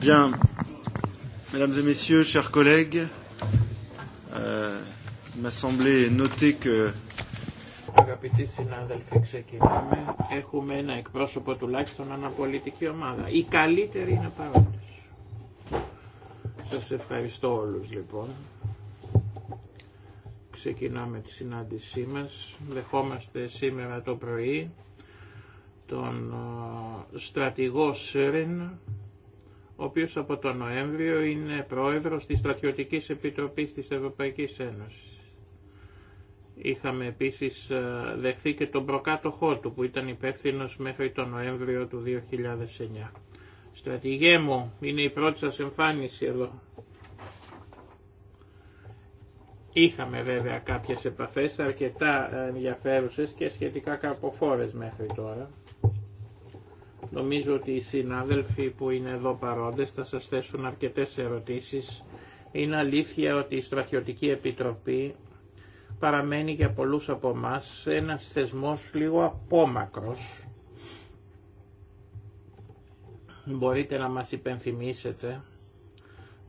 Bien. Mesdames et messieurs, euh, Αγαπητοί συνάδελφοι, ξεκινάμε. Έχουμε ένα εκπρόσωπο τουλάχιστον αναπολιτική ομάδα. Οι καλύτεροι είναι παρόντες. Σας ευχαριστώ όλους λοιπόν. Ξεκινάμε τη συνάντησή μα. Δεχόμαστε σήμερα το πρωί τον στρατηγό Σέρεν, ο οποίος από τον Νοέμβριο είναι πρόεδρος της Στρατιωτικής Επιτροπής της Ευρωπαϊκής Ένωσης. Είχαμε επίσης ε, δεχθεί και τον προκάτοχό του που ήταν υπεύθυνο μέχρι τον Νοέμβριο του 2009. Στρατηγέ μου, είναι η πρώτη σας εμφάνιση εδώ. Είχαμε βέβαια κάποιες επαφές αρκετά ενδιαφέρουσες και σχετικά καρποφόρες μέχρι τώρα. Νομίζω ότι οι συνάδελφοι που είναι εδώ παρόντες θα σας θέσουν αρκετές ερωτήσεις. Είναι αλήθεια ότι η Στρατιωτική Επιτροπή παραμένει για πολλούς από εμά ένας θεσμός λίγο απόμακρος. Μπορείτε να μας υπενθυμίσετε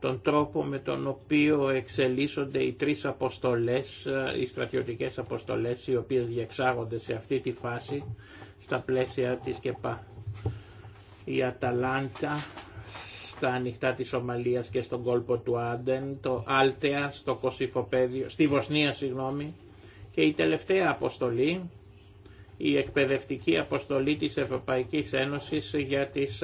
τον τρόπο με τον οποίο εξελίσσονται οι τρεις αποστολές, οι στρατιωτικές αποστολές οι οποίες διεξάγονται σε αυτή τη φάση στα πλαίσια της ΚΕΠΑ η Αταλάντα στα ανοιχτά της Σομαλίας και στον κόλπο του Άντεν, το Άλτεα στο Κωσυφοπέδιο, στη Βοσνία συγγνώμη, και η τελευταία αποστολή, η εκπαιδευτική αποστολή της Ευρωπαϊκής Ένωσης για τις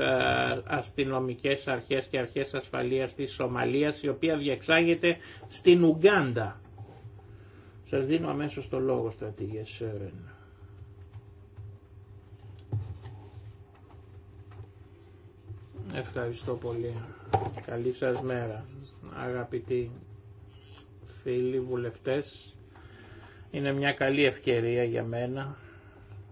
αστυνομικές αρχές και αρχές ασφαλείας της Σομαλίας, η οποία διεξάγεται στην Ουγκάντα. Σας δίνω αμέσως το λόγο, στρατηγέ ΣΕΡΕΝΑ. Ευχαριστώ πολύ. Καλή σας μέρα, αγαπητοί φίλοι βουλευτές. Είναι μια καλή ευκαιρία για μένα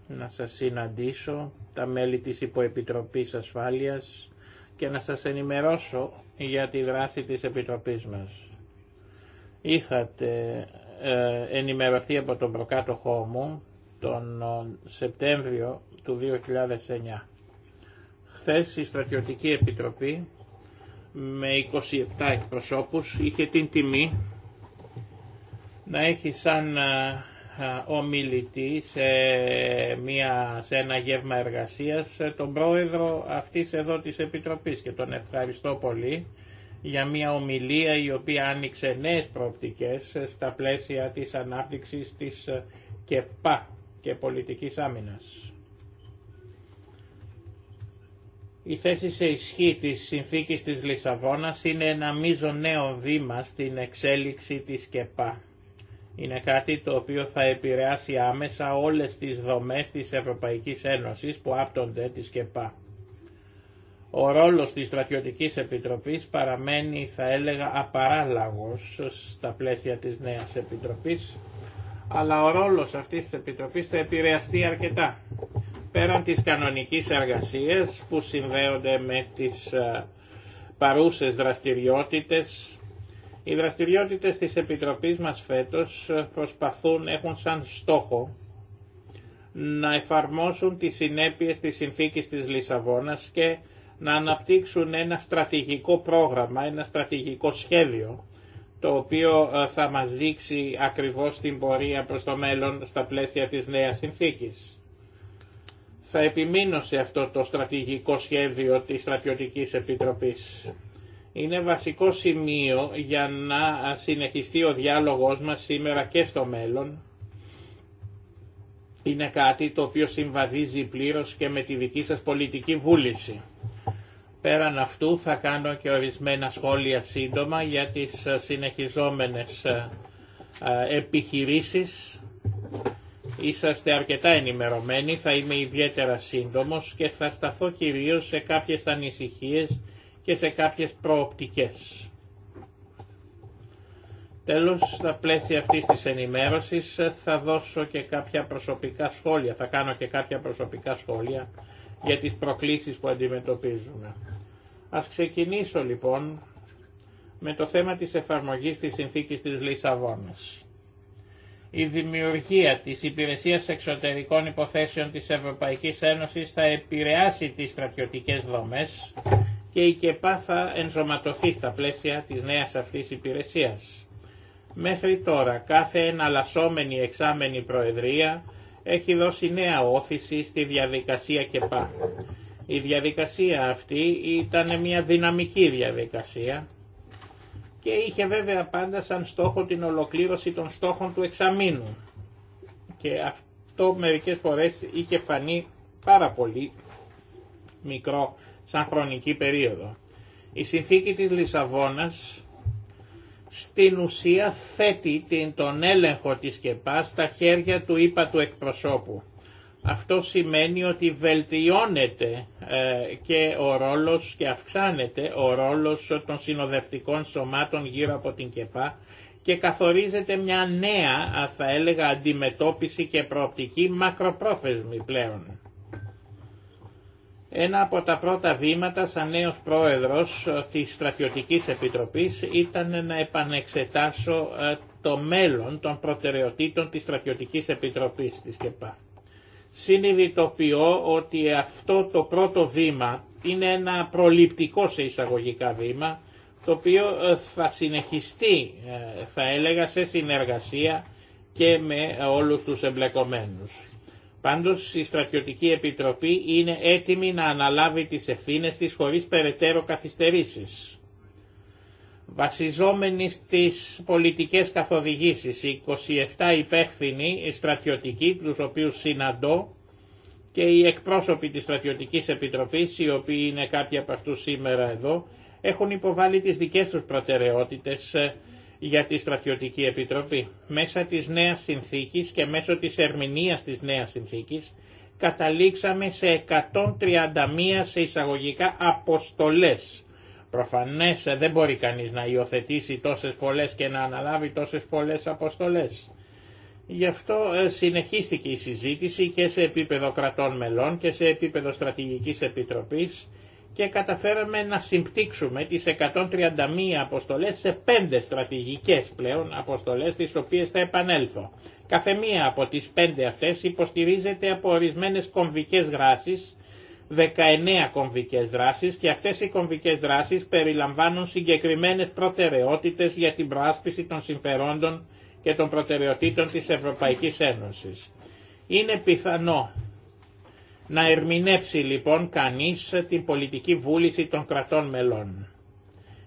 να σας συναντήσω, τα μέλη της Υποεπιτροπής Ασφάλειας και να σας ενημερώσω για τη δράση της Επιτροπής μας. Είχατε ε, ενημερωθεί από τον προκάτοχό μου τον ε, Σεπτέμβριο του 2009 χθες η Στρατιωτική Επιτροπή με 27 εκπροσώπους είχε την τιμή να έχει σαν ε, ε, ομιλητή σε, μια, σε ένα γεύμα εργασίας ε, τον πρόεδρο αυτής εδώ της Επιτροπής και τον ευχαριστώ πολύ για μια ομιλία η οποία άνοιξε νέες προοπτικές στα πλαίσια της ανάπτυξης της ΚΕΠΑ και πολιτικής άμυνας. Η θέση σε ισχύ της συνθήκης της Λισαβόνας είναι ένα μείζο νέο βήμα στην εξέλιξη της ΚΕΠΑ. Είναι κάτι το οποίο θα επηρεάσει άμεσα όλες τις δομές της Ευρωπαϊκής Ένωσης που άπτονται της ΚΕΠΑ. Ο ρόλος της Στρατιωτικής Επιτροπής παραμένει, θα έλεγα, απαράλλαγος στα πλαίσια της νέας Επιτροπής, αλλά ο ρόλος αυτής της Επιτροπής θα επηρεαστεί αρκετά πέραν της κανονικής εργασίας που συνδέονται με τις ε, παρούσες δραστηριότητες. Οι δραστηριότητες της Επιτροπής μας φέτος ε, προσπαθούν, έχουν σαν στόχο να εφαρμόσουν τις συνέπειες της συνθήκης της Λισαβόνας και να αναπτύξουν ένα στρατηγικό πρόγραμμα, ένα στρατηγικό σχέδιο, το οποίο ε, θα μας δείξει ακριβώς την πορεία προς το μέλλον στα πλαίσια της νέας συνθήκης. Θα επιμείνω σε αυτό το στρατηγικό σχέδιο της Στρατιωτικής Επιτροπής. Είναι βασικό σημείο για να συνεχιστεί ο διάλογος μας σήμερα και στο μέλλον. Είναι κάτι το οποίο συμβαδίζει πλήρως και με τη δική σας πολιτική βούληση. Πέραν αυτού θα κάνω και ορισμένα σχόλια σύντομα για τις συνεχιζόμενες ε, επιχειρήσεις είσαστε αρκετά ενημερωμένοι, θα είμαι ιδιαίτερα σύντομος και θα σταθώ κυρίως σε κάποιες ανησυχίες και σε κάποιες προοπτικές. Τέλος, στα πλαίσια αυτής της ενημέρωσης θα δώσω και κάποια προσωπικά σχόλια, θα κάνω και κάποια προσωπικά σχόλια για τις προκλήσεις που αντιμετωπίζουμε. Ας ξεκινήσω λοιπόν με το θέμα της εφαρμογής της συνθήκης της Λισαβόνας. Η δημιουργία της Υπηρεσίας Εξωτερικών Υποθέσεων της Ευρωπαϊκής Ένωσης θα επηρεάσει τις στρατιωτικές δομές και η ΚΕΠΑ θα ενσωματωθεί στα πλαίσια της νέας αυτής υπηρεσίας. Μέχρι τώρα κάθε εναλλασσόμενη εξάμενη προεδρία έχει δώσει νέα όθηση στη διαδικασία ΚΕΠΑ. Η διαδικασία αυτή ήταν μια δυναμική διαδικασία και είχε βέβαια πάντα σαν στόχο την ολοκλήρωση των στόχων του εξαμήνου. Και αυτό μερικές φορές είχε φανεί πάρα πολύ μικρό σαν χρονική περίοδο. Η συνθήκη της Λισαβόνας στην ουσία θέτει την, τον έλεγχο της ΚΕΠΑ στα χέρια του του εκπροσώπου. Αυτό σημαίνει ότι βελτιώνεται ε, και ο ρόλος και αυξάνεται ο ρόλος των συνοδευτικών σωμάτων γύρω από την ΚΕΠΑ και καθορίζεται μια νέα, θα έλεγα, αντιμετώπιση και προοπτική μακροπρόθεσμη πλέον. Ένα από τα πρώτα βήματα σαν νέος πρόεδρος ε, της Στρατιωτικής Επιτροπής ήταν να επανεξετάσω ε, το μέλλον των προτεραιοτήτων της Στρατιωτικής Επιτροπής της ΚΕΠΑ συνειδητοποιώ ότι αυτό το πρώτο βήμα είναι ένα προληπτικό σε εισαγωγικά βήμα το οποίο ε, θα συνεχιστεί ε, θα έλεγα σε συνεργασία και με όλους τους εμπλεκομένους. Πάντως η Στρατιωτική Επιτροπή είναι έτοιμη να αναλάβει τις ευθύνες της χωρίς περαιτέρω καθυστερήσεις βασιζόμενοι στις πολιτικές καθοδηγήσεις, 27 υπεύθυνοι στρατιωτικοί, τους οποίους συναντώ, και οι εκπρόσωποι της Στρατιωτικής Επιτροπής, οι οποίοι είναι κάποιοι από αυτούς σήμερα εδώ, έχουν υποβάλει τις δικές τους προτεραιότητες ε, για τη Στρατιωτική Επιτροπή. Μέσα της νέας συνθήκης και μέσω της ερμηνείας της νέας συνθήκης, καταλήξαμε σε 131 σε εισαγωγικά αποστολές Προφανές ε, δεν μπορεί κανείς να υιοθετήσει τόσες πολλές και να αναλάβει τόσες πολλές αποστολές. Γι' αυτό ε, συνεχίστηκε η συζήτηση και σε επίπεδο κρατών μελών και σε επίπεδο στρατηγικής επιτροπής και καταφέραμε να συμπτύξουμε τις 131 αποστολές σε 5 στρατηγικές πλέον αποστολές τις οποίες θα επανέλθω. Καθεμία από τις 5 αυτές υποστηρίζεται από ορισμένες κομβικές γράσεις 19 κομβικές δράσεις και αυτές οι κομβικές δράσεις περιλαμβάνουν συγκεκριμένες προτεραιότητες για την προάσπιση των συμφερόντων και των προτεραιοτήτων της Ευρωπαϊκής Ένωσης. Είναι πιθανό να ερμηνεύσει λοιπόν κανείς την πολιτική βούληση των κρατών μελών.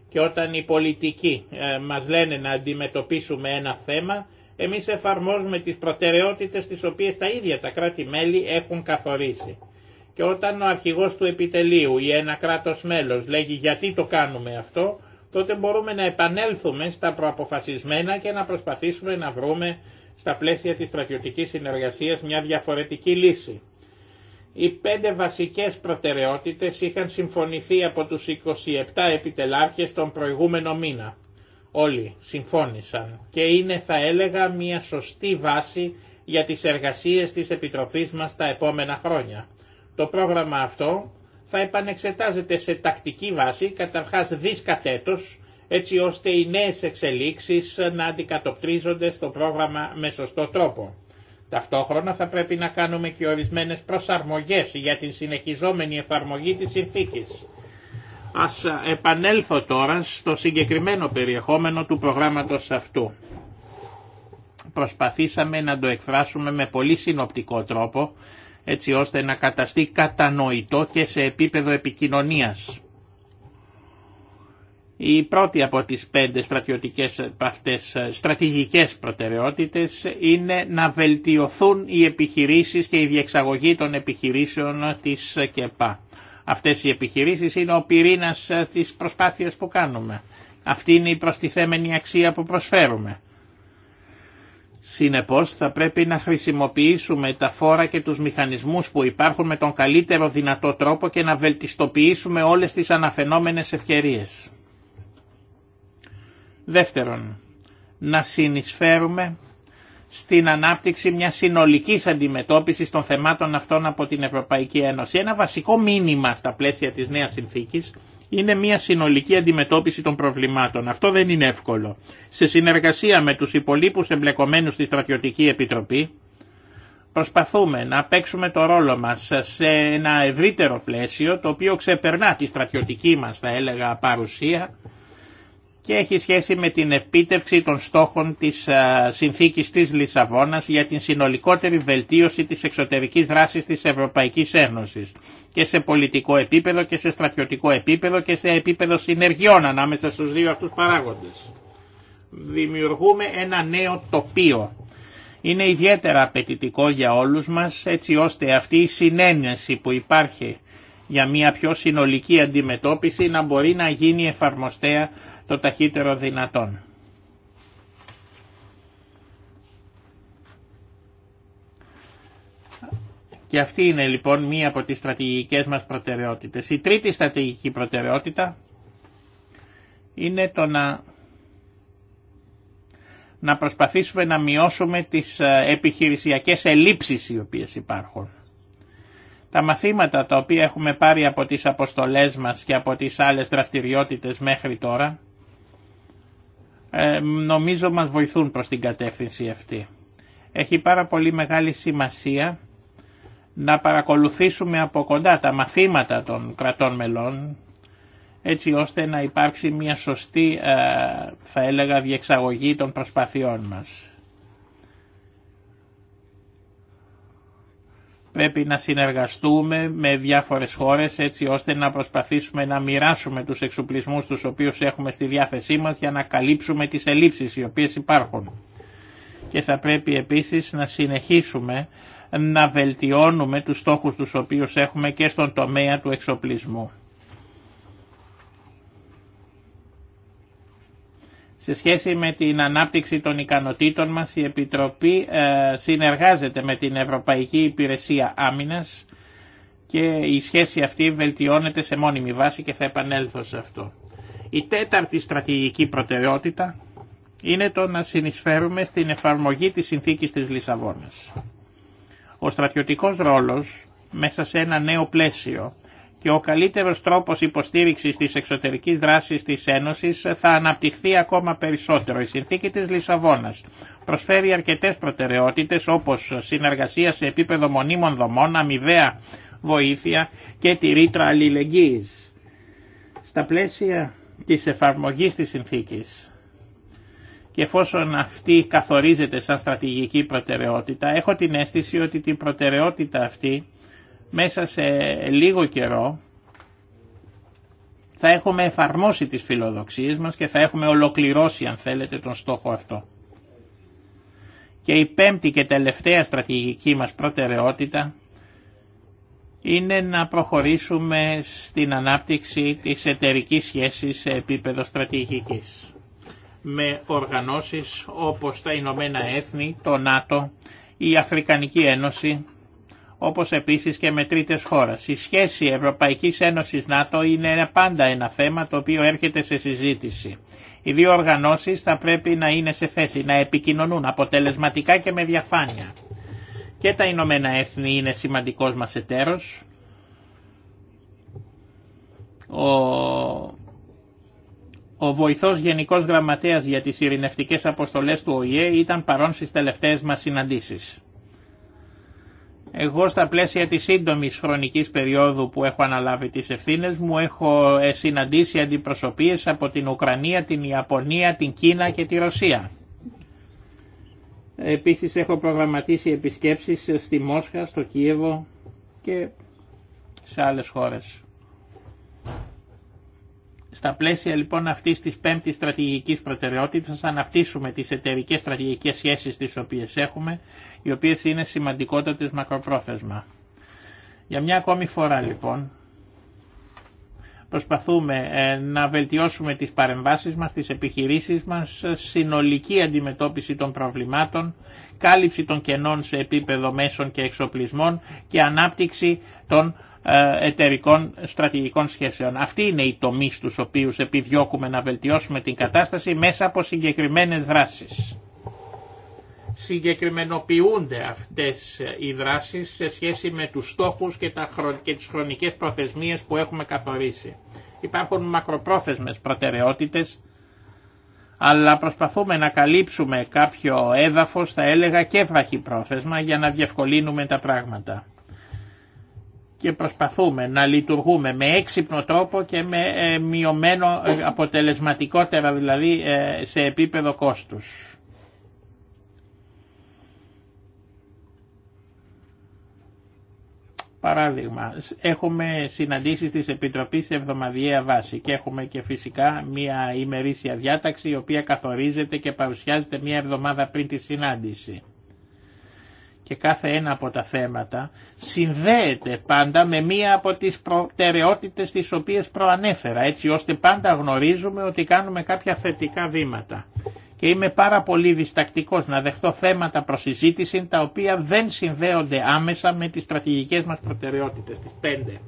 Και όταν οι πολιτικοί ε, μας λένε να αντιμετωπίσουμε ένα θέμα, εμείς εφαρμόζουμε τις προτεραιότητες τις οποίες τα ίδια τα κράτη-μέλη έχουν καθορίσει. Και όταν ο αρχηγός του επιτελείου ή ένα κράτος μέλος λέγει γιατί το κάνουμε αυτό, τότε μπορούμε να επανέλθουμε στα προαποφασισμένα και να προσπαθήσουμε να βρούμε στα πλαίσια της στρατιωτικής συνεργασίας μια διαφορετική λύση. Οι πέντε βασικές προτεραιότητες είχαν συμφωνηθεί από τους 27 επιτελάρχες τον προηγούμενο μήνα. Όλοι συμφώνησαν και είναι θα έλεγα μια σωστή βάση για τις εργασίες της Επιτροπής μας τα επόμενα χρόνια. Το πρόγραμμα αυτό θα επανεξετάζεται σε τακτική βάση, καταρχάς δίσκατέτος, έτσι ώστε οι νέες εξελίξεις να αντικατοπτρίζονται στο πρόγραμμα με σωστό τρόπο. Ταυτόχρονα θα πρέπει να κάνουμε και ορισμένες προσαρμογές για την συνεχιζόμενη εφαρμογή της συνθήκης. Ας επανέλθω τώρα στο συγκεκριμένο περιεχόμενο του προγράμματος αυτού. Προσπαθήσαμε να το εκφράσουμε με πολύ συνοπτικό τρόπο, έτσι ώστε να καταστεί κατανοητό και σε επίπεδο επικοινωνίας. Η πρώτη από τις πέντε στρατιωτικές αυτές ε, στρατηγικές προτεραιότητες είναι να βελτιωθούν οι επιχειρήσεις και η διεξαγωγή των επιχειρήσεων της ΚΕΠΑ. Αυτές οι επιχειρήσεις είναι ο πυρήνας ε, της προσπάθειας που κάνουμε. Αυτή είναι η προστιθέμενη αξία που προσφέρουμε. Συνεπώς θα πρέπει να χρησιμοποιήσουμε τα φόρα και τους μηχανισμούς που υπάρχουν με τον καλύτερο δυνατό τρόπο και να βελτιστοποιήσουμε όλες τις αναφαινόμενες ευκαιρίες. Δεύτερον, να συνεισφέρουμε στην ανάπτυξη μιας συνολικής αντιμετώπισης των θεμάτων αυτών από την Ευρωπαϊκή Ένωση. Ένα βασικό μήνυμα στα πλαίσια της νέας συνθήκης είναι μια συνολική αντιμετώπιση των προβλημάτων. Αυτό δεν είναι εύκολο. Σε συνεργασία με τους υπολείπους εμπλεκομένους στη Στρατιωτική Επιτροπή, προσπαθούμε να παίξουμε το ρόλο μας σε ένα ευρύτερο πλαίσιο, το οποίο ξεπερνά τη στρατιωτική μας, θα έλεγα, παρουσία, και έχει σχέση με την επίτευξη των στόχων της συνθήκης της Λισαβόνας για την συνολικότερη βελτίωση της εξωτερικής δράσης της Ευρωπαϊκής Ένωσης και σε πολιτικό επίπεδο και σε στρατιωτικό επίπεδο και σε επίπεδο συνεργειών ανάμεσα στους δύο αυτούς παράγοντες. Δημιουργούμε ένα νέο τοπίο. Είναι ιδιαίτερα απαιτητικό για όλους μας έτσι ώστε αυτή η συνένεση που υπάρχει για μια πιο συνολική αντιμετώπιση να μπορεί να γίνει εφαρμοστέα το ταχύτερο δυνατόν. Και αυτή είναι λοιπόν μία από τις στρατηγικές μας προτεραιότητες. Η τρίτη στρατηγική προτεραιότητα είναι το να, να προσπαθήσουμε να μειώσουμε τις ε, επιχειρησιακές ελλείψεις οι οποίες υπάρχουν. Τα μαθήματα τα οποία έχουμε πάρει από τις αποστολές μας και από τις άλλες δραστηριότητες μέχρι τώρα ε, νομίζω μας βοηθούν προς την κατεύθυνση αυτή. Έχει πάρα πολύ μεγάλη σημασία να παρακολουθήσουμε από κοντά τα μαθήματα των κρατών μελών έτσι ώστε να υπάρξει μια σωστή ε, θα έλεγα διεξαγωγή των προσπαθειών μας. πρέπει να συνεργαστούμε με διάφορες χώρες έτσι ώστε να προσπαθήσουμε να μοιράσουμε τους εξοπλισμούς τους οποίους έχουμε στη διάθεσή μας για να καλύψουμε τις ελλείψεις οι οποίες υπάρχουν. Και θα πρέπει επίσης να συνεχίσουμε να βελτιώνουμε τους στόχους τους οποίους έχουμε και στον τομέα του εξοπλισμού. Σε σχέση με την ανάπτυξη των ικανοτήτων μας, η Επιτροπή ε, συνεργάζεται με την Ευρωπαϊκή Υπηρεσία Άμυνας και η σχέση αυτή βελτιώνεται σε μόνιμη βάση και θα επανέλθω σε αυτό. Η τέταρτη στρατηγική προτεραιότητα είναι το να συνεισφέρουμε στην εφαρμογή της συνθήκης της Λισαβόνας. Ο στρατιωτικός ρόλος μέσα σε ένα νέο πλαίσιο και ο καλύτερος τρόπος υποστήριξης της εξωτερικής δράσης της Ένωσης θα αναπτυχθεί ακόμα περισσότερο. Η συνθήκη της Λισαβόνας προσφέρει αρκετές προτεραιότητες όπως συνεργασία σε επίπεδο μονίμων δομών, αμοιβαία βοήθεια και τη ρήτρα αλληλεγγύης. Στα πλαίσια της εφαρμογής της συνθήκης και εφόσον αυτή καθορίζεται σαν στρατηγική προτεραιότητα, έχω την αίσθηση ότι την προτεραιότητα αυτή μέσα σε λίγο καιρό θα έχουμε εφαρμόσει τις φιλοδοξίες μας και θα έχουμε ολοκληρώσει αν θέλετε τον στόχο αυτό. Και η πέμπτη και τελευταία στρατηγική μας προτεραιότητα είναι να προχωρήσουμε στην ανάπτυξη της εταιρικής σχέσης σε επίπεδο στρατηγικής με οργανώσεις όπως τα Ηνωμένα Έθνη, το ΝΑΤΟ, η Αφρικανική Ένωση όπως επίσης και με τρίτες χώρες. Η σχέση Ευρωπαϊκής Ένωσης ΝΑΤΟ είναι πάντα ένα θέμα το οποίο έρχεται σε συζήτηση. Οι δύο οργανώσεις θα πρέπει να είναι σε θέση να επικοινωνούν αποτελεσματικά και με διαφάνεια. Και τα Ηνωμένα Έθνη είναι σημαντικός μας εταίρος. Ο, ο βοηθός Γενικός Γραμματέας για τις Ειρηνευτικές Αποστολές του ΟΗΕ ήταν παρόν στις τελευταίες μας συναντήσεις. Εγώ στα πλαίσια της σύντομης χρονικής περίοδου που έχω αναλάβει τις ευθύνες μου έχω ε, συναντήσει αντιπροσωπείες από την Ουκρανία, την Ιαπωνία, την Κίνα και τη Ρωσία. Επίσης έχω προγραμματίσει επισκέψεις στη Μόσχα, στο Κίεβο και σε άλλες χώρες. Στα πλαίσια λοιπόν αυτή της πέμπτης στρατηγική προτεραιότητα, θα αναπτύσσουμε τις εταιρικέ στρατηγικέ σχέσει τι οποίες έχουμε, οι οποίες είναι σημαντικότατες μακροπρόθεσμα. Για μια ακόμη φορά λοιπόν προσπαθούμε ε, να βελτιώσουμε τις παρεμβάσεις μας, τις επιχειρήσεις μας, συνολική αντιμετώπιση των προβλημάτων, κάλυψη των κενών σε επίπεδο μέσων και εξοπλισμών και ανάπτυξη των ε, εταιρικών στρατηγικών σχέσεων. Αυτή είναι η τομή στους οποίους επιδιώκουμε να βελτιώσουμε την κατάσταση μέσα από συγκεκριμένες δράσεις. Συγκεκριμενοποιούνται αυτές ε, οι δράσεις σε σχέση με τους στόχους και, τα και τις χρονικές προθεσμίες που έχουμε καθορίσει. Υπάρχουν μακροπρόθεσμες προτεραιότητες αλλά προσπαθούμε να καλύψουμε κάποιο έδαφος, θα έλεγα, και βραχυπρόθεσμα για να διευκολύνουμε τα πράγματα και προσπαθούμε να λειτουργούμε με έξυπνο τρόπο και με ε, μειωμένο ε, αποτελεσματικότερα δηλαδή ε, σε επίπεδο κόστους. Παράδειγμα, έχουμε συναντήσεις της Επιτροπής σε εβδομαδιαία βάση και έχουμε και φυσικά μια ημερήσια διάταξη η οποία καθορίζεται και παρουσιάζεται μια εβδομάδα πριν τη συνάντηση και κάθε ένα από τα θέματα συνδέεται πάντα με μία από τις προτεραιότητες τις οποίες προανέφερα, έτσι ώστε πάντα γνωρίζουμε ότι κάνουμε κάποια θετικά βήματα. Και είμαι πάρα πολύ διστακτικός να δεχτώ θέματα προσυζήτηση τα οποία δεν συνδέονται άμεσα με τις στρατηγικές μας προτεραιότητες, τις πέντε.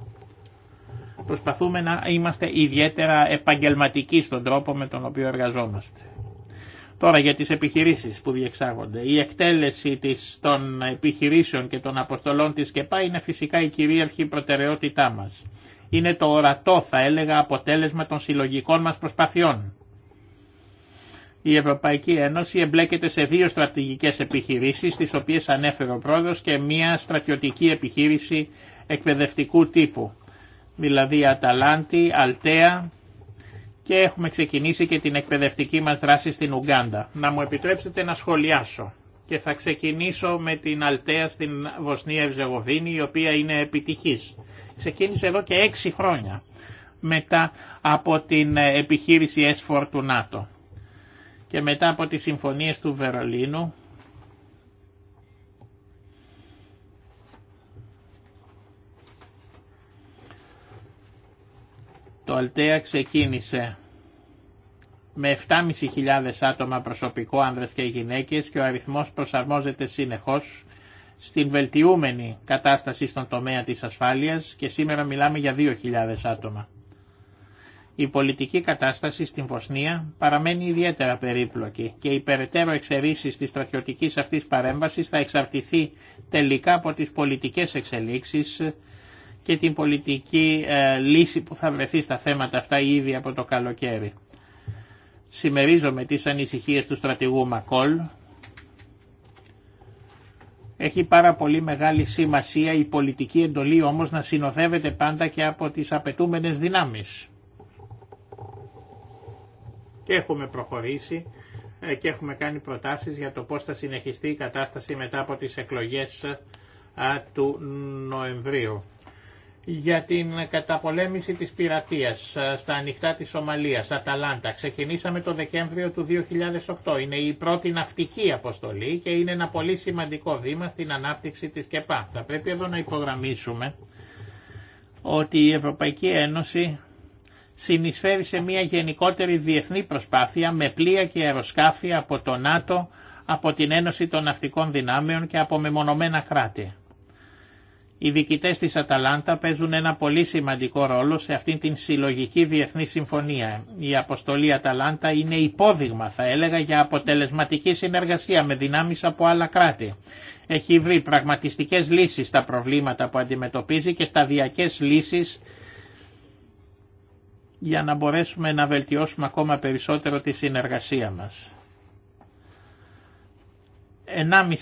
Προσπαθούμε να είμαστε ιδιαίτερα επαγγελματικοί στον τρόπο με τον οποίο εργαζόμαστε. Τώρα για τις επιχειρήσεις που διεξάγονται. Η εκτέλεση της των επιχειρήσεων και των αποστολών της ΚΕΠΑ είναι φυσικά η κυρίαρχη προτεραιότητά μας. Είναι το ορατό θα έλεγα αποτέλεσμα των συλλογικών μας προσπαθειών. Η Ευρωπαϊκή Ένωση εμπλέκεται σε δύο στρατηγικές επιχειρήσεις, τις οποίες ανέφερε ο πρόεδρος, και μία στρατιωτική επιχείρηση εκπαιδευτικού τύπου, δηλαδή Αταλάντη, Αλτέα και έχουμε ξεκινήσει και την εκπαιδευτική μας δράση στην Ουγκάντα. Να μου επιτρέψετε να σχολιάσω και θα ξεκινήσω με την Αλτέα στην Βοσνία Ευζεγοβίνη η οποία είναι επιτυχής. Ξεκίνησε εδώ και έξι χρόνια μετά από την επιχείρηση S4 του ΝΑΤΟ και μετά από τις συμφωνίες του Βερολίνου Το Αλτέα ξεκίνησε με 7.500 άτομα προσωπικό άνδρες και γυναίκες και ο αριθμός προσαρμόζεται συνεχώς στην βελτιούμενη κατάσταση στον τομέα της ασφάλειας και σήμερα μιλάμε για 2.000 άτομα. Η πολιτική κατάσταση στην Βοσνία παραμένει ιδιαίτερα περίπλοκη και η περαιτέρω εξαιρήσεις της στρατιωτικής αυτής παρέμβασης θα εξαρτηθεί τελικά από τις πολιτικές εξελίξεις και την πολιτική ε, λύση που θα βρεθεί στα θέματα αυτά ήδη από το καλοκαίρι. Σημερίζομαι τις ανησυχίες του στρατηγού Μακόλ. Έχει πάρα πολύ μεγάλη σημασία η πολιτική εντολή όμως να συνοδεύεται πάντα και από τις απαιτούμενες δυνάμεις. Και έχουμε προχωρήσει ε, και έχουμε κάνει προτάσεις για το πώς θα συνεχιστεί η κατάσταση μετά από τις εκλογές ε, του Νοεμβρίου για την καταπολέμηση της πειρατείας ε, στα ανοιχτά της Σομαλίας, Αταλάντα. Ξεκινήσαμε το Δεκέμβριο του 2008. Είναι η πρώτη ναυτική αποστολή και είναι ένα πολύ σημαντικό βήμα στην ανάπτυξη της ΚΕΠΑ. Θα πρέπει εδώ να υπογραμμίσουμε ότι η Ευρωπαϊκή Ένωση συνεισφέρει σε μια γενικότερη διεθνή προσπάθεια με πλοία και αεροσκάφη από το ΝΑΤΟ, από την Ένωση των Ναυτικών Δυνάμεων και από μεμονωμένα κράτη. Οι διοικητές της Αταλάντα παίζουν ένα πολύ σημαντικό ρόλο σε αυτήν την συλλογική διεθνή συμφωνία. Η αποστολή Αταλάντα είναι υπόδειγμα θα έλεγα για αποτελεσματική συνεργασία με δυνάμεις από άλλα κράτη. Έχει βρει πραγματιστικές λύσεις στα προβλήματα που αντιμετωπίζει και σταδιακές λύσεις για να μπορέσουμε να βελτιώσουμε ακόμα περισσότερο τη συνεργασία μας.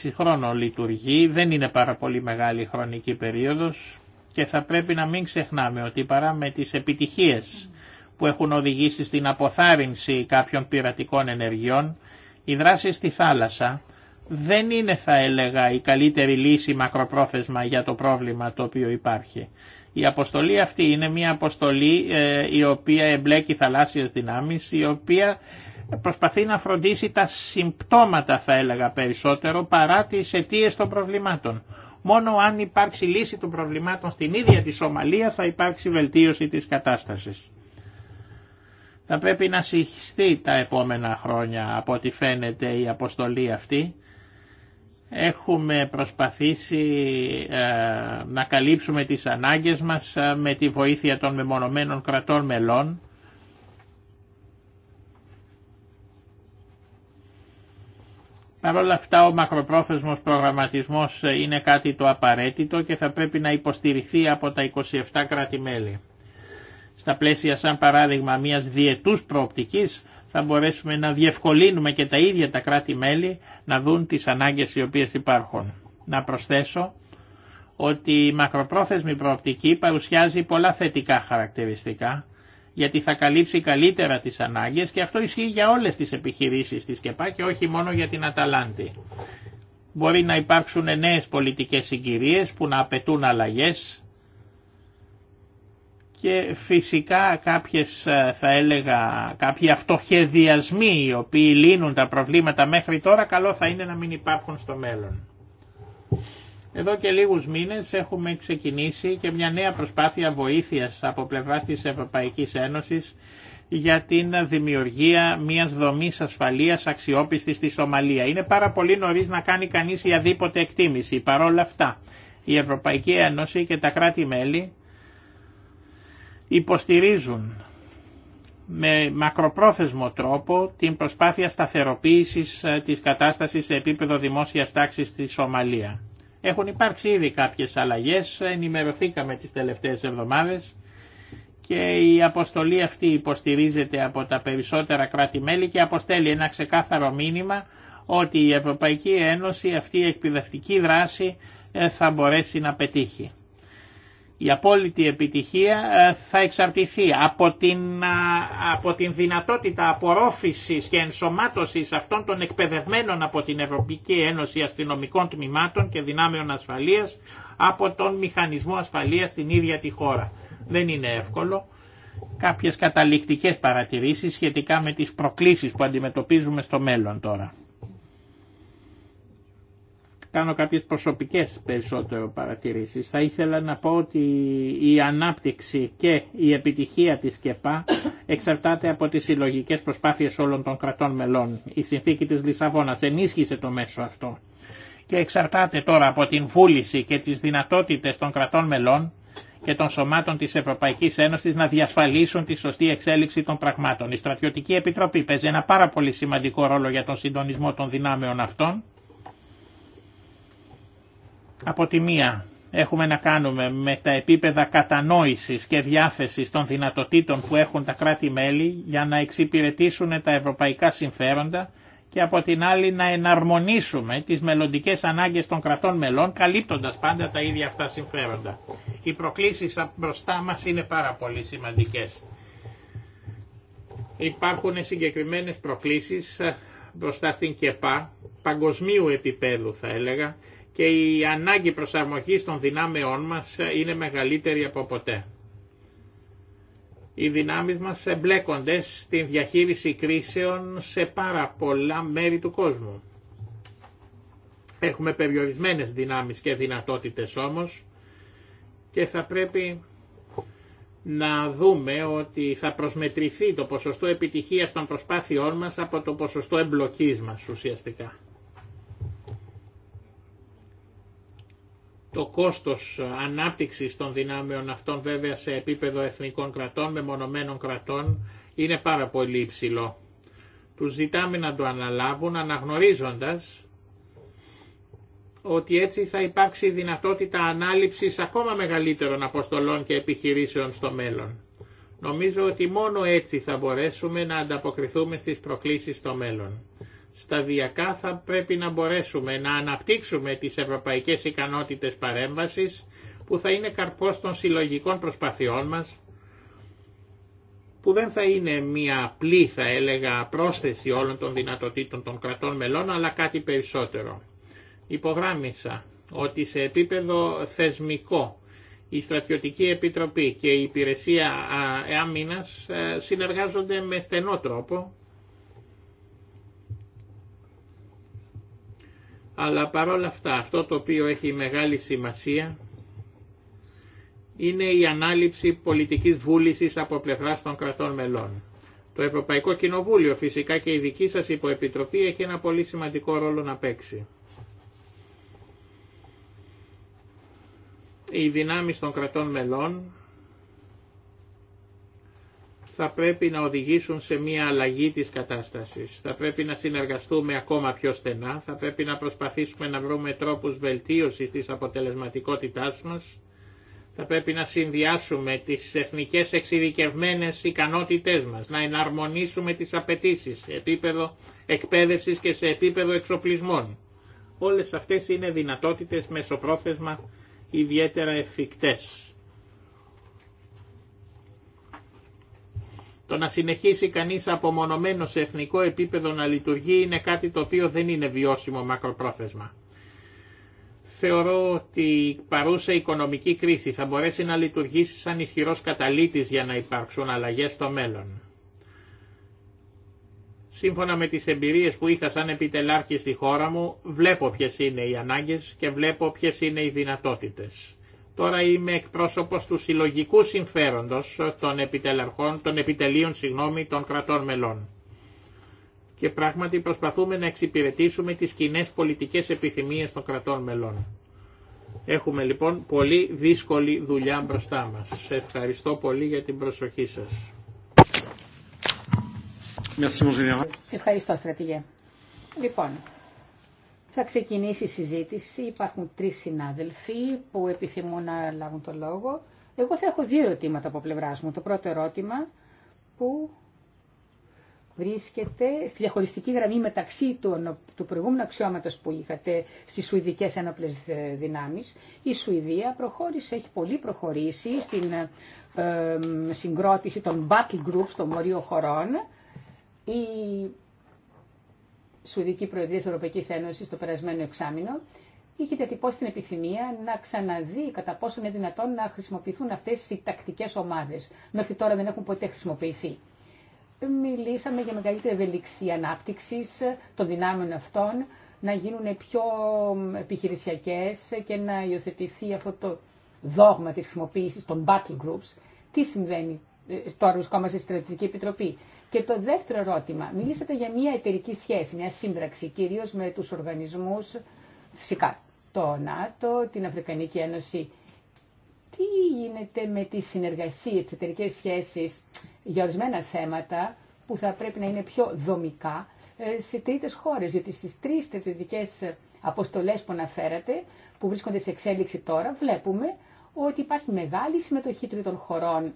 1,5 χρόνο λειτουργεί, δεν είναι πάρα πολύ μεγάλη χρονική περίοδος και θα πρέπει να μην ξεχνάμε ότι παρά με τις επιτυχίες που έχουν οδηγήσει στην αποθάρρυνση κάποιων πειρατικών ενεργειών, η δράση στη θάλασσα δεν είναι θα έλεγα η καλύτερη λύση μακροπρόθεσμα για το πρόβλημα το οποίο υπάρχει. Η αποστολή αυτή είναι μια αποστολή ε, η οποία εμπλέκει θαλάσσιες δυνάμεις, η οποία προσπαθεί να φροντίσει τα συμπτώματα θα έλεγα περισσότερο παρά τις αιτίες των προβλημάτων. Μόνο αν υπάρξει λύση των προβλημάτων στην ίδια τη Σομαλία θα υπάρξει βελτίωση της κατάστασης. Θα πρέπει να συγχυστεί τα επόμενα χρόνια από ό,τι φαίνεται η αποστολή αυτή. Έχουμε προσπαθήσει ε, να καλύψουμε τις ανάγκες μας ε, με τη βοήθεια των μεμονωμένων κρατών μελών Παρ' όλα αυτά ο μακροπρόθεσμος προγραμματισμός ε, είναι κάτι το απαραίτητο και θα πρέπει να υποστηριχθεί από τα 27 κράτη-μέλη. Στα πλαίσια σαν παράδειγμα μιας διετούς προοπτικής θα μπορέσουμε να διευκολύνουμε και τα ίδια τα κράτη-μέλη να δουν τις ανάγκες οι οποίες υπάρχουν. Να προσθέσω ότι η μακροπρόθεσμη προοπτική παρουσιάζει πολλά θετικά χαρακτηριστικά γιατί θα καλύψει καλύτερα τις ανάγκες και αυτό ισχύει για όλες τις επιχειρήσεις της ΚΕΠΑ και όχι μόνο για την Αταλάντη. Μπορεί να υπάρξουν νέες πολιτικές συγκυρίες που να απαιτούν αλλαγές και φυσικά κάποιες ε, θα έλεγα κάποιοι αυτοχεδιασμοί οι οποίοι λύνουν τα προβλήματα μέχρι τώρα καλό θα είναι να μην υπάρχουν στο μέλλον. Εδώ και λίγους μήνες έχουμε ξεκινήσει και μια νέα προσπάθεια βοήθειας από πλευράς της Ευρωπαϊκής Ένωσης για την δημιουργία μιας δομής ασφαλείας αξιόπιστης στη Σομαλία. Είναι πάρα πολύ νωρίς να κάνει κανείς η αδίποτε εκτίμηση. Παρόλα αυτά, η Ευρωπαϊκή Ένωση και τα κράτη-μέλη υποστηρίζουν με μακροπρόθεσμο τρόπο την προσπάθεια σταθεροποίησης ε, της κατάστασης σε επίπεδο δημόσιας τάξης στη Σομαλία. Έχουν υπάρξει ήδη κάποιες αλλαγές, ενημερωθήκαμε τις τελευταίες εβδομάδες και η αποστολή αυτή υποστηρίζεται από τα περισσότερα κράτη-μέλη και αποστέλει ένα ξεκάθαρο μήνυμα ότι η Ευρωπαϊκή Ένωση αυτή η εκπαιδευτική δράση ε, θα μπορέσει να πετύχει η απόλυτη επιτυχία ε, θα εξαρτηθεί από την, από την δυνατότητα απορρόφησης και ενσωμάτωσης αυτών των εκπαιδευμένων από την Ευρωπαϊκή Ένωση Αστυνομικών Τμήματων και Δυνάμεων Ασφαλείας από τον Μηχανισμό Ασφαλείας στην ίδια τη χώρα. Δεν είναι εύκολο. Κάποιες καταληκτικές παρατηρήσεις σχετικά με τις προκλήσεις που αντιμετωπίζουμε στο μέλλον τώρα κάνω κάποιες προσωπικές περισσότερο παρατηρήσεις. Θα ήθελα να πω ότι η ανάπτυξη και η επιτυχία της ΚΕΠΑ εξαρτάται από τις συλλογικέ προσπάθειες όλων των κρατών μελών. Η συνθήκη της Λισαβόνας ενίσχυσε το μέσο αυτό και εξαρτάται τώρα από την βούληση και τις δυνατότητες των κρατών μελών και των σωμάτων της Ευρωπαϊκής Ένωσης να διασφαλίσουν τη σωστή εξέλιξη των πραγμάτων. Η Στρατιωτική Επιτροπή παίζει ένα πάρα πολύ σημαντικό ρόλο για τον συντονισμό των δυνάμεων αυτών από τη μία έχουμε να κάνουμε με τα επίπεδα κατανόησης και διάθεσης των δυνατοτήτων που έχουν τα κράτη-μέλη για να εξυπηρετήσουν τα ευρωπαϊκά συμφέροντα και από την άλλη να εναρμονίσουμε τις μελλοντικέ ανάγκες των κρατών μελών καλύπτοντας πάντα τα ίδια αυτά συμφέροντα. Οι προκλήσεις μπροστά μας είναι πάρα πολύ σημαντικές. Υπάρχουν συγκεκριμένες προκλήσεις μπροστά στην ΚΕΠΑ, παγκοσμίου επίπεδου θα έλεγα, και η ανάγκη προσαρμογής των δυνάμεών μας είναι μεγαλύτερη από ποτέ. Οι δυνάμεις μας εμπλέκονται στην διαχείριση κρίσεων σε πάρα πολλά μέρη του κόσμου. Έχουμε περιορισμένες δυνάμεις και δυνατότητες όμως και θα πρέπει να δούμε ότι θα προσμετρηθεί το ποσοστό επιτυχίας των προσπάθειών μας από το ποσοστό εμπλοκής μας ουσιαστικά. Το κόστος ανάπτυξης των δυνάμεων αυτών βέβαια σε επίπεδο εθνικών κρατών, μεμονωμένων κρατών, είναι πάρα πολύ υψηλό. Τους ζητάμε να το αναλάβουν αναγνωρίζοντας ότι έτσι θα υπάρξει δυνατότητα ανάληψης ακόμα μεγαλύτερων αποστολών και επιχειρήσεων στο μέλλον. Νομίζω ότι μόνο έτσι θα μπορέσουμε να ανταποκριθούμε στις προκλήσεις στο μέλλον σταδιακά θα πρέπει να μπορέσουμε να αναπτύξουμε τις ευρωπαϊκές ικανότητες παρέμβασης που θα είναι καρπός των συλλογικών προσπαθειών μας που δεν θα είναι μία απλή θα έλεγα πρόσθεση όλων των δυνατοτήτων των κρατών μελών αλλά κάτι περισσότερο. Υπογράμμισα ότι σε επίπεδο θεσμικό η Στρατιωτική Επιτροπή και η Υπηρεσία Άμυνας ε, συνεργάζονται με στενό τρόπο Αλλά παρόλα αυτά αυτό το οποίο έχει μεγάλη σημασία είναι η ανάληψη πολιτικής βούλησης από πλευράς των κρατών μελών. Το Ευρωπαϊκό Κοινοβούλιο φυσικά και η δική σας υποεπιτροπή έχει ένα πολύ σημαντικό ρόλο να παίξει. Οι δυνάμεις των κρατών μελών θα πρέπει να οδηγήσουν σε μια αλλαγή της κατάστασης. Θα πρέπει να συνεργαστούμε ακόμα πιο στενά, θα πρέπει να προσπαθήσουμε να βρούμε τρόπους βελτίωσης της αποτελεσματικότητάς μας, θα πρέπει να συνδυάσουμε τις εθνικές εξειδικευμένες ικανότητές μας, να εναρμονίσουμε τις απαιτήσει σε επίπεδο εκπαίδευσης και σε επίπεδο εξοπλισμών. Όλες αυτές είναι δυνατότητες μεσοπρόθεσμα ιδιαίτερα εφικτές. Το να συνεχίσει κανείς απομονωμένο σε εθνικό επίπεδο να λειτουργεί είναι κάτι το οποίο δεν είναι βιώσιμο μακροπρόθεσμα. Θεωρώ ότι η παρούσα οικονομική κρίση θα μπορέσει να λειτουργήσει σαν ισχυρός καταλήτης για να υπάρξουν αλλαγές στο μέλλον. Σύμφωνα με τις εμπειρίες που είχα σαν επιτελάρχη στη χώρα μου, βλέπω ποιες είναι οι ανάγκες και βλέπω ποιες είναι οι δυνατότητες. Τώρα είμαι εκπρόσωπος του συλλογικού συμφέροντος των, επιτελαρχών, των επιτελείων συγγνώμη, των κρατών μελών. Και πράγματι προσπαθούμε να εξυπηρετήσουμε τις κοινέ πολιτικές επιθυμίες των κρατών μελών. Έχουμε λοιπόν πολύ δύσκολη δουλειά μπροστά μας. Ευχαριστώ πολύ για την προσοχή σας. Ευχαριστώ στρατηγέ. Λοιπόν, θα ξεκινήσει η συζήτηση. Υπάρχουν τρεις συνάδελφοι που επιθυμούν να λάβουν το λόγο. Εγώ θα έχω δύο ερωτήματα από πλευρά μου. Το πρώτο ερώτημα που βρίσκεται στη διαχωριστική γραμμή μεταξύ του, του προηγούμενου αξιώματος που είχατε στις Σουηδικές Ένοπλες Δυνάμεις. Η Σουηδία προχώρησε, έχει πολύ προχωρήσει στην ε, συγκρότηση των battle groups των μορίων χωρών. Η Σουηδική Προεδρία τη Ευρωπαϊκή Ένωση, το περασμένο εξάμεινο, είχε διατυπώσει την επιθυμία να ξαναδεί κατά πόσο είναι δυνατόν να χρησιμοποιηθούν αυτές οι τακτικές ομάδες. Μέχρι τώρα δεν έχουν ποτέ χρησιμοποιηθεί. Μιλήσαμε για μεγαλύτερη ευελιξία ανάπτυξη των δυνάμεων αυτών, να γίνουν πιο επιχειρησιακές και να υιοθετηθεί αυτό το δόγμα τη χρησιμοποιήση των battle groups. Τι συμβαίνει, ε, τώρα βρισκόμαστε στη Στρατιωτική Επιτροπή. Και το δεύτερο ερώτημα. Μιλήσατε για μια εταιρική σχέση, μια σύμπραξη, κυρίω με του οργανισμού, φυσικά το ΝΑΤΟ, την Αφρικανική Ένωση. Τι γίνεται με τις συνεργασίες, τις εταιρικέ σχέσεις για ορισμένα θέματα που θα πρέπει να είναι πιο δομικά ε, σε τρίτες χώρες, γιατί στις τρεις στρατιωτικές αποστολές που αναφέρατε, που βρίσκονται σε εξέλιξη τώρα, βλέπουμε ότι υπάρχει μεγάλη συμμετοχή τρίτων χωρών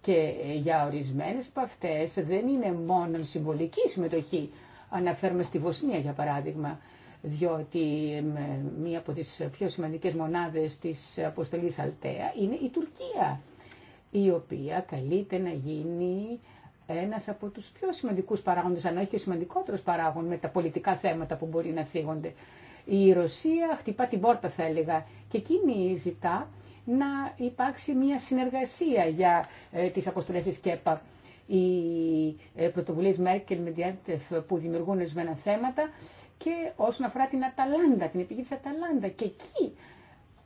και ε, για ορισμένες από αυτές δεν είναι μόνο συμβολική συμμετοχή. Αναφέρουμε στη Βοσνία για παράδειγμα, διότι μία από τις πιο σημαντικές μονάδες της αποστολής Αλτέα είναι η Τουρκία, η οποία καλείται να γίνει ένας από τους πιο σημαντικούς παράγοντες, αν όχι και σημαντικότερος παράγον με τα πολιτικά θέματα που μπορεί να θίγονται. Η Ρωσία χτυπά την πόρτα θα έλεγα και εκείνη ζητά να υπάρξει μια συνεργασία για ε, τις αποστολές της ΚΕΠΑ. Οι ε, πρωτοβουλίε Μέρκελ με που δημιουργούν ορισμένα θέματα και όσον αφορά την Αταλάντα, την επιχείρηση Αταλάντα. Και εκεί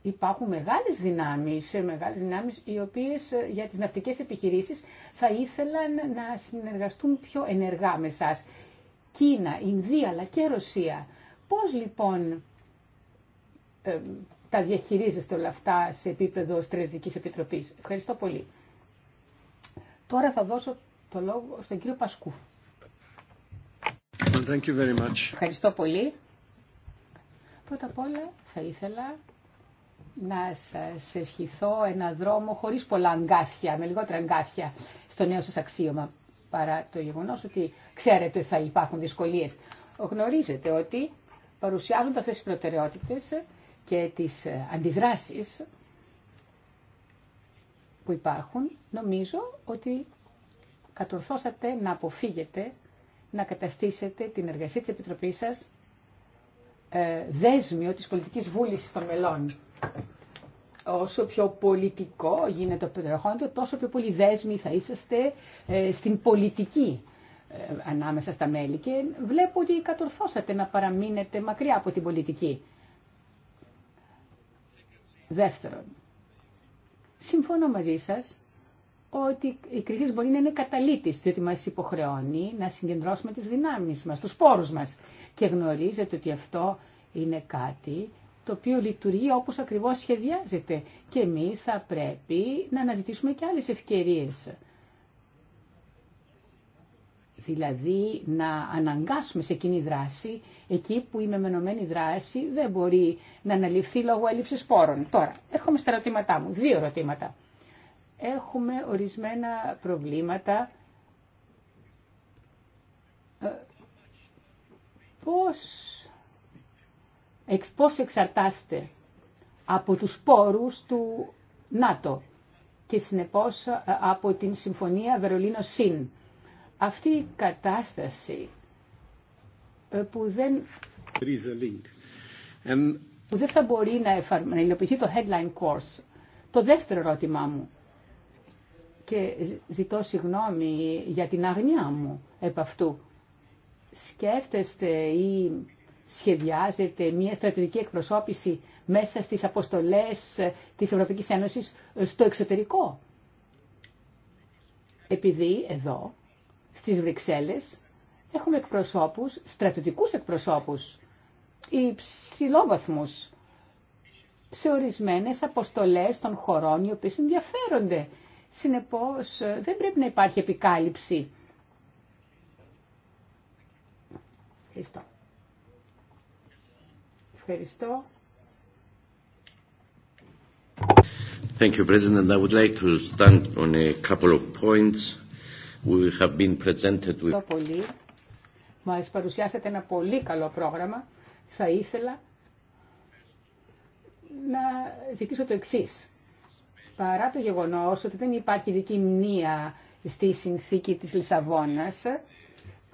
υπάρχουν μεγάλες δυνάμεις, ε, μεγάλες δυνάμεις οι οποίες για τις ναυτικές επιχειρήσεις θα ήθελαν να συνεργαστούν πιο ενεργά με εσά. Κίνα, Ινδία αλλά και Ρωσία. Πώς λοιπόν τα διαχειρίζεστε όλα αυτά σε επίπεδο στρατιωτικής επιτροπής. Ευχαριστώ πολύ. Τώρα θα δώσω το λόγο στον κύριο Πασκού. Thank you very much. Ευχαριστώ πολύ. Πρώτα απ' όλα θα ήθελα να σας ευχηθώ ένα δρόμο χωρίς πολλά αγκάθια, με λιγότερα αγκάθια στο νέο σας αξίωμα, παρά το γεγονός ότι ξέρετε θα υπάρχουν δυσκολίες. Γνωρίζετε ότι παρουσιάζονται αυτές οι προτεραιότητες και τις ε, αντιδράσεις που υπάρχουν, νομίζω ότι κατορθώσατε να αποφύγετε, να καταστήσετε την εργασία της Επιτροπής σας ε, δέσμιο της πολιτικής βούλησης των μελών. Όσο πιο πολιτικό γίνεται το περιεχόμενο, τόσο πιο πολύ δέσμοι θα είσαστε ε, στην πολιτική ανάμεσα στα μέλη. Και βλέπω ότι κατορθώσατε να παραμείνετε μακριά από την πολιτική. Δεύτερον, συμφωνώ μαζί σας ότι η κρίση μπορεί να είναι καταλήτης, διότι μας υποχρεώνει να συγκεντρώσουμε τις δυνάμεις μας, τους πόρους μας. Και γνωρίζετε ότι αυτό είναι κάτι το οποίο λειτουργεί όπως ακριβώς σχεδιάζεται. Και εμείς θα πρέπει να αναζητήσουμε και άλλες ευκαιρίες Δηλαδή να αναγκάσουμε σε κοινή δράση εκεί που η μεμενωμένη δράση δεν μπορεί να αναλυφθεί λόγω έλλειψη πόρων. Τώρα, έρχομαι στα ερωτήματά μου. Δύο ερωτήματα. Έχουμε ορισμένα προβλήματα. Ε, πώς, εξαρτάστε από τους πόρους του ΝΑΤΟ και συνεπώς ε, από την Συμφωνία Βερολίνο-ΣΥΝ αυτή η κατάσταση ε, που δεν, που δεν θα μπορεί να, υλοποιηθεί το headline course. Το δεύτερο ερώτημά μου και ζητώ συγγνώμη για την αγνιά μου επ' αυτού. Σκέφτεστε ή σχεδιάζετε μια στρατιωτική εκπροσώπηση μέσα στις αποστολές ε, της Ευρωπαϊκής Ένωσης ε, στο εξωτερικό. Επειδή εδώ στις Βρυξέλλες έχουμε εκπροσώπους, στρατιωτικούς εκπροσώπους, υψηλόβαθμους, σε ορισμένες αποστολές των χωρών οι οποίες ενδιαφέρονται. Συνεπώς δεν πρέπει να υπάρχει επικάλυψη. Ευχαριστώ. Ευχαριστώ. Thank you, President. I would like to stand on a couple of points. We Πολύ. Μας παρουσιάσατε ένα πολύ καλό πρόγραμμα. Θα ήθελα να ζητήσω το εξή. Παρά το γεγονός ότι δεν υπάρχει δική μνήμα στη συνθήκη της Λισαβόνας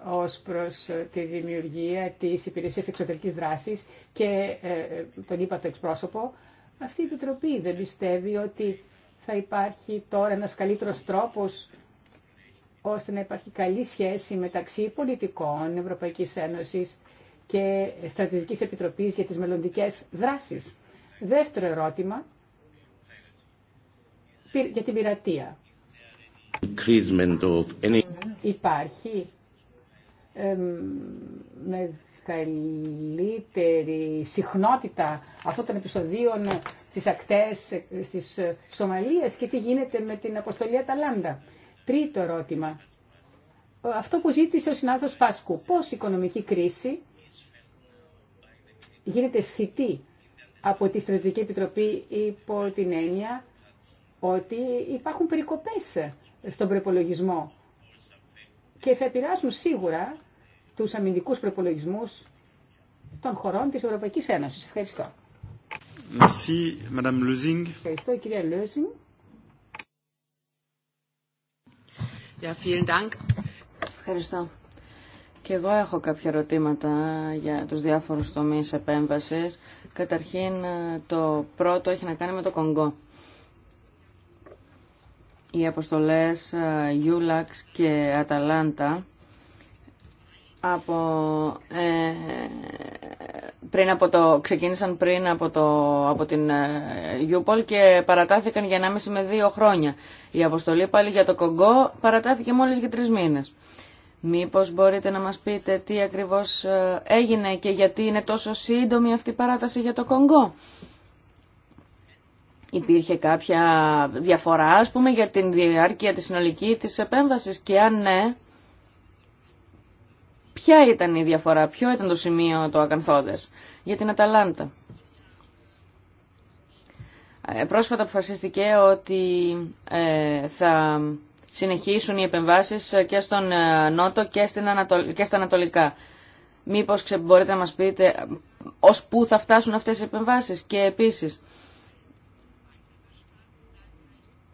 ως προς τη δημιουργία της υπηρεσίας εξωτερικής δράσης και ε, ε, τον είπα το εξπρόσωπο, αυτή η Επιτροπή δεν πιστεύει ότι θα υπάρχει τώρα ένας καλύτερος τρόπος ώστε να υπάρχει καλή σχέση μεταξύ πολιτικών Ευρωπαϊκής Ένωσης και Στρατηγικής Επιτροπής για τις μελλοντικές δράσεις. Δεύτερο ερώτημα για την πειρατεία. Υπάρχει ε, με συχνότητα αυτών των επεισοδίων στις ακτές, ε, στις ε, Σομαλίες και τι γίνεται με την αποστολή Αταλάντα. Τρίτο ερώτημα. Αυτό που ζήτησε ο συνάδελφος Πάσκου. Πώς η οικονομική κρίση γίνεται σχητή από τη Στρατηγική Επιτροπή υπό την έννοια ότι υπάρχουν περικοπές στον προπολογισμό και θα επηρεάσουν σίγουρα τους αμυντικούς προπολογισμού των χωρών της Ευρωπαϊκής Ένωσης. Ευχαριστώ. Merci, Madame Ευχαριστώ, κυρία Ευχαριστώ. Και εγώ έχω κάποια ερωτήματα για τους διάφορους τομείς επέμβασης. Καταρχήν το πρώτο έχει να κάνει με το Κονγκό. Οι αποστολές Γιούλαξ ε, και Αταλάντα από, ε, πριν από το, ξεκίνησαν πριν από, το, από την ε, Γιούπολ και παρατάθηκαν για 1,5 με 2 χρόνια. Η αποστολή πάλι για το Κογκό παρατάθηκε μόλις για 3 μήνες. Μήπως μπορείτε να μας πείτε τι ακριβώς ε, έγινε και γιατί είναι τόσο σύντομη αυτή η παράταση για το Κονγκό. Υπήρχε κάποια διαφορά, ας πούμε, για την διάρκεια της συνολική της επέμβασης και αν ναι, Ποια ήταν η διαφορά, ποιο ήταν το σημείο το ακαθόδες για την Αταλάντα. Ε, πρόσφατα αποφασίστηκε ότι ε, θα συνεχίσουν οι επεμβάσεις ε, και στον Νότο και, στην και στα Ανατολικά. Μήπως μπορείτε να μας πείτε ως πού θα φτάσουν αυτές οι επεμβάσεις και επίσης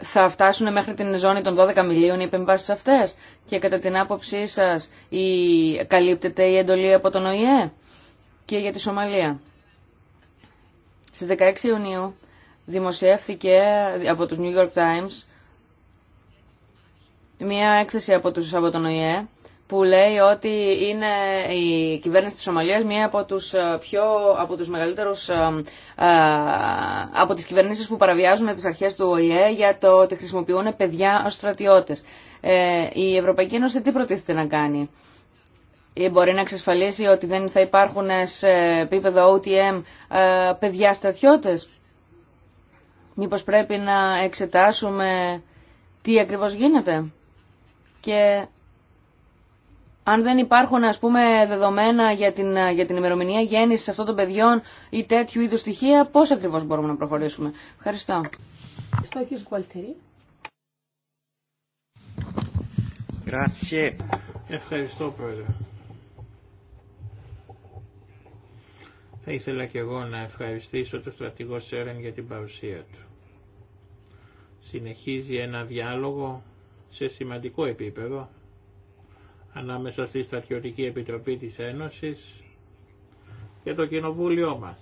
θα φτάσουν μέχρι την ζώνη των 12 μιλίων οι επεμβάσεις αυτές και κατά την άποψή σας η... καλύπτεται η εντολή από τον ΟΗΕ και για τη Σομαλία. Στις 16 Ιουνίου δημοσιεύθηκε από τους New York Times μια έκθεση από, τους, από τον ΟΗΕ που λέει ότι είναι η κυβέρνηση της Σομαλίας μία από τους, ε, πιο, από τους μεγαλύτερους ε, ε, από τις κυβερνήσεις που παραβιάζουν τις αρχές του ΟΗΕ για το ότι χρησιμοποιούν παιδιά ως στρατιώτες. η Ευρωπαϊκή Ένωση τι προτίθεται να κάνει. Μπορεί να εξασφαλίσει ότι δεν θα υπάρχουν σε επίπεδο OTM παιδιά στρατιώτες. Μήπως πρέπει να εξετάσουμε τι ακριβώς γίνεται. Και αν δεν υπάρχουν ας πούμε δεδομένα για την, για την ημερομηνία γέννησης αυτών των παιδιών ή τέτοιου είδους στοιχεία, πώς ακριβώς μπορούμε να προχωρήσουμε. Ευχαριστώ. Ευχαριστώ κύριε Ευχαριστώ πρόεδρε. Θα ήθελα και εγώ να ευχαριστήσω τον στρατηγό Σέρεν για την παρουσία του. Συνεχίζει ένα διάλογο σε σημαντικό επίπεδο ανάμεσα στη Στρατιωτική Επιτροπή της Ένωσης και το Κοινοβούλιο μας,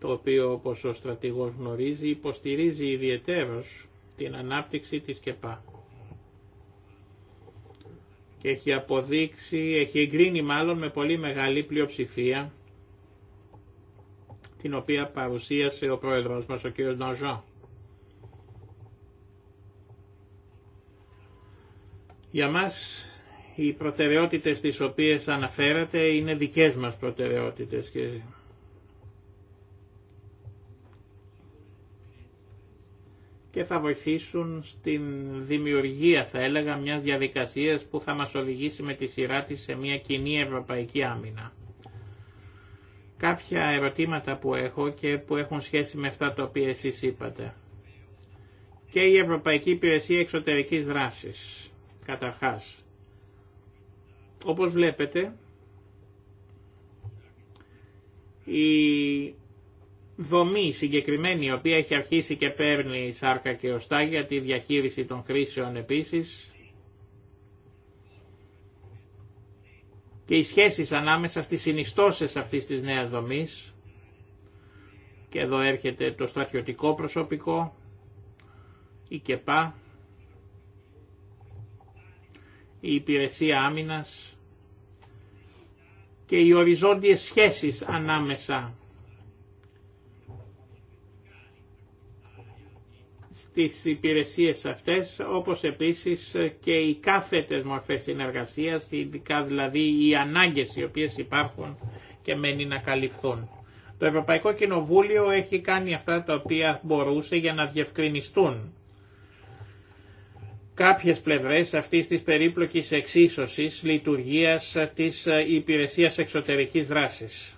το οποίο όπως ο στρατηγός γνωρίζει υποστηρίζει ιδιαιτέρως την ανάπτυξη της ΚΕΠΑ και έχει αποδείξει, έχει εγκρίνει μάλλον με πολύ μεγάλη πλειοψηφία την οποία παρουσίασε ο πρόεδρος μας ο κ. Νοζόν. Για μας οι προτεραιότητες τις οποίες αναφέρατε είναι δικές μας προτεραιότητες και θα βοηθήσουν στην δημιουργία, θα έλεγα, μιας διαδικασίας που θα μας οδηγήσει με τη σειρά της σε μια κοινή ευρωπαϊκή άμυνα. Κάποια ερωτήματα που έχω και που έχουν σχέση με αυτά τα οποία εσείς είπατε. Και η Ευρωπαϊκή Υπηρεσία Εξωτερικής Δράσης. Καταρχάς, όπως βλέπετε, η δομή συγκεκριμένη, η οποία έχει αρχίσει και παίρνει σάρκα και οστά για τη διαχείριση των κρίσεων επίσης, και οι σχέσεις ανάμεσα στις συνιστώσεις αυτής της νέας δομής, και εδώ έρχεται το στρατιωτικό προσωπικό, η ΚΕΠΑ, η υπηρεσία άμυνας και οι οριζόντιες σχέσεις ανάμεσα στις υπηρεσίες αυτές, όπως επίσης και οι κάθετες μορφές συνεργασίας, ειδικά δηλαδή οι ανάγκες οι οποίες υπάρχουν και μένει να καλυφθούν. Το Ευρωπαϊκό Κοινοβούλιο έχει κάνει αυτά τα οποία μπορούσε για να διευκρινιστούν κάποιες πλευρές αυτής της περίπλοκης εξίσωσης λειτουργίας της ε, υπηρεσίας εξωτερικής δράσης.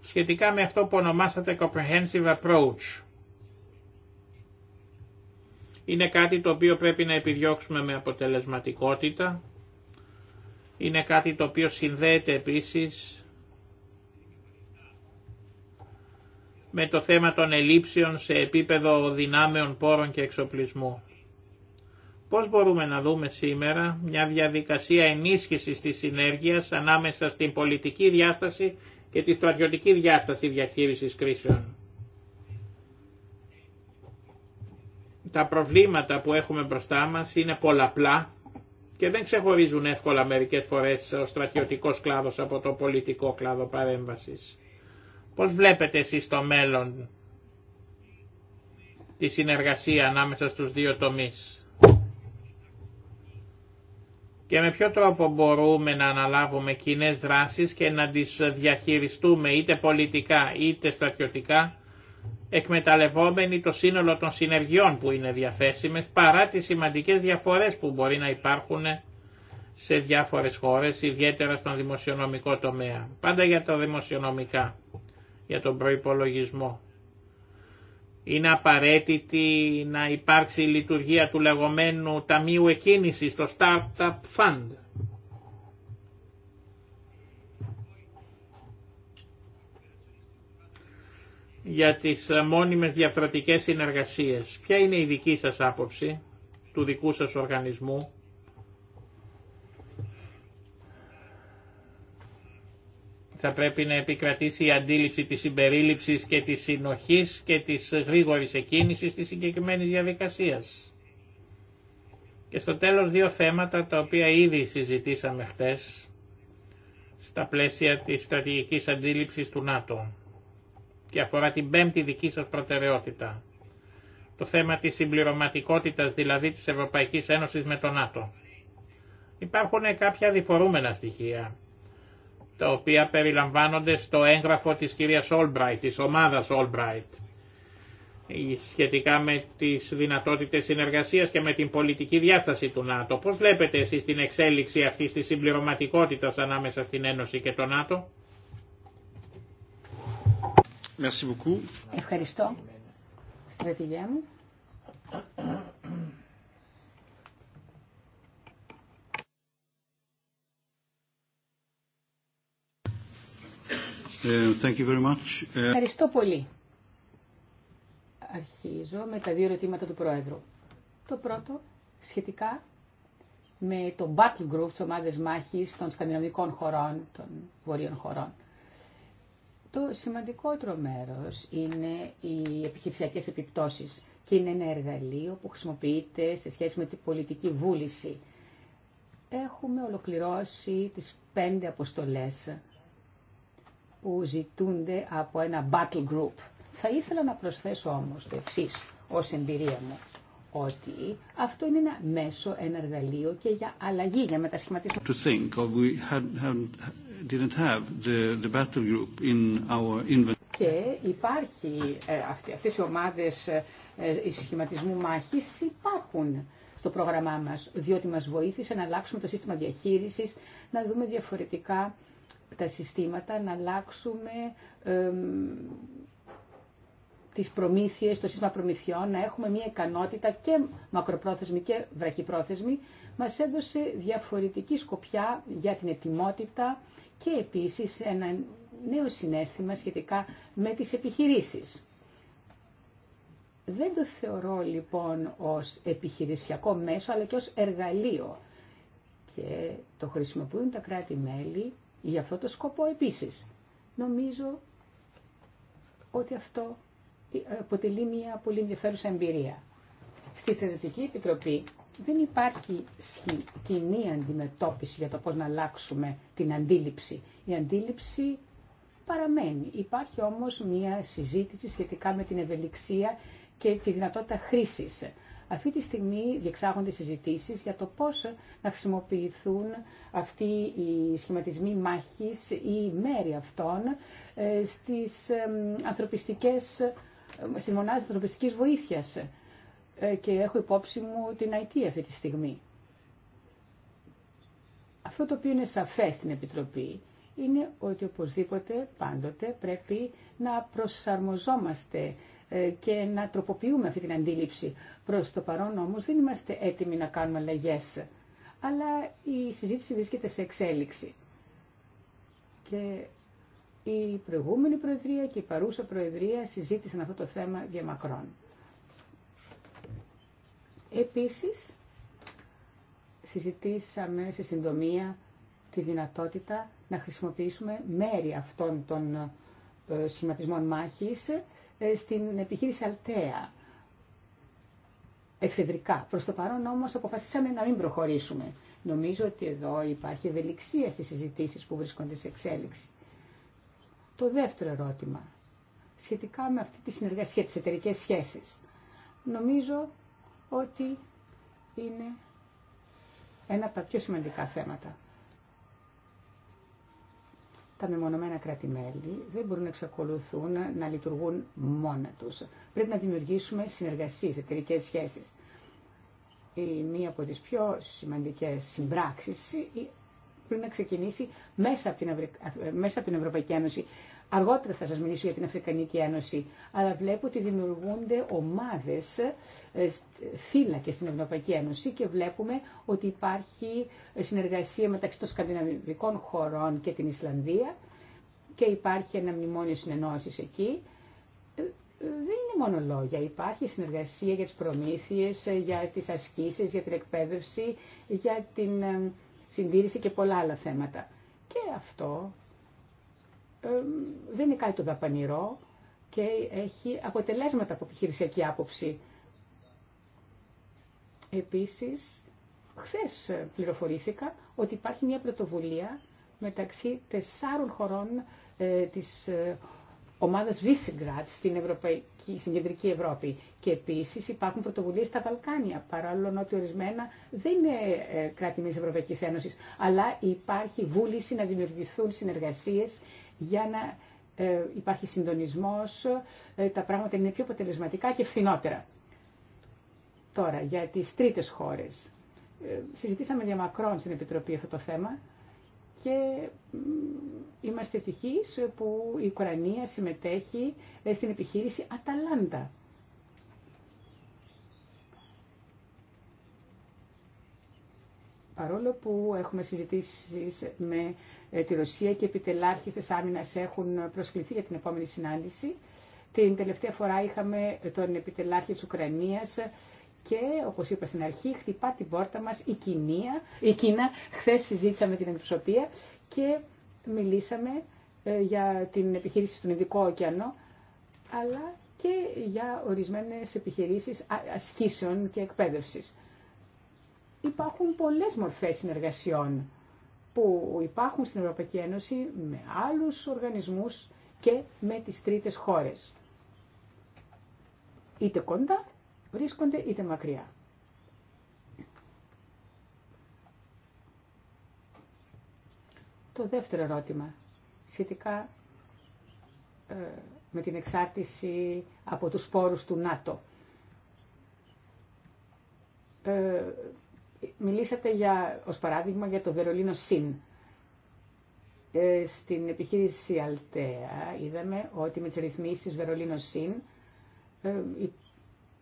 Σχετικά με αυτό που ονομάσατε Comprehensive Approach, είναι κάτι το οποίο πρέπει να επιδιώξουμε με αποτελεσματικότητα, είναι κάτι το οποίο συνδέεται επίσης με το θέμα των ελλείψεων σε επίπεδο δυνάμεων πόρων και εξοπλισμού. Πώς μπορούμε να δούμε σήμερα μια διαδικασία ενίσχυσης της συνέργειας ανάμεσα στην πολιτική διάσταση και τη στρατιωτική διάσταση διαχείρισης κρίσεων. Τα προβλήματα που έχουμε μπροστά μας είναι πολλαπλά και δεν ξεχωρίζουν εύκολα μερικές φορές ο στρατιωτικός κλάδος από το πολιτικό κλάδο παρέμβασης. Πώς βλέπετε εσείς το μέλλον τη συνεργασία ανάμεσα στους δύο τομείς. Και με ποιο τρόπο μπορούμε να αναλάβουμε κοινέ δράσεις και να τις διαχειριστούμε είτε πολιτικά είτε στρατιωτικά, εκμεταλλευόμενοι το σύνολο των συνεργειών που είναι διαθέσιμες, παρά τις σημαντικές διαφορές που μπορεί να υπάρχουν σε διάφορες χώρες, ιδιαίτερα στον δημοσιονομικό τομέα. Πάντα για τα δημοσιονομικά για τον προϋπολογισμό. Είναι απαραίτητη να υπάρξει η λειτουργία του λεγόμενου Ταμείου Εκκίνησης, το Startup Fund. για τις μόνιμες διαφρατικές συνεργασίες. Ποια είναι η δική σας άποψη του δικού σας οργανισμού θα πρέπει να επικρατήσει η αντίληψη της συμπερίληψης και της συνοχής και της γρήγορης εκκίνησης της συγκεκριμένης διαδικασίας. Και στο τέλος δύο θέματα τα οποία ήδη συζητήσαμε χτες στα πλαίσια της στρατηγικής αντίληψης του ΝΑΤΟ και αφορά την πέμπτη δική σας προτεραιότητα. Το θέμα της συμπληρωματικότητας δηλαδή της Ευρωπαϊκής Ένωσης με τον ΝΑΤΟ. Υπάρχουν κάποια διφορούμενα στοιχεία τα οποία περιλαμβάνονται στο έγγραφο της κυρίας Όλμπραϊτ, της ομάδας Όλμπραϊτ, σχετικά με τις δυνατότητες συνεργασίας και με την πολιτική διάσταση του ΝΑΤΟ. Πώς βλέπετε εσείς την εξέλιξη αυτής της συμπληρωματικότητας ανάμεσα στην Ένωση και το ΝΑΤΟ. Ευχαριστώ, στρατηγέ μου. Ε, ε, Ευχαριστώ πολύ. Αρχίζω με τα δύο ερωτήματα του Πρόεδρου. Το πρώτο σχετικά με το battle group, τις ομάδες μάχης των σκανδιναβικών χωρών, των βορείων χωρών. Το σημαντικότερο μέρος είναι οι επιχειρησιακές επιπτώσεις και είναι ένα εργαλείο που χρησιμοποιείται σε σχέση με την πολιτική βούληση. Έχουμε ολοκληρώσει τις πέντε αποστολές που ζητούνται από ένα battle group. Θα ήθελα να προσθέσω όμως το εξή ως εμπειρία μου, ότι αυτό είναι ένα μέσο, ένα εργαλείο και για αλλαγή, για μετασχηματισμό. To think of we had, didn't have the, battle group in our και υπάρχει ε, αυτές οι ομάδες ε, ε, σχηματισμού μάχης υπάρχουν στο πρόγραμμά μας, διότι μας βοήθησε να αλλάξουμε το σύστημα διαχείρισης, να δούμε διαφορετικά τα συστήματα, να αλλάξουμε ε, τις προμήθειες, το σύστημα προμηθειών, να έχουμε μια ικανότητα και μακροπρόθεσμη και βραχυπρόθεσμη, μας έδωσε διαφορετική σκοπιά για την ετοιμότητα και επίσης ένα νέο συνέστημα σχετικά με τις επιχειρήσεις. Δεν το θεωρώ λοιπόν ως επιχειρησιακό μέσο, αλλά και ως εργαλείο. Και το χρησιμοποιούν τα κράτη-μέλη για αυτό το σκοπό επίσης. Νομίζω ότι αυτό αποτελεί μια πολύ ενδιαφέρουσα εμπειρία. Στη Στρατιωτική Επιτροπή δεν υπάρχει κοινή αντιμετώπιση για το πώς να αλλάξουμε την αντίληψη. Η αντίληψη παραμένει. Υπάρχει όμως μια συζήτηση σχετικά με την ευελιξία και τη δυνατότητα χρήσης αυτή τη στιγμή διεξάγονται συζητήσεις για το πώς να χρησιμοποιηθούν αυτοί οι σχηματισμοί μάχης ή μέρη αυτών ε, στις ανθρωπιστικές, στη μονάδα ανθρωπιστικής βοήθειας. Ε, και έχω υπόψη μου την IT αυτή τη στιγμή. Αυτό το οποίο είναι σαφές στην Επιτροπή είναι ότι οπωσδήποτε πάντοτε πρέπει να προσαρμοζόμαστε ε, και να τροποποιούμε αυτή την αντίληψη. Προς το παρόν όμως δεν είμαστε έτοιμοι να κάνουμε αλλαγέ. αλλά η συζήτηση βρίσκεται σε εξέλιξη. Και η προηγούμενη Προεδρία και η παρούσα Προεδρία συζήτησαν αυτό το θέμα για μακρόν. Επίσης, συζητήσαμε σε συντομία τη δυνατότητα να χρησιμοποιήσουμε μέρη αυτών των ε, σχηματισμών μάχης ε, στην επιχείρηση Αλτέα εφεδρικά. Προς το παρόν όμως αποφασίσαμε να μην προχωρήσουμε. Νομίζω ότι εδώ υπάρχει ευελιξία στις συζητήσεις που βρίσκονται σε εξέλιξη. Το δεύτερο ερώτημα, σχετικά με αυτή τη συνεργασία, τις εταιρικές σχέσεις, νομίζω ότι είναι ένα από τα πιο σημαντικά θέματα τα μεμονωμένα κράτη-μέλη δεν μπορούν να εξακολουθούν να λειτουργούν μόνα τους. Πρέπει να δημιουργήσουμε συνεργασίες, εταιρικέ σχέσεις. Η μία από τις πιο σημαντικές συμπράξεις πρέπει να ξεκινήσει μέσα την, ε, μέσα από την Ευρωπαϊκή Ένωση Αργότερα θα σας μιλήσω για την Αφρικανική Ένωση, αλλά βλέπω ότι δημιουργούνται ομάδες ε, φύλακες στην Ευρωπαϊκή Ένωση και βλέπουμε ότι υπάρχει συνεργασία μεταξύ των σκανδιναβικών χωρών και την Ισλανδία και υπάρχει ένα μνημόνιο συνεννόησης εκεί. Ε, ε, δεν είναι μόνο λόγια. Υπάρχει συνεργασία για τις προμήθειες, για τις ασκήσεις, για την εκπαίδευση, για την συντήρηση και πολλά άλλα θέματα. Και αυτό δεν είναι κάτι το δαπανηρό και έχει αποτελέσματα από επιχειρησιακή άποψη. Επίσης, χθες πληροφορήθηκα ότι υπάρχει μια πρωτοβουλία μεταξύ τεσσάρων χωρών ε, της ε, ομάδας Visegrad στην, Ευρωπαϊκή, στην Κεντρική Ευρώπη. Και επίσης υπάρχουν πρωτοβουλίες στα Βαλκάνια, παρόλο ότι ορισμένα δεν είναι ε, κράτη της Ευρωπαϊκής Ένωσης, αλλά υπάρχει βούληση να δημιουργηθούν συνεργασίες για να ε, υπάρχει συντονισμός, ε, τα πράγματα είναι πιο αποτελεσματικά και φθηνότερα. Τώρα, για τις τρίτες χώρες. Ε, συζητήσαμε για μακρόν στην Επιτροπή αυτό το θέμα και είμαστε ευτυχείς που η Ουκρανία συμμετέχει στην επιχείρηση Αταλάντα. Παρόλο που έχουμε συζητήσεις με ε, τη Ρωσία και της άμυνας έχουν προσκληθεί για την επόμενη συνάντηση. Την τελευταία φορά είχαμε τον επιτελάρχη της Ουκρανίας και όπως είπα στην αρχή χτυπά την πόρτα μας η, Κινία, η Κίνα. Χθες συζήτησαμε την αντιπροσωπεία και μιλήσαμε ε, για την επιχείρηση στον Ειδικό Ωκεανό αλλά και για ορισμένες επιχειρήσεις ασκήσεων και εκπαίδευσης. Υπάρχουν πολλές μορφές συνεργασιών που υπάρχουν στην Ευρωπαϊκή Ένωση με άλλους οργανισμούς και με τις τρίτες χώρες. Είτε κοντά βρίσκονται είτε μακριά. Το δεύτερο ερώτημα σχετικά ε, με την εξάρτηση από τους σπόρους του ΝΑΤΟ. Ε, μιλήσατε για, ως παράδειγμα για το Βερολίνο ΣΥΝ. Ε, στην επιχείρηση Αλτέα είδαμε ότι με τις ρυθμίσεις Βερολίνο ΣΥΝ ε,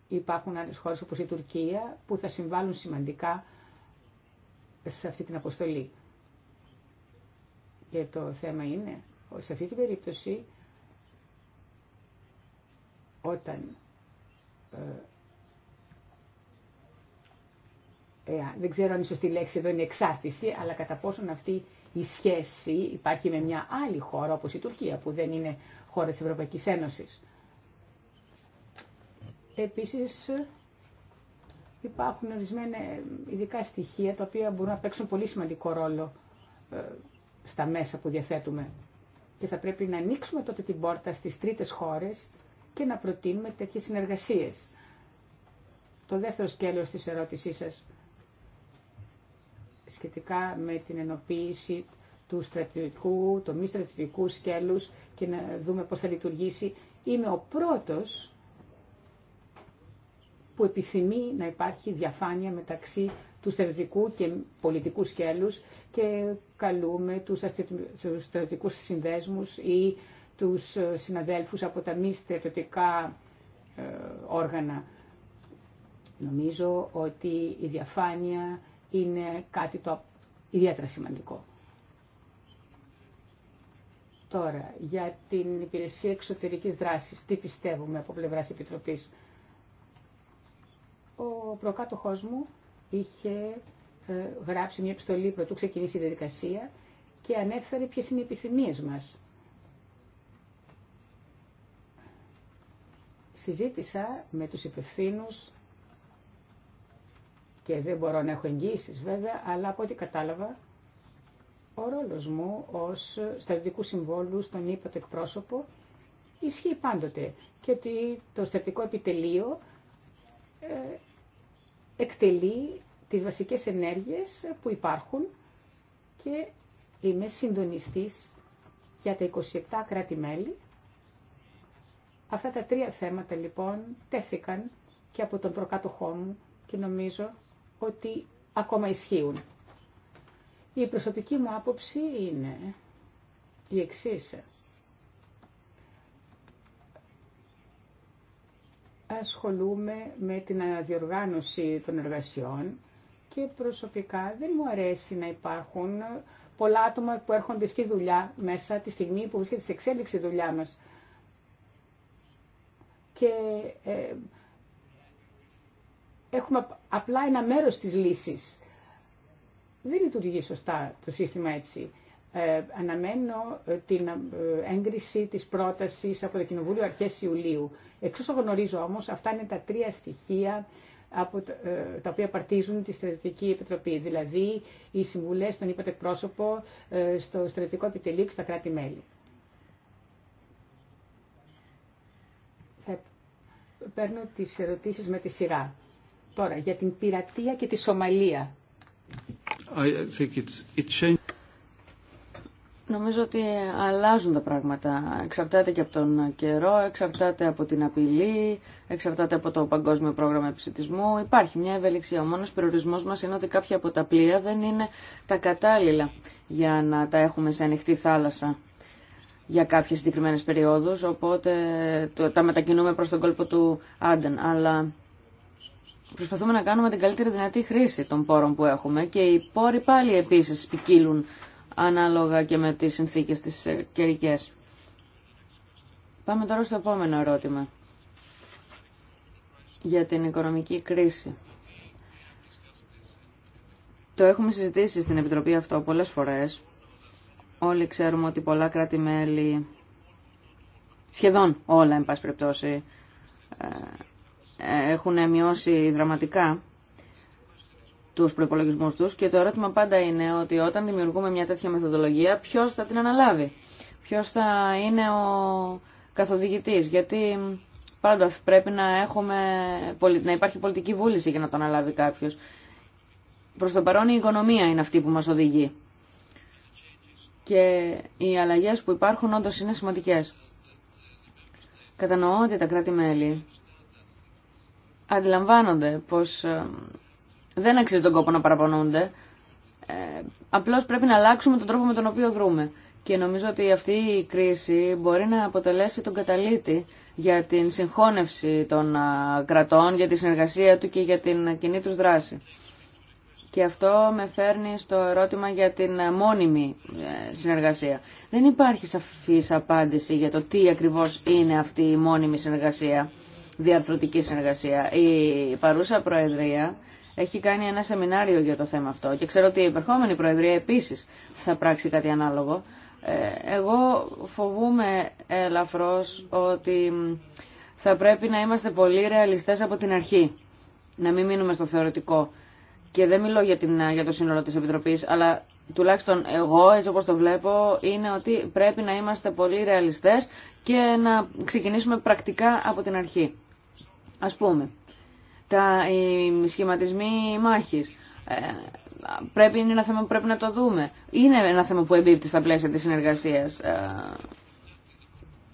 υπάρχουν άλλες χώρες όπως η Τουρκία που θα συμβάλλουν σημαντικά σε αυτή την αποστολή. Και το θέμα είναι ότι σε αυτή την περίπτωση όταν ε, Ε, δεν ξέρω αν η σωστή λέξη εδώ είναι εξάρτηση, αλλά κατά πόσον αυτή η σχέση υπάρχει με μια άλλη χώρα όπως η Τουρκία που δεν είναι χώρα της Ευρωπαϊκής Ένωσης. Επίσης υπάρχουν ορισμένα ειδικά στοιχεία τα οποία μπορούν να παίξουν πολύ σημαντικό ρόλο ε, στα μέσα που διαθέτουμε. Και θα πρέπει να ανοίξουμε τότε την πόρτα στις τρίτες χώρες και να προτείνουμε τέτοιες συνεργασίες. Το δεύτερο σκέλος της ερώτησής σας σχετικά με την ενοποίηση του στρατιωτικού, το μη στρατιωτικού σκέλους και να δούμε πώς θα λειτουργήσει. Είμαι ο πρώτος που επιθυμεί να υπάρχει διαφάνεια μεταξύ του στρατιωτικού και πολιτικού σκέλους και καλούμε τους, τους στρατιωτικούς συνδέσμους ή τους συναδέλφους από τα μη στρατιωτικά ε, όργανα. Νομίζω ότι η διαφάνεια είναι κάτι το ιδιαίτερα σημαντικό. Τώρα, για την υπηρεσία εξωτερικής δράσης, τι πιστεύουμε από πλευράς Επιτροπής. Ο προκάτοχός μου είχε ε, γράψει μια επιστολή πρωτού ξεκινήσει η διαδικασία και ανέφερε ποιες είναι οι επιθυμίες μας. Συζήτησα με τους υπευθύνους και δεν μπορώ να έχω εγγύησεις βέβαια, αλλά από ό,τι κατάλαβα, ο ρόλος μου ως στρατιωτικού συμβόλου στον ύπατο εκπρόσωπο ισχύει πάντοτε και ότι το στρατιωτικό επιτελείο ε, εκτελεί τις βασικές ενέργειες που υπάρχουν και είμαι συντονιστής για τα 27 κράτη-μέλη. Αυτά τα τρία θέματα λοιπόν τέθηκαν και από τον προκάτοχό μου και νομίζω ότι ακόμα ισχύουν. Η προσωπική μου άποψη είναι η εξής. Ασχολούμαι με την αναδιοργάνωση των εργασιών και προσωπικά δεν μου αρέσει να υπάρχουν πολλά άτομα που έρχονται στη δουλειά μέσα τη στιγμή που βρίσκεται σε εξέλιξη δουλειά μας. Και ε, έχουμε απλά ένα μέρος της λύσης. Δεν λειτουργεί σωστά το σύστημα έτσι. Ε, αναμένω ε, την ε, έγκριση της πρότασης από το Κοινοβούλιο αρχές Ιουλίου. Εξ όσο γνωρίζω όμως, αυτά είναι τα τρία στοιχεία από ε, τα, οποία παρτίζουν τη Στρατιωτική Επιτροπή, δηλαδή οι συμβουλές τον είπατε πρόσωπο στο στρατιωτικό επιτελείο και στα κράτη-μέλη. παίρνω τις ερωτήσεις με τη σειρά. Τώρα, για την πειρατεία και τη Σομαλία. Νομίζω ότι αλλάζουν τα πράγματα. Εξαρτάται και από τον καιρό, εξαρτάται από την απειλή, εξαρτάται από το παγκόσμιο πρόγραμμα επισητισμού. Υπάρχει μια ευελιξία. Ο μόνος περιορισμός μας είναι ότι κάποια από τα πλοία δεν είναι τα κατάλληλα για να τα έχουμε σε ανοιχτή θάλασσα για κάποιες συγκεκριμένες περιόδους, οπότε τα μετακινούμε προς τον κόλπο του Άντεν. Αλλά προσπαθούμε να κάνουμε την καλύτερη δυνατή χρήση των πόρων που έχουμε και οι πόροι πάλι επίσης ποικίλουν ανάλογα και με τις συνθήκες τις ε, καιρικέ. Πάμε τώρα στο επόμενο ερώτημα για την οικονομική κρίση. Το έχουμε συζητήσει στην Επιτροπή αυτό πολλές φορές. Όλοι ξέρουμε ότι πολλά κράτη-μέλη, σχεδόν όλα, εν πάση περιπτώσει, ε, έχουν μειώσει δραματικά τους προπολογισμού τους και το ερώτημα πάντα είναι ότι όταν δημιουργούμε μια τέτοια μεθοδολογία ποιος θα την αναλάβει, ποιος θα είναι ο καθοδηγητής γιατί πάντα πρέπει να, έχουμε, να υπάρχει πολιτική βούληση για να τον αναλάβει κάποιος. Προς το παρόν η οικονομία είναι αυτή που μας οδηγεί και οι αλλαγές που υπάρχουν όντως είναι σημαντικές. Κατανοώ ότι τα κράτη-μέλη αντιλαμβάνονται πως ε, δεν αξίζει τον κόπο να παραπονούνται. Ε, απλώς πρέπει να αλλάξουμε τον τρόπο με τον οποίο δρούμε. Και νομίζω ότι αυτή η κρίση μπορεί να αποτελέσει τον καταλήτη για την συγχώνευση των κρατών, για τη συνεργασία του και για την κοινή τους δράση. Και αυτό με φέρνει στο ερώτημα για την ε, μόνιμη ε, συνεργασία. Δεν υπάρχει σαφής απάντηση για το τι ακριβώς είναι αυτή η μόνιμη συνεργασία διαρθρωτική συνεργασία. Η παρούσα Προεδρία έχει κάνει ένα σεμινάριο για το θέμα αυτό και ξέρω ότι η επερχόμενη Προεδρία επίσης θα πράξει κάτι ανάλογο. Ε, εγώ φοβούμαι ελαφρώς ότι θα πρέπει να είμαστε πολύ ρεαλιστές από την αρχή, να μην μείνουμε στο θεωρητικό. Και δεν μιλώ για, την, για το σύνολο της Επιτροπής, αλλά τουλάχιστον εγώ έτσι όπως το βλέπω είναι ότι πρέπει να είμαστε πολύ ρεαλιστές και να ξεκινήσουμε πρακτικά από την αρχή. Ας πούμε, τα, οι σχηματισμοί μάχης, ε, πρέπει, είναι ένα θέμα που πρέπει να το δούμε. Είναι ένα θέμα που εμπίπτει στα πλαίσια της συνεργασίας. Ε,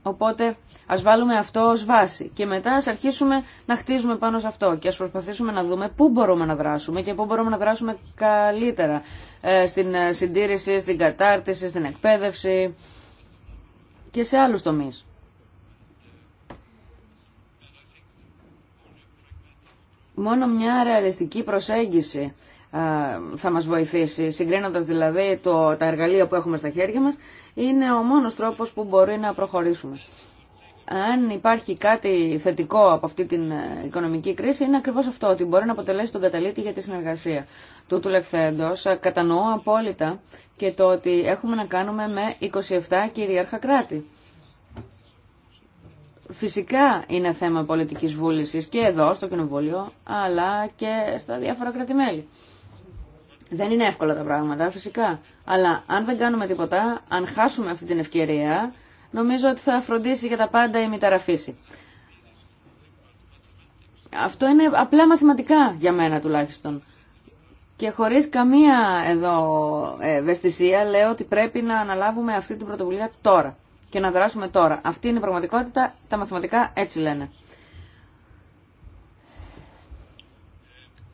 οπότε ας βάλουμε αυτό ως βάση και μετά ας αρχίσουμε να χτίζουμε πάνω σε αυτό και ας προσπαθήσουμε να δούμε πού μπορούμε να δράσουμε και πού μπορούμε να δράσουμε καλύτερα ε, στην συντήρηση, στην κατάρτιση, στην εκπαίδευση και σε άλλους τομείς. Μόνο μια ρεαλιστική προσέγγιση ε, θα μας βοηθήσει, συγκρίνοντας δηλαδή το, τα εργαλεία που έχουμε στα χέρια μας, είναι ο μόνος τρόπος που μπορεί να προχωρήσουμε. Αν υπάρχει κάτι θετικό από αυτή την ε, οικονομική κρίση, είναι ακριβώς αυτό, ότι μπορεί να αποτελέσει τον καταλήτη για τη συνεργασία. Του λεχθέντος, ε, κατανοώ απόλυτα και το ότι έχουμε να κάνουμε με 27 κυρίαρχα κράτη. Φυσικά είναι θέμα πολιτικής βούλησης και εδώ στο Κοινοβούλιο, αλλά και στα διάφορα κρατημέλη. Δεν είναι εύκολα τα πράγματα, φυσικά. Αλλά αν δεν κάνουμε τίποτα, αν χάσουμε αυτή την ευκαιρία, νομίζω ότι θα φροντίσει για τα πάντα η μηταραφύση. Αυτό είναι απλά μαθηματικά για μένα τουλάχιστον. Και χωρίς καμία εδώ ε, ευαισθησία λέω ότι πρέπει να αναλάβουμε αυτή την πρωτοβουλία τώρα και να δράσουμε τώρα. Αυτή είναι η πραγματικότητα, τα μαθηματικά έτσι λένε.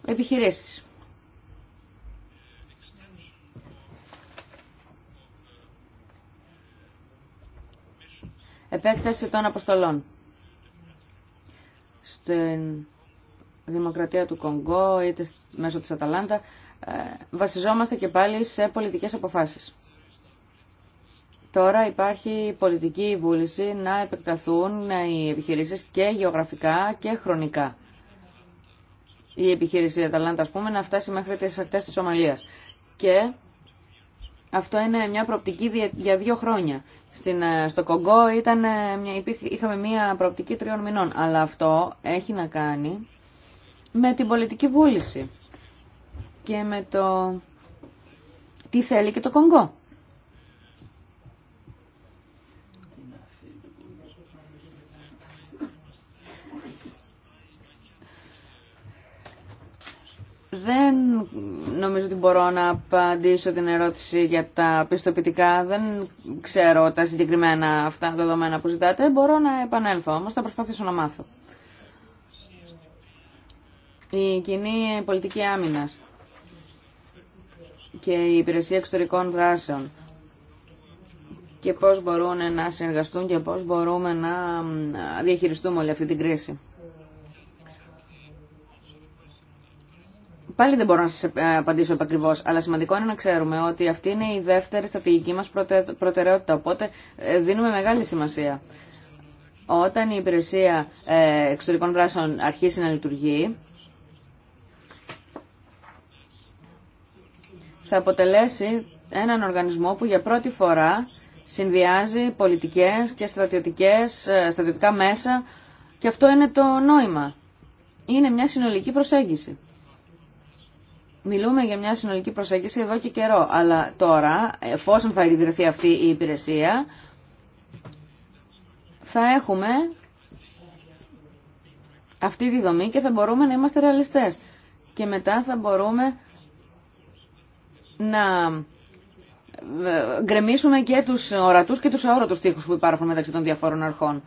Επιχειρήσεις. Επέκταση των αποστολών. Στην Δημοκρατία του Κονγκό είτε μέσω της Αταλάντα ε, βασιζόμαστε και πάλι σε πολιτικές αποφάσεις. Τώρα υπάρχει πολιτική βούληση να επεκταθούν οι επιχειρήσεις και γεωγραφικά και χρονικά. Η επιχείρηση Αταλάντα, ας πούμε, να φτάσει μέχρι τις ακτές της Σομαλίας. Και αυτό είναι μια προοπτική για δύο χρόνια. Στην, ε, στο Κογκό ήταν, ε, είχαμε μια προοπτική τριών μηνών, αλλά αυτό έχει να κάνει με την πολιτική βούληση και με το τι θέλει και το Κονγκό. Δεν νομίζω ότι μπορώ να απαντήσω την ερώτηση για τα πιστοποιητικά. Δεν ξέρω τα συγκεκριμένα αυτά δεδομένα που ζητάτε. Μπορώ να επανέλθω, όμως θα προσπαθήσω να μάθω. Η κοινή πολιτική άμυνας και η υπηρεσία εξωτερικών δράσεων και πώς μπορούν να συνεργαστούν και πώς μπορούμε να διαχειριστούμε όλη αυτή την κρίση. Πάλι δεν μπορώ να σας ε, απαντήσω επακριβώ, αλλά σημαντικό είναι να ξέρουμε ότι αυτή είναι η δεύτερη στρατηγική μας προτεραιότητα, οπότε ε, δίνουμε μεγάλη σημασία. Όταν η υπηρεσία ε, εξωτερικών δράσεων αρχίσει να λειτουργεί, θα αποτελέσει έναν οργανισμό που για πρώτη φορά συνδυάζει πολιτικές και στρατιωτικές, στρατιωτικά μέσα και αυτό είναι το νόημα. Είναι μια συνολική προσέγγιση. Μιλούμε για μια συνολική προσέγγιση εδώ και καιρό, αλλά τώρα, εφόσον θα ιδρυθεί αυτή η υπηρεσία, θα έχουμε αυτή τη δομή και θα μπορούμε να είμαστε ρεαλιστές. Και μετά θα μπορούμε να ε, γκρεμίσουμε και τους ορατούς και τους αόρατους τείχους που υπάρχουν μεταξύ των διαφόρων αρχών.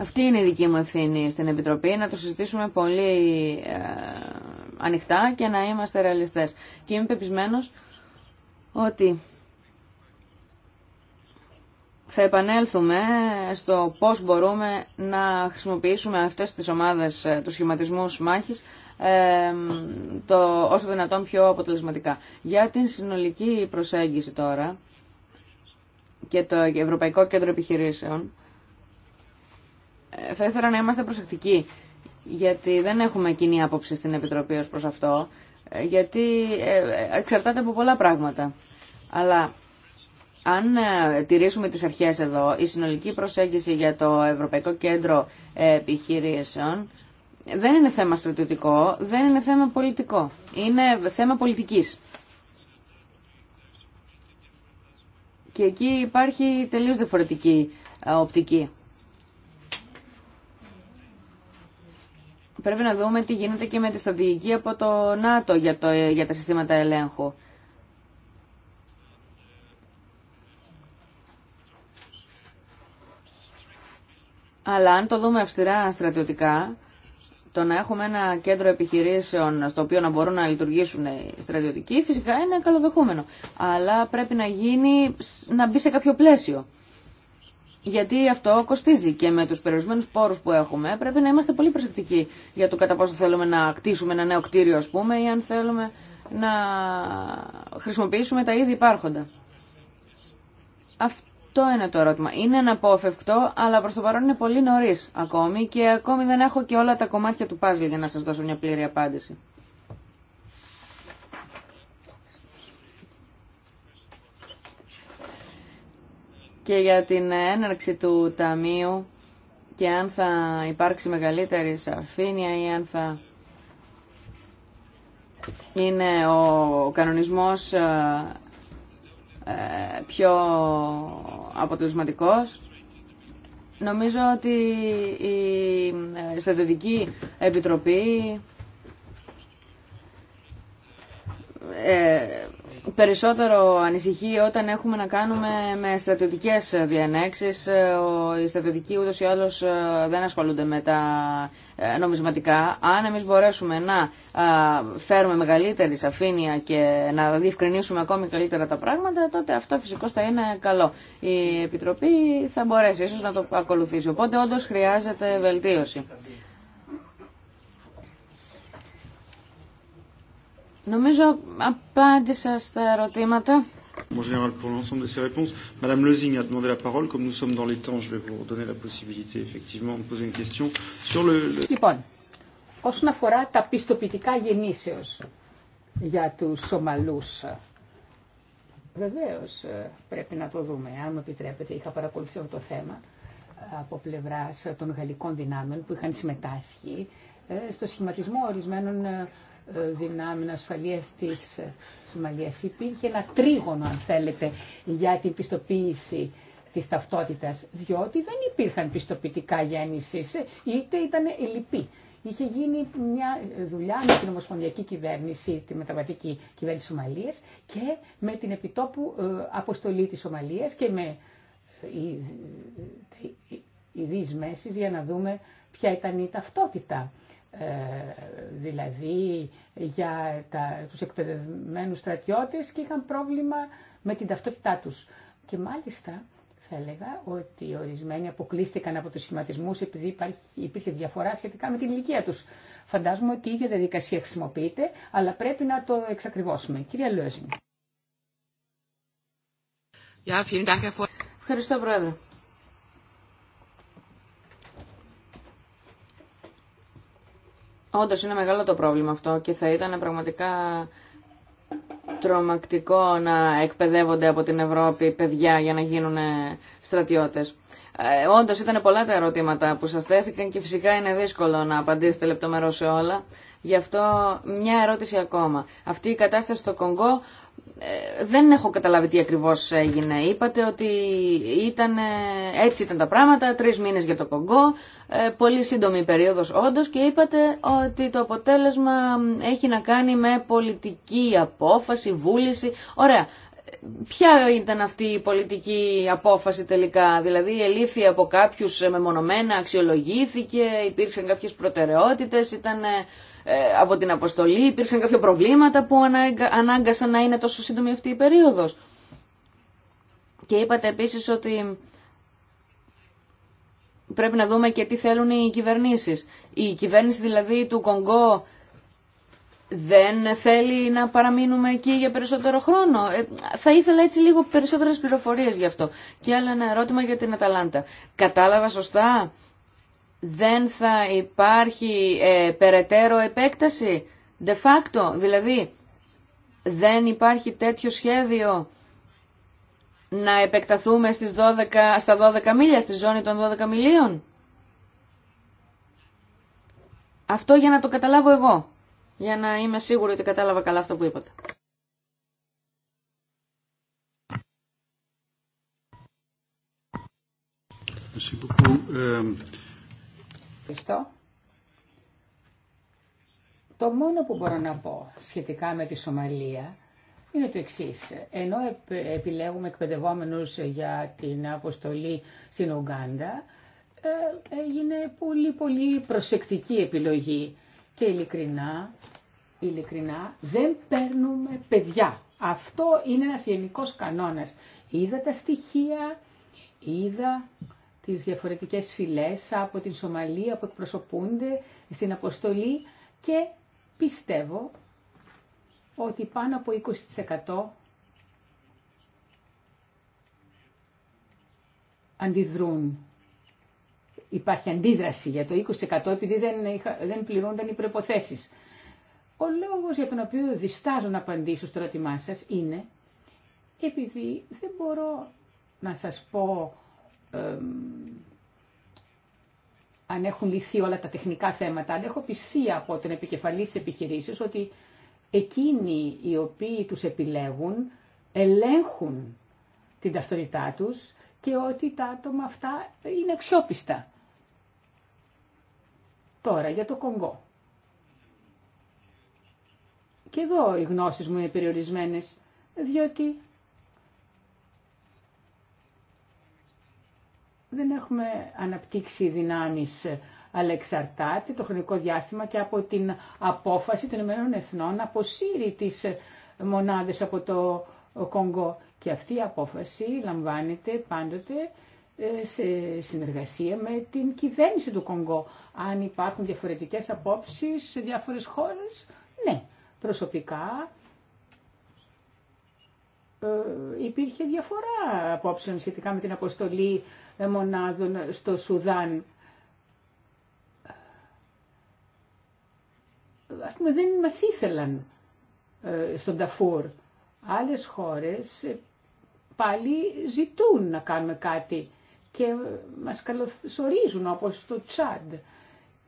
Αυτή είναι η δική μου ευθύνη στην Επιτροπή, να το συζητήσουμε πολύ ε, ανοιχτά και να είμαστε ρεαλιστές. Και είμαι πεπισμένος ότι θα επανέλθουμε στο πώς μπορούμε να χρησιμοποιήσουμε αυτές τις ομάδες, ε, του σχηματισμούς μάχης, ε, το, όσο δυνατόν πιο αποτελεσματικά. Για την συνολική προσέγγιση τώρα και το Ευρωπαϊκό Κέντρο Επιχειρήσεων, θα ήθελα να είμαστε προσεκτικοί, γιατί δεν έχουμε κοινή άποψη στην Επιτροπή ως προς αυτό, ε, γιατί ε, ε, εξαρτάται από πολλά πράγματα. Αλλά αν τηρήσουμε τις αρχές εδώ, η συνολική προσέγγιση για το Ευρωπαϊκό Κέντρο Επιχειρήσεων δεν είναι θέμα στρατιωτικό, δεν είναι θέμα πολιτικό. Είναι θέμα πολιτικής. Και εκεί υπάρχει τελείως διαφορετική οπτική. πρέπει να δούμε τι γίνεται και με τη στρατηγική από το ΝΑΤΟ για, το, για τα συστήματα ελέγχου. Αλλά αν το δούμε αυστηρά στρατιωτικά, το να έχουμε ένα κέντρο επιχειρήσεων στο οποίο να μπορούν να λειτουργήσουν οι στρατιωτικοί, φυσικά είναι καλοδεχούμενο. Αλλά πρέπει να γίνει, να μπει σε κάποιο πλαίσιο γιατί αυτό κοστίζει και με τους περιορισμένου πόρου που έχουμε πρέπει να είμαστε πολύ προσεκτικοί για το κατά πόσο θέλουμε να κτίσουμε ένα νέο κτίριο ας πούμε ή αν θέλουμε να χρησιμοποιήσουμε τα ήδη υπάρχοντα. Αυτό είναι το ερώτημα. Είναι ένα αναπόφευκτο, αλλά προς το παρόν είναι πολύ νωρί ακόμη και ακόμη δεν έχω και όλα τα κομμάτια του παζλ για να σα δώσω μια πλήρη απάντηση. και για την έναρξη του Ταμείου και αν θα υπάρξει μεγαλύτερη σαφήνεια ή αν θα είναι ο κανονισμός ε, ε, πιο αποτελεσματικός. Νομίζω ότι η ε, Στρατιωτική Επιτροπή Περισσότερο ανησυχεί όταν έχουμε να κάνουμε με στρατιωτικές διανέξει. Ε, οι στρατιωτικοί ούτως ή άλλως ε, δεν ασχολούνται με τα ε, νομισματικά. Αν εμείς μπορέσουμε να φέρουμε μεγαλύτερη σαφήνεια και να διευκρινίσουμε ακόμη καλύτερα τα πράγματα, τότε αυτό φυσικό θα είναι καλό. Η Επιτροπή θα μπορέσει ίσως να το ακολουθήσει. Οπότε όντως χρειάζεται βελτίωση. Νομίζω απάντησα στα ερωτήματα. Λοιπόν, όσον αφορά τα πιστοποιητικά γεννήσεω για του Σομαλούς, Βεβαίω ε, πρέπει να το δούμε. Αν μου επιτρέπετε, είχα παρακολουθεί αυτό το θέμα ε, από πλευρά των γαλλικών δυνάμεων που είχαν συμμετάσχει ε, στο σχηματισμό ορισμένων ε, δυνάμεων ασφαλείας ε, της Σομαλίας. Υπήρχε ένα τρίγωνο, αν θέλετε, για την πιστοποίηση της ταυτότητας, διότι δεν υπήρχαν πιστοποιητικά γέννηση, ε, είτε ήταν ελλειπή. Είχε γίνει μια δουλειά με την Ομοσπονδιακή Κυβέρνηση, τη μεταβατική κυβέρνηση Σομαλίας και με την επιτόπου αποστολή της Σομαλίας και με ειδείς μέσεις για να δούμε ποια ήταν η ταυτότητα ε, δηλαδή για τα, τους εκπαιδευμένους στρατιώτες και είχαν πρόβλημα με την ταυτότητά τους. Και μάλιστα θα έλεγα ότι ορισμένοι αποκλείστηκαν από τους σχηματισμούς επειδή υπήρχε διαφορά σχετικά με την ηλικία τους. Φαντάζομαι ότι η ίδια διαδικασία χρησιμοποιείται, αλλά πρέπει να το εξακριβώσουμε. Κυρία Λόζιν. Ευχαριστώ, Πρόεδρε. Όντω είναι μεγάλο το πρόβλημα αυτό και θα ήταν πραγματικά τρομακτικό να εκπαιδεύονται από την Ευρώπη παιδιά για να γίνουν στρατιώτε. Ε, ε Όντω ήταν πολλά τα ερωτήματα που σα τέθηκαν και φυσικά είναι δύσκολο να απαντήσετε λεπτομερώ σε όλα. Γι' αυτό μια ερώτηση ακόμα. Αυτή η κατάσταση στο Κονγκό ε, δεν έχω καταλάβει τι ακριβώς έγινε. Είπατε ότι ήταν, ε, έτσι ήταν τα πράγματα, τρεις μήνες για το Κογκό, ε, πολύ σύντομη περίοδος όντως και είπατε ότι το αποτέλεσμα έχει να κάνει με πολιτική απόφαση, βούληση. Ωραία. Ποια ήταν αυτή η πολιτική απόφαση τελικά, δηλαδή ελήφθη από κάποιους μεμονωμένα, αξιολογήθηκε, υπήρξαν κάποιες προτεραιότητες, ήταν ε, από την αποστολή, υπήρξαν κάποια προβλήματα που ανάγκασαν να είναι τόσο σύντομη αυτή η περίοδος. Και είπατε επίσης ότι πρέπει να δούμε και τι θέλουν οι κυβερνήσεις. Η κυβέρνηση δηλαδή του Κονγκό δεν θέλει να παραμείνουμε εκεί για περισσότερο χρόνο. Ε, θα ήθελα έτσι λίγο περισσότερες πληροφορίες γι' αυτό. Και άλλο ένα ερώτημα για την Αταλάντα. Κατάλαβα σωστά δεν θα υπάρχει ε, περαιτέρω επέκταση de facto, δηλαδή δεν υπάρχει τέτοιο σχέδιο να επεκταθούμε στις 12, στα 12 μίλια, στη ζώνη των 12 μιλίων. Αυτό για να το καταλάβω εγώ, για να είμαι σίγουρη ότι κατάλαβα καλά αυτό που είπατε. Το μόνο που μπορώ να πω σχετικά με τη Σομαλία είναι το εξή. Ενώ επιλέγουμε εκπαιδευόμενους για την αποστολή στην Ουγγάντα, ε, έγινε πολύ πολύ προσεκτική επιλογή και ειλικρινά, ειλικρινά δεν παίρνουμε παιδιά. Αυτό είναι ένας γενικός κανόνας. Είδα τα στοιχεία, είδα τις διαφορετικές φυλές από την Σομαλία που εκπροσωπούνται στην αποστολή και πιστεύω ότι πάνω από 20% αντιδρούν. Υπάρχει αντίδραση για το 20% επειδή δεν, είχα, δεν πληρούνταν οι προϋποθέσεις. Ο λόγος για τον οποίο διστάζω να απαντήσω στο ερώτημά σας είναι επειδή δεν μπορώ να σας πω ε, αν έχουν λυθεί όλα τα τεχνικά θέματα, αν έχω πιστεί από τον επικεφαλή τη επιχειρήσεως ότι εκείνοι οι οποίοι τους επιλέγουν ελέγχουν την ταυτότητά τους και ότι τα άτομα αυτά είναι αξιόπιστα. Τώρα για το Κονγκό. Και εδώ οι γνώσεις μου είναι περιορισμένες, διότι δεν έχουμε αναπτύξει δυνάμεις αλλά εξαρτάται το χρονικό διάστημα και από την απόφαση των Ηνωμένων Εθνών να αποσύρει τις μονάδες από το Κονγκό. Και αυτή η απόφαση λαμβάνεται πάντοτε ε, σε συνεργασία με την κυβέρνηση του Κονγκό. Αν υπάρχουν διαφορετικές απόψεις σε διάφορες χώρες, ναι. Προσωπικά ε, υπήρχε διαφορά απόψεων σχετικά με την αποστολή ε, μονάδων στο Σουδάν. Ε, ας πούμε δεν μας ήθελαν στον Ταφούρ. Άλλες χώρες πάλι ζητούν να κάνουμε κάτι και μας καλωσορίζουν όπως στο Τσάντ.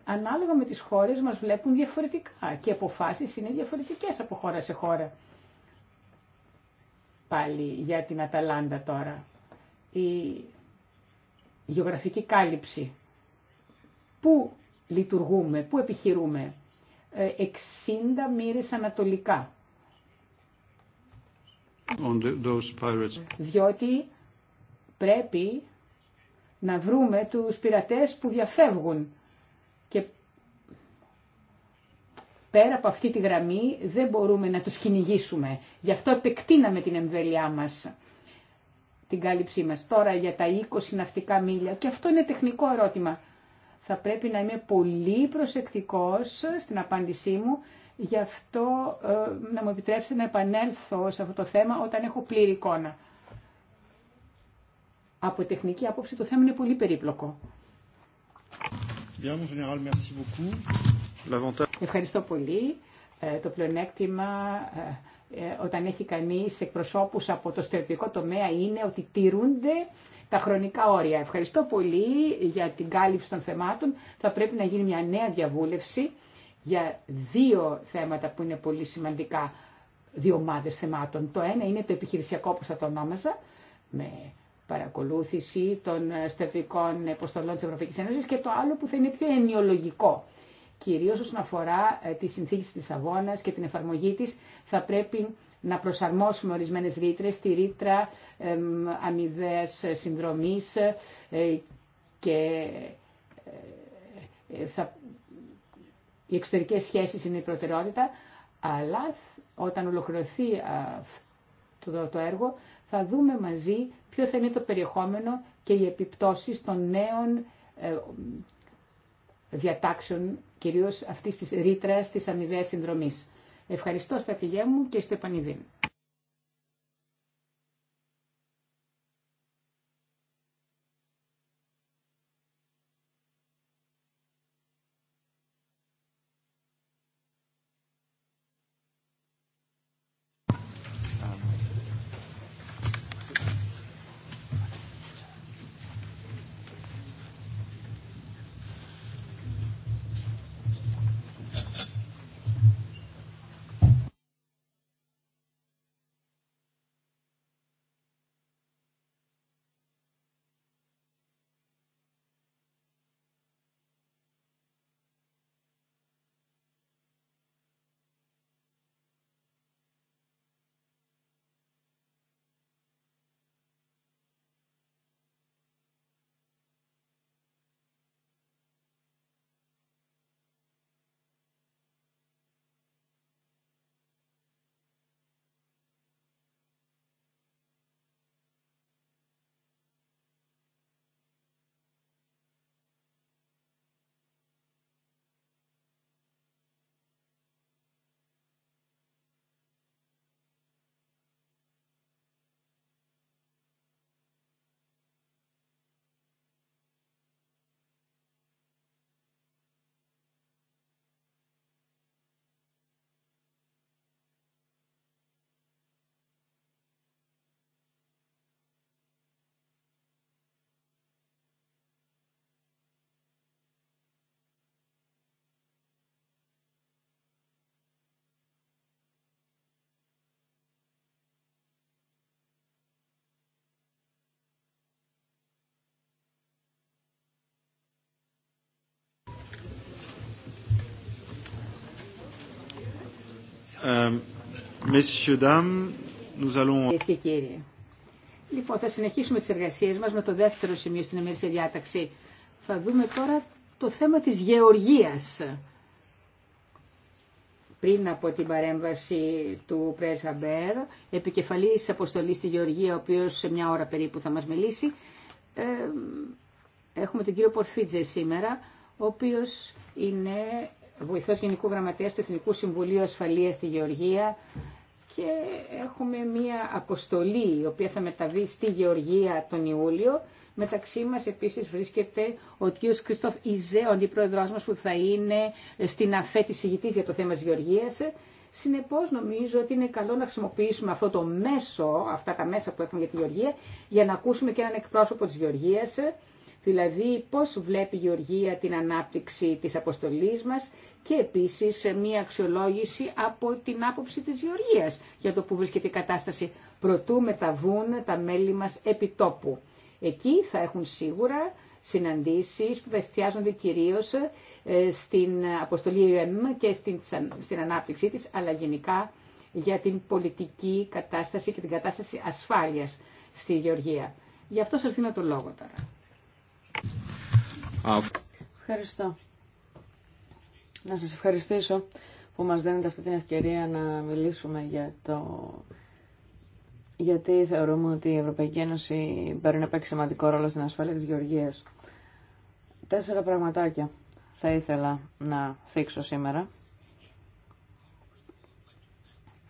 Ανάλογα με τις χώρες μας βλέπουν διαφορετικά και οι αποφάσεις είναι διαφορετικές από χώρα σε χώρα πάλι για την Αταλάντα τώρα. Η γεωγραφική κάλυψη. Πού λειτουργούμε, πού επιχειρούμε. 60 ε, μοίρες ανατολικά. Διότι πρέπει να βρούμε τους πειρατές που διαφεύγουν πέρα από αυτή τη γραμμή δεν μπορούμε να τους κυνηγήσουμε. Γι' αυτό επεκτείναμε την εμβέλειά μας, την κάλυψή μας. Τώρα για τα 20 ναυτικά μίλια, και αυτό είναι τεχνικό ερώτημα. Θα πρέπει να είμαι πολύ προσεκτικός στην απάντησή μου, γι' αυτό ε, να μου επιτρέψετε να επανέλθω σε αυτό το θέμα όταν έχω πλήρη εικόνα. Από τεχνική άποψη το θέμα είναι πολύ περίπλοκο. Bien, mon général, merci beaucoup. Ευχαριστώ πολύ. Ε, το πλεονέκτημα ε, ε, όταν έχει κανείς εκπροσώπους από το στρατιωτικό τομέα είναι ότι τηρούνται τα χρονικά όρια. Ευχαριστώ πολύ για την κάλυψη των θεμάτων. Θα πρέπει να γίνει μια νέα διαβούλευση για δύο θέματα που είναι πολύ σημαντικά, δύο ομάδε θεμάτων. Το ένα είναι το επιχειρησιακό, όπως θα το ονόμαζα, με παρακολούθηση των στρατηγικών αποστολών της Ευρωπαϊκής και το άλλο που θα είναι πιο ενιολογικό κυρίως όσον αφορά ε, τη συνθήκη της Λισαβόνας και την εφαρμογή της, θα πρέπει να προσαρμόσουμε ορισμένες ρήτρε τη ρήτρα αμοιβαίας συνδρομής ε, και ε, θα... οι εξωτερικές σχέσεις είναι η προτεραιότητα, αλλά όταν ολοκληρωθεί το έργο θα δούμε μαζί ποιο θα είναι το περιεχόμενο και οι επιπτώσεις των νέων διατάξεων, κυρίως αυτής της ρήτρας της αμοιβαίας συνδρομής. Ευχαριστώ στρατηγέ μου και στο επανειδήν. Ε, λοιπόν, θα συνεχίσουμε τις εργασίες μας με το δεύτερο σημείο στην εμερήσια διάταξη. Θα δούμε τώρα το θέμα της γεωργίας. Πριν από την παρέμβαση του Πρέρ Μπέρ, επικεφαλής αποστολής στη Γεωργία, ο οποίος σε μια ώρα περίπου θα μας μιλήσει, ε, έχουμε τον κύριο Πορφίτζε σήμερα, ο οποίος είναι βοηθός Γενικού Γραμματέας του Εθνικού Συμβουλίου Ασφαλείας στη Γεωργία και έχουμε μία αποστολή η οποία θα μεταβεί στη Γεωργία τον Ιούλιο. Μεταξύ μας επίσης βρίσκεται ο κ. Κρίστοφ Ιζέ, ο αντιπρόεδρός μας που θα είναι στην αφέ της ηγητής για το θέμα της Γεωργίας. Συνεπώς νομίζω ότι είναι καλό να χρησιμοποιήσουμε αυτό το μέσο, αυτά τα μέσα που έχουμε για τη Γεωργία, για να ακούσουμε και έναν εκπρόσωπο της Γεωργίας δηλαδή πώς βλέπει η Γεωργία την ανάπτυξη της αποστολής μας και επίσης μία αξιολόγηση από την άποψη της Γεωργίας για το που βρίσκεται η κατάσταση Πρωτού μεταβούν τα μέλη μας επιτόπου. Εκεί θα έχουν σίγουρα συναντήσεις που θα εστιάζονται κυρίως ε, στην αποστολή ΕΜ και στην, στην ανάπτυξή της, αλλά γενικά για την πολιτική κατάσταση και την κατάσταση ασφάλειας στη Γεωργία. Γι' αυτό σας δίνω το λόγο τώρα. Ευχαριστώ. Να σας ευχαριστήσω που μας δίνετε αυτή την ευκαιρία να μιλήσουμε για το... Γιατί θεωρούμε ότι η Ευρωπαϊκή Ένωση μπορεί να παίξει σημαντικό ρόλο στην ασφάλεια της γεωργίας. Τέσσερα πραγματάκια θα ήθελα να θίξω σήμερα.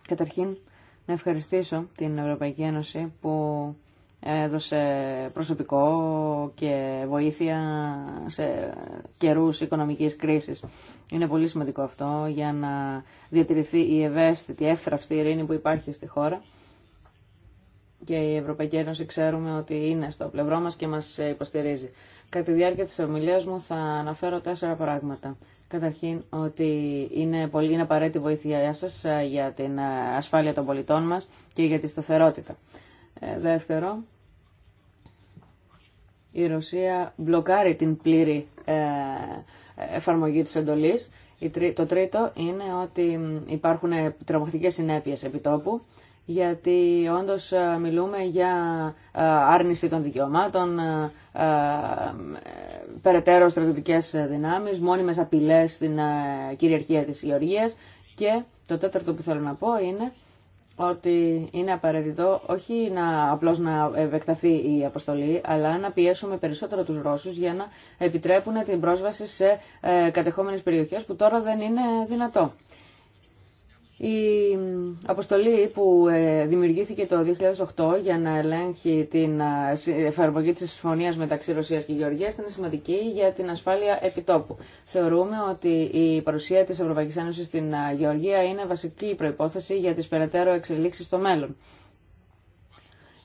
Καταρχήν, να ευχαριστήσω την Ευρωπαϊκή Ένωση που έδωσε προσωπικό και βοήθεια σε καιρούς οικονομικής κρίσης. Είναι πολύ σημαντικό αυτό για να διατηρηθεί η ευαίσθητη, εύθραυστη ειρήνη που υπάρχει στη χώρα και η Ευρωπαϊκή Ένωση ξέρουμε ότι είναι στο πλευρό μας και μας υποστηρίζει. Κατά τη διάρκεια της ομιλίας μου θα αναφέρω τέσσερα πράγματα. Καταρχήν ότι είναι, πολύ, είναι απαραίτητη βοήθειά σας ε, για την ε, ασφάλεια των πολιτών μας και για τη σταθερότητα. Ε, δεύτερο, η Ρωσία μπλοκάρει την πλήρη ε, εφαρμογή της εντολής. Το τρίτο είναι ότι υπάρχουν τρομακτικές συνέπειες επιτόπου γιατί όντως ε, μιλούμε για ε, άρνηση των δικαιωμάτων, περαιτέρω στρατιωτικές δυνάμεις, μόνιμες απειλές στην κυριαρχία της Γεωργίας και το τέταρτο που θέλω να πω είναι ότι είναι απαραίτητο όχι να, απλώς να επεκταθεί η αποστολή, αλλά να πιέσουμε περισσότερο τους Ρώσους για να επιτρέπουν την πρόσβαση σε ε, κατεχόμενες περιοχές που τώρα δεν είναι δυνατό. Η αποστολή που ε, δημιουργήθηκε το 2008 για να ελέγχει την ε, εφαρμογή της συμφωνίας μεταξύ Ρωσίας και Γεωργίας ήταν σημαντική για την ασφάλεια επιτόπου. Θεωρούμε ότι η παρουσία της Ευρωπαϊκής Ένωσης στην ε, Γεωργία είναι βασική προϋπόθεση για τις περαιτέρω εξελίξεις στο μέλλον.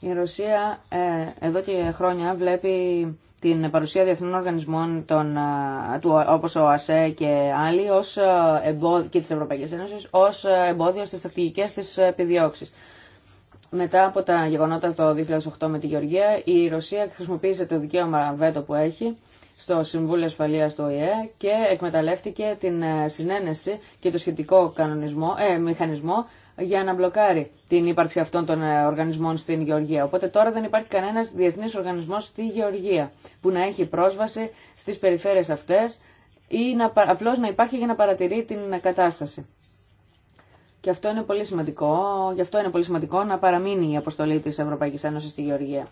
Η Ρωσία ε, εδώ και χρόνια βλέπει την παρουσία διεθνών οργανισμών των, ε, του, όπως ο ΑΣΕ και άλλοι ως ε, εμπόδιο, και της Ευρωπαϊκής Ένωσης ως εμπόδιο στις στρατηγικές της επιδιώξεις. Μετά από τα γεγονότα το 2008 με τη Γεωργία, η Ρωσία χρησιμοποίησε το δικαίωμα βέτο που έχει στο Συμβούλιο Ασφαλείας του ΟΗΕ και εκμεταλλεύτηκε την ε, συνένεση και το σχετικό κανονισμό, ε, μηχανισμό για να μπλοκάρει την ύπαρξη αυτών των ε, οργανισμών στην Γεωργία. Οπότε τώρα δεν υπάρχει κανένα διεθνή οργανισμό στη Γεωργία που να έχει πρόσβαση στι περιφέρειε αυτέ ή να, απλώς να υπάρχει για να παρατηρεί την κατάσταση. Και αυτό είναι πολύ σημαντικό, γι' αυτό είναι πολύ σημαντικό να παραμείνει η αποστολή της Ευρωπαϊκής στη Γεωργία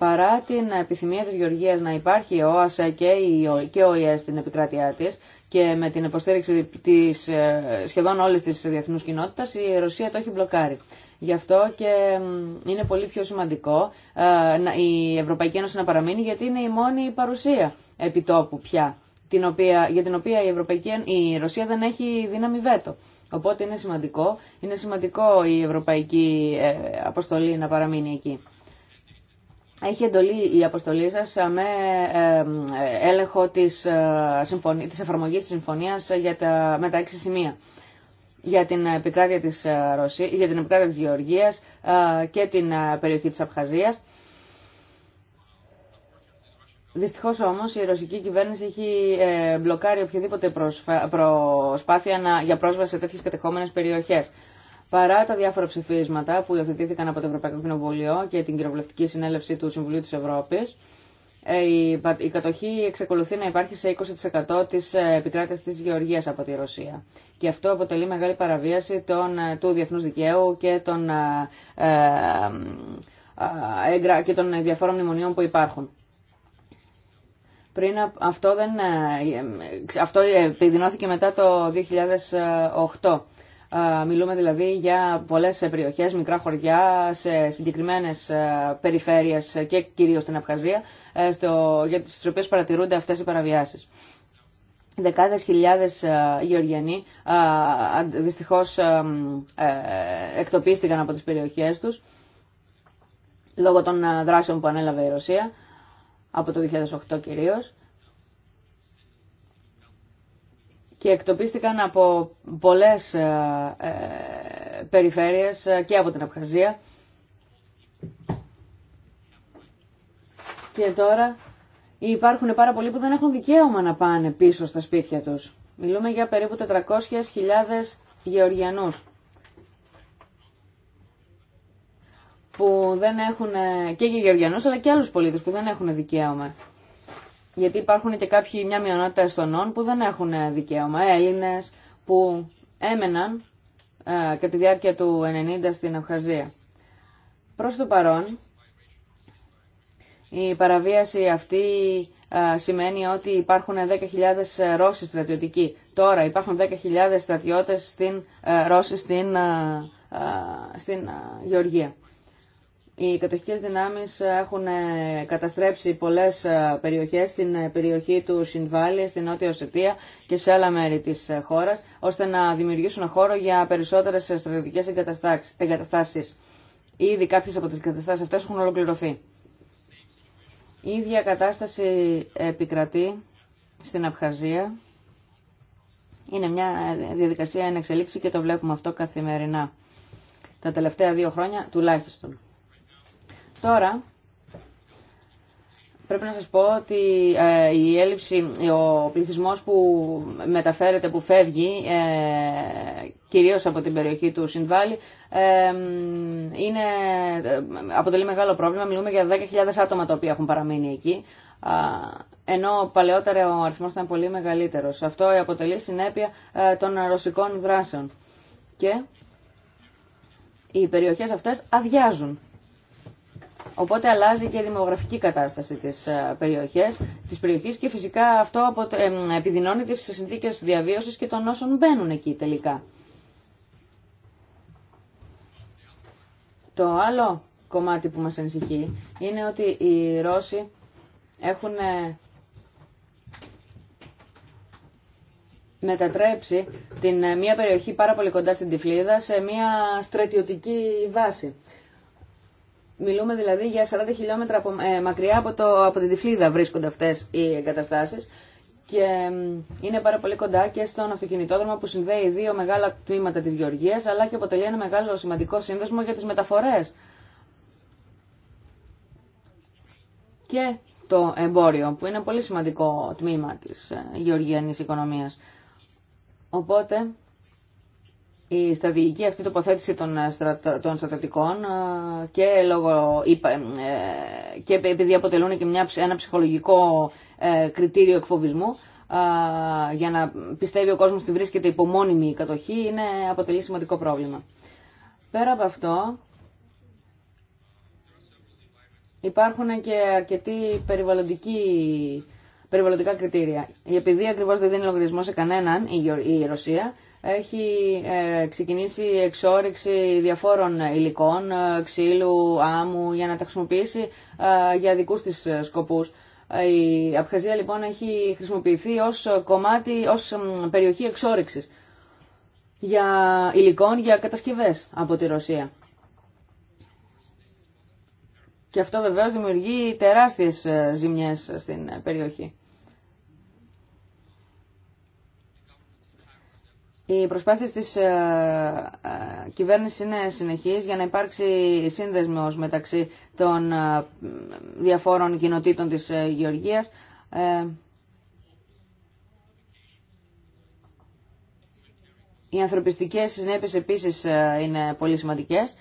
παρά την επιθυμία της Γεωργίας να υπάρχει ο ΆΣΑ και, ο ΙΕ στην επικράτειά της και με την υποστήριξη της, ε, σχεδόν όλες της διεθνούς κοινότητας η Ρωσία το έχει μπλοκάρει. Γι' αυτό και είναι πολύ πιο σημαντικό ε, η Ευρωπαϊκή Ένωση να παραμείνει γιατί είναι η μόνη παρουσία επιτόπου πια την οποία, για την οποία η, Ευρωπαϊκή, η Ρωσία δεν έχει δύναμη βέτο. Οπότε είναι σημαντικό, είναι σημαντικό η Ευρωπαϊκή ε, Αποστολή να παραμείνει εκεί έχει εντολή η αποστολή σα ε, με ε, ε, έλεγχο της, συμφωνίας, της εφαρμογής της συμφωνίας για τα, με τα έξι σημεία για την επικράτεια της, Ρωσίας, για την επικράτεια της και την περιοχή της Απχαζίας. Δυστυχώς όμως η ρωσική κυβέρνηση έχει μπλοκάρει οποιαδήποτε προσπάθεια για πρόσβαση σε τέτοιες κατεχόμενες περιοχές. Παρά τα διάφορα ψηφίσματα που υιοθετήθηκαν από το Ευρωπαϊκό Κοινοβούλιο και την Κοινοβουλευτική Συνέλευση του Συμβουλίου της Ευρώπης, ε, η κατοχή εξακολουθεί να υπάρχει σε 20% τη ε, επικράτειας της Γεωργίας από τη Ρωσία. Και αυτό αποτελεί μεγάλη παραβίαση των, ε, του Διεθνού δικαίου και των, ε, και διαφόρων μνημονίων που υπάρχουν. Πριν αυτό, δεν, αυτό επιδεινώθηκε μετά το 2008 Μιλούμε δηλαδή για πολλές περιοχές, μικρά χωριά, σε συγκεκριμένες περιφέρειες και κυρίως στην Αυχαζία, ε, στις οποίες παρατηρούνται αυτές οι παραβιάσεις. Δεκάδες χιλιάδες Γεωργιανοί δυστυχώς ε, εκτοπίστηκαν από τις περιοχές τους λόγω των δράσεων που ανέλαβε η Ρωσία, από το 2008 κυρίως. και εκτοπίστηκαν από πολλές ε, ε, περιφέρειες ε, και από την Απχαζία. Και τώρα υπάρχουν πάρα πολλοί που δεν έχουν δικαίωμα να πάνε πίσω στα σπίτια τους. Μιλούμε για περίπου 400.000 γεωργιανούς που δεν έχουν, και για γεωργιανούς αλλά και άλλους πολίτες που δεν έχουν δικαίωμα γιατί υπάρχουν και κάποιοι μια μειονότητα εστονών που δεν έχουν ε, δικαίωμα. Έλληνες που έμεναν ε, κατά τη διάρκεια του 90 στην Αυχαζία. Προς το παρόν, η παραβίαση αυτή ε, σημαίνει ότι υπάρχουν 10.000 ε, Ρώσοι στρατιωτικοί. Τώρα υπάρχουν 10.000 στρατιώτες στην, ε, Ρώσοι στην, στην Γεωργία. Οι κατοχικές δυνάμει έχουν ε, καταστρέψει πολλέ ε, περιοχέ στην ε, περιοχή του Σινβάλια, στην Νότια Οσετία και σε άλλα μέρη τη χώρα, ώστε να δημιουργήσουν χώρο για περισσότερε στρατιωτικές εγκαταστάσει. Ήδη κάποιε από τι εγκαταστάσεις αυτέ έχουν ολοκληρωθεί. Η ίδια κατάσταση επικρατεί στην Απχαζία. Είναι μια διαδικασία εν εξελίξη και το βλέπουμε αυτό καθημερινά. Τα τελευταία δύο χρόνια τουλάχιστον. Τώρα, πρέπει να σας πω ότι ε, η έλλειψη, ο πληθυσμός που μεταφέρεται, που φεύγει, ε, κυρίως από την περιοχή του ε, είναι, ε, αποτελεί μεγάλο πρόβλημα. Μιλούμε για 10.000 άτομα τα οποία έχουν παραμείνει εκεί, ενώ παλαιότερα ο αριθμός ήταν πολύ μεγαλύτερος. Αυτό αποτελεί συνέπεια των ρωσικών δράσεων. Και οι περιοχές αυτές αδειάζουν. Οπότε αλλάζει και η δημογραφική κατάσταση της ε, περιοχής, της περιοχής και φυσικά αυτό επιδεινώνει τις συνθήκες διαβίωσης και των όσων μπαίνουν εκεί τελικά. Το άλλο κομμάτι που μας ενσυχεί είναι ότι οι Ρώσοι έχουν μετατρέψει την, ε, μια περιοχή πάρα πολύ κοντά στην Τυφλίδα σε μια στρατιωτική βάση. Μιλούμε δηλαδή για 40 χιλιόμετρα ε, μακριά από, το, από την Τυφλίδα βρίσκονται αυτές οι εγκαταστάσεις και είναι πάρα πολύ κοντά και στον αυτοκινητόδρομο που συνδέει δύο μεγάλα τμήματα της Γεωργίας αλλά και αποτελεί ένα μεγάλο σημαντικό σύνδεσμο για τις μεταφορές και το εμπόριο που είναι πολύ σημαντικό τμήμα της ε, γεωργιανής οικονομίας. Οπότε η στρατηγική αυτή τοποθέτηση των, ε, στρατα, των ε, και, λόγω, ε, και επειδή αποτελούν και μια, ένα ψυχολογικό κριτήριο εκφοβισμού για να πιστεύει ο κόσμος ότι βρίσκεται υπομόνιμη η κατοχή είναι, αποτελεί σημαντικό πρόβλημα. Πέρα από αυτό υπάρχουν και αρκετοί περιβαλλοντικά κριτήρια. Επειδή ακριβώ δεν δίνει λογαριασμό σε κανέναν η Ρωσία, έχει ε, ξεκινήσει η εξόρυξη διαφόρων υλικών, ε, ξύλου, άμμου, για να τα χρησιμοποιήσει ε, για δικούς της σκοπούς. Η Απχαζία λοιπόν έχει χρησιμοποιηθεί ως, κομμάτι, ως περιοχή εξόρυξης για υλικών για κατασκευές από τη Ρωσία. Και αυτό βεβαίως δημιουργεί τεράστιες ζημιές στην περιοχή. Οι προσπάθειες της ε, ε, κυβέρνησης είναι συνεχείς για να υπάρξει σύνδεσμος μεταξύ των ε, διαφόρων κοινοτήτων της Γεωργίας. Οι ανθρωπιστικές συνέπειες επίσης είναι πολύ σημαντικές.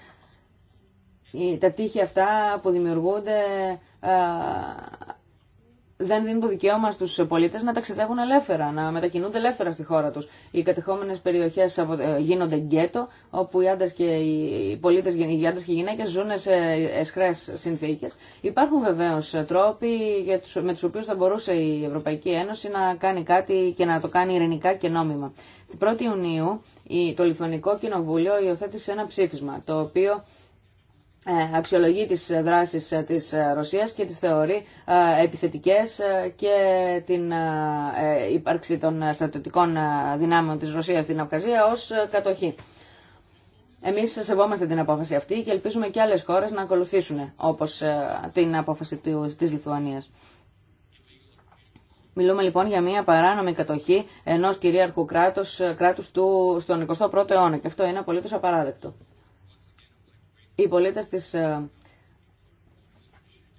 Τα τείχη αυτά που δημιουργούνται δεν δίνουν το δικαίωμα στου πολίτε να ταξιδεύουν ελεύθερα, να μετακινούνται ελεύθερα στη χώρα του. Οι κατεχόμενε περιοχέ ε, γίνονται γκέτο, όπου οι άντρε και οι πολίτες, οι και γυναίκες ζουν σε αισχρέ συνθήκε. Υπάρχουν βεβαίω τρόποι με του οποίου θα μπορούσε η Ευρωπαϊκή Ένωση να κάνει κάτι και να το κάνει ειρηνικά και νόμιμα. Την 1η Ιουνίου το Λιθουανικό Κοινοβούλιο υιοθέτησε ένα ψήφισμα, το οποίο ε, αξιολογεί τις δράσεις ε, της ε, Ρωσίας και τις θεωρεί επιθετικές και την ύπαρξη των στρατιωτικών δυνάμεων της Ρωσίας στην Αυγαζία ως κατοχή. Εμείς σεβόμαστε την απόφαση αυτή και ελπίζουμε και άλλες χώρες να ακολουθήσουν όπως την απόφαση της Λιθουανίας. Μιλούμε λοιπόν για μια παράνομη κατοχή ενός κυρίαρχου κράτους, κράτους του, στον 21ο αιώνα και αυτό είναι απολύτως απαράδεκτο οι πολίτες της ε,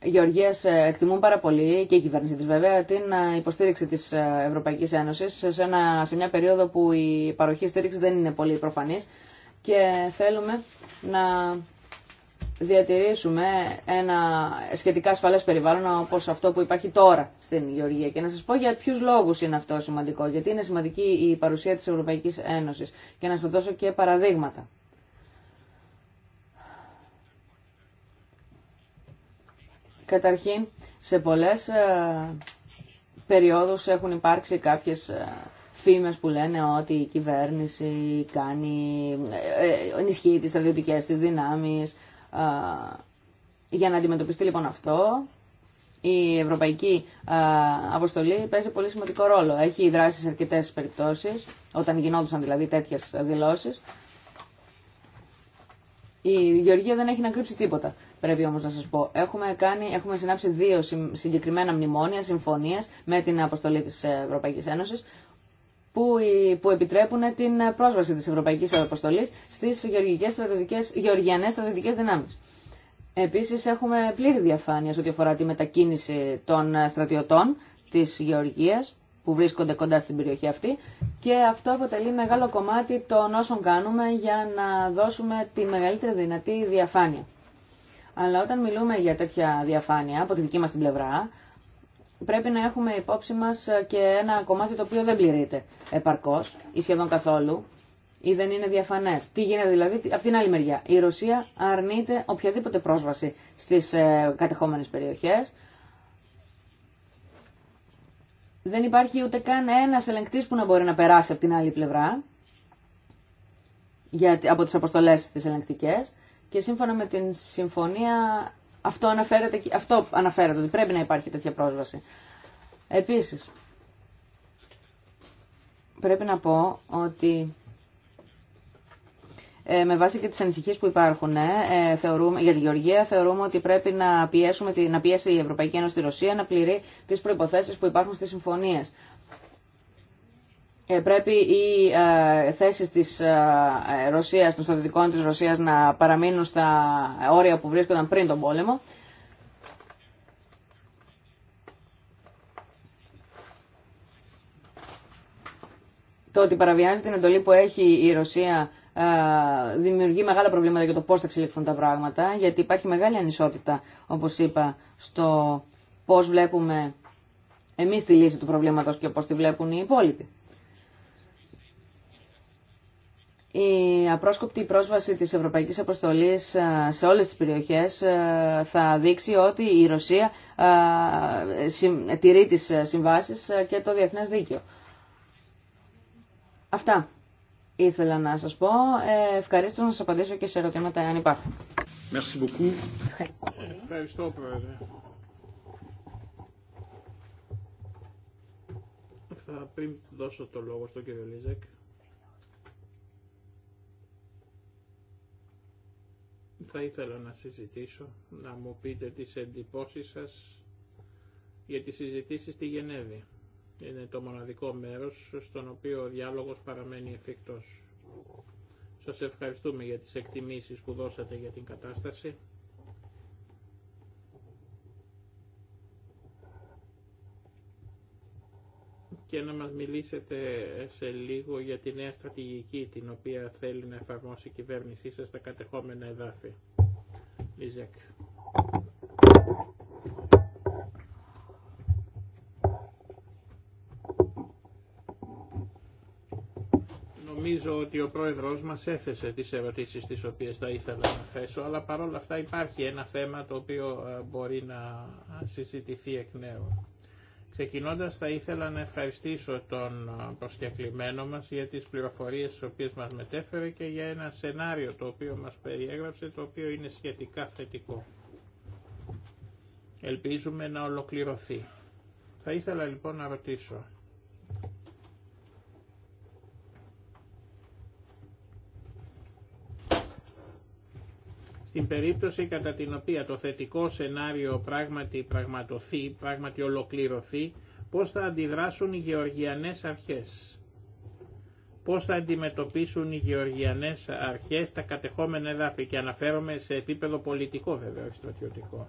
Γεωργίας ε, εκτιμούν πάρα πολύ και η κυβέρνηση της βέβαια την ε, υποστήριξη της Ευρωπαϊκής Ένωσης σε, ένα, σε μια περίοδο που η παροχή στήριξη δεν είναι πολύ προφανής και θέλουμε να διατηρήσουμε ένα σχετικά ασφαλές περιβάλλον όπως αυτό που υπάρχει τώρα στην Γεωργία. Και να σας πω για ποιους λόγους είναι αυτό σημαντικό. Γιατί είναι σημαντική η παρουσία της Ευρωπαϊκής Ένωσης. Και να σας δώσω και παραδείγματα. Καταρχήν, σε πολλές ε, περιόδους έχουν υπάρξει κάποιες ε, φήμες που λένε ότι η κυβέρνηση κάνει, ε, ενισχύει τις στρατιωτικές της δυνάμεις. Για να αντιμετωπιστεί λοιπόν αυτό, η ευρωπαϊκή αποστολή παίζει πολύ σημαντικό ρόλο. Έχει δράσει σε αρκετές περιπτώσεις, όταν γινόντουσαν δηλαδή τέτοιες δηλώσεις. Η Γεωργία δεν έχει να κρύψει τίποτα. Πρέπει όμω να σα πω, έχουμε, κάνει, έχουμε συνάψει δύο συγκεκριμένα μνημόνια, συμφωνίε με την αποστολή τη Ευρωπαϊκή Ένωση που, που επιτρέπουν την πρόσβαση τη Ευρωπαϊκή Αποστολή στι γεωργιανέ στρατιωτικέ δυνάμει. Επίση, έχουμε πλήρη διαφάνεια σε ό,τι αφορά τη μετακίνηση των στρατιωτών τη γεωργία, που βρίσκονται κοντά στην περιοχή αυτή και αυτό αποτελεί μεγάλο κομμάτι των όσων κάνουμε για να δώσουμε τη μεγαλύτερη δυνατή διαφάνεια. Αλλά όταν μιλούμε για τέτοια διαφάνεια από τη δική μας την πλευρά, πρέπει να έχουμε υπόψη μας και ένα κομμάτι το οποίο δεν πληρείται επαρκώς ή σχεδόν καθόλου ή δεν είναι διαφανέ. Τι γίνεται δηλαδή από την άλλη μεριά. Η Ρωσία αρνείται οποιαδήποτε πρόσβαση στι ε, κατεχομενες περιοχες περιοχέ. Δεν υπάρχει ούτε καν ένα ελεγκτή που να μπορεί να περάσει από την άλλη πλευρά για, από τι αποστολέ τι ελεγκτικές. Και σύμφωνα με την συμφωνία αυτό αναφέρεται, αυτό αναφέρεται ότι πρέπει να υπάρχει τέτοια πρόσβαση. Επίσης, πρέπει να πω ότι ε, με βάση και τις ανησυχίες που υπάρχουν ε, ε, θεωρούμε, για τη Γεωργία, θεωρούμε ότι πρέπει να, πιέσουμε, να πιέσει η Ευρωπαϊκή Ένωση τη Ρωσία να πληρεί τις προϋποθέσεις που υπάρχουν στις συμφωνίες. Ε, πρέπει οι ε, θέσει τη ε, Ρωσία, των στρατιωτικών τη Ρωσία να παραμείνουν στα όρια που βρίσκονταν πριν τον πόλεμο. Το ότι παραβιάζει την εντολή που έχει η Ρωσία δημιουργεί μεγάλα προβλήματα για το πώς θα εξελιχθούν τα πράγματα, γιατί υπάρχει μεγάλη ανισότητα, όπως είπα, στο πώς βλέπουμε εμεί τη λύση του προβλήματος και πώς τη βλέπουν οι υπόλοιποι. Η απρόσκοπτη πρόσβαση της Ευρωπαϊκής Αποστολής ε, σε όλες τις περιοχές ε, θα δείξει ότι η Ρωσία ε, τηρεί τις συμβάσεις και το διεθνές δίκαιο. Αυτά ήθελα να σας πω. Ευχαριστώ να σας απαντήσω και σε ερωτήματα αν υπάρχουν. Θα πριν δώσω το λόγο στον κύριο Λίζεκ. θα ήθελα να συζητήσω, να μου πείτε τις εντυπώσεις σας για τις συζητήσεις στη Γενέβη. Είναι το μοναδικό μέρος στον οποίο ο διάλογος παραμένει εφικτός. Σας ευχαριστούμε για τις εκτιμήσεις που δώσατε για την κατάσταση. και να μας μιλήσετε σε λίγο για τη νέα στρατηγική την οποία θέλει να εφαρμόσει η κυβέρνησή σας στα κατεχόμενα εδάφη. Νομίζω ότι ο πρόεδρος μας έθεσε τις ερωτήσεις τις οποίες θα ήθελα να θέσω, αλλά παρόλα αυτά υπάρχει ένα θέμα το οποίο ε, μπορεί να συζητηθεί εκ νέου. Ξεκινώντας θα ήθελα να ευχαριστήσω τον προσκεκλημένο μας για τις πληροφορίες τις οποίες μας μετέφερε και για ένα σενάριο το οποίο μας περιέγραψε, το οποίο είναι σχετικά θετικό. Ελπίζουμε να ολοκληρωθεί. Θα ήθελα λοιπόν να ρωτήσω Στην περίπτωση κατά την οποία το θετικό σενάριο πράγματι πραγματοθεί, πράγματι ολοκληρωθεί, πώς θα αντιδράσουν οι γεωργιανές αρχές. Πώς θα αντιμετωπίσουν οι γεωργιανές αρχές τα κατεχόμενα εδάφη και αναφέρομαι σε επίπεδο πολιτικό βέβαια, όχι στρατιωτικό.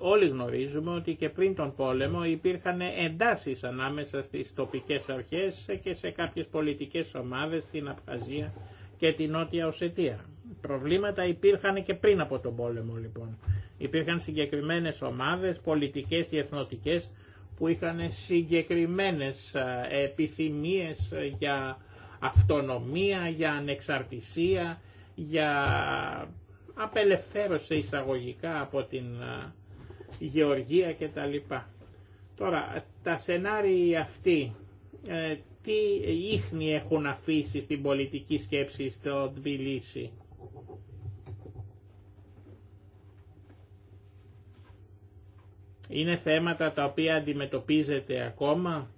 Όλοι γνωρίζουμε ότι και πριν τον πόλεμο υπήρχαν εντάσεις ανάμεσα στις τοπικές αρχές και σε κάποιες πολιτικές ομάδες στην Απχαζία και την Νότια Οσετία. Προβλήματα υπήρχαν και πριν από τον πόλεμο λοιπόν. Υπήρχαν συγκεκριμένες ομάδες, πολιτικές ή εθνοτικές, που είχαν συγκεκριμένες επιθυμίες για αυτονομία, για ανεξαρτησία, για απελευθέρωση εισαγωγικά από την γεωργία κτλ. Τώρα, τα σενάρια αυτοί, ε, τι ίχνη έχουν αφήσει στην πολιτική σκέψη στο Τμπιλίσι. Είναι θέματα τα οποία αντιμετωπίζετε ακόμα.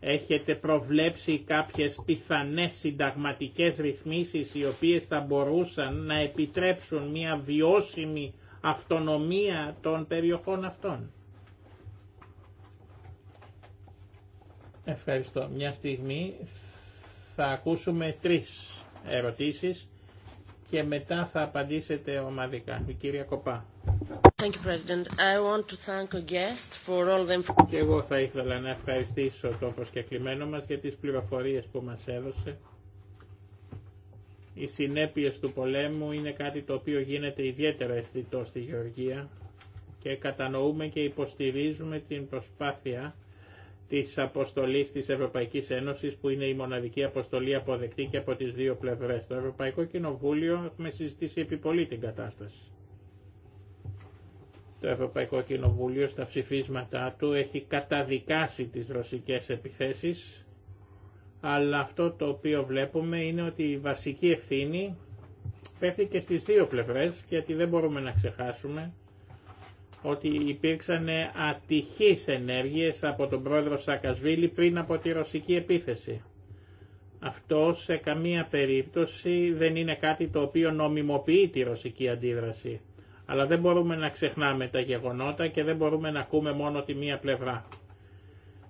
Έχετε προβλέψει κάποιες πιθανές συνταγματικές ρυθμίσεις οι οποίες θα μπορούσαν να επιτρέψουν μια βιώσιμη αυτονομία των περιοχών αυτών. Ευχαριστώ. Μια στιγμή θα ακούσουμε τρεις ερωτήσεις και μετά θα απαντήσετε ομαδικά. Η κυρία Κοπά. Thank you, President. Και εγώ θα ήθελα να ευχαριστήσω το προσκεκλημένο μας για τις πληροφορίες που μας έδωσε. Οι συνέπειες του πολέμου είναι κάτι το οποίο γίνεται ιδιαίτερα αισθητό στη Γεωργία και κατανοούμε και υποστηρίζουμε την προσπάθεια της αποστολής της Ευρωπαϊκής Ένωσης που είναι η μοναδική αποστολή αποδεκτή και από τις δύο πλευρές. Το Ευρωπαϊκό Κοινοβούλιο έχουμε συζητήσει επί πολύ την κατάσταση. Το Ευρωπαϊκό Κοινοβούλιο στα ψηφίσματά του έχει καταδικάσει τις ρωσικές επιθέσεις αλλά αυτό το οποίο βλέπουμε είναι ότι η βασική ευθύνη πέφτει και στις δύο πλευρές γιατί δεν μπορούμε να ξεχάσουμε ότι υπήρξαν ατυχείς ενέργειες από τον πρόεδρο Σακασβίλη πριν από τη ρωσική επίθεση. Αυτό σε καμία περίπτωση δεν είναι κάτι το οποίο νομιμοποιεί τη ρωσική αντίδραση. Αλλά δεν μπορούμε να ξεχνάμε τα γεγονότα και δεν μπορούμε να ακούμε μόνο τη μία πλευρά.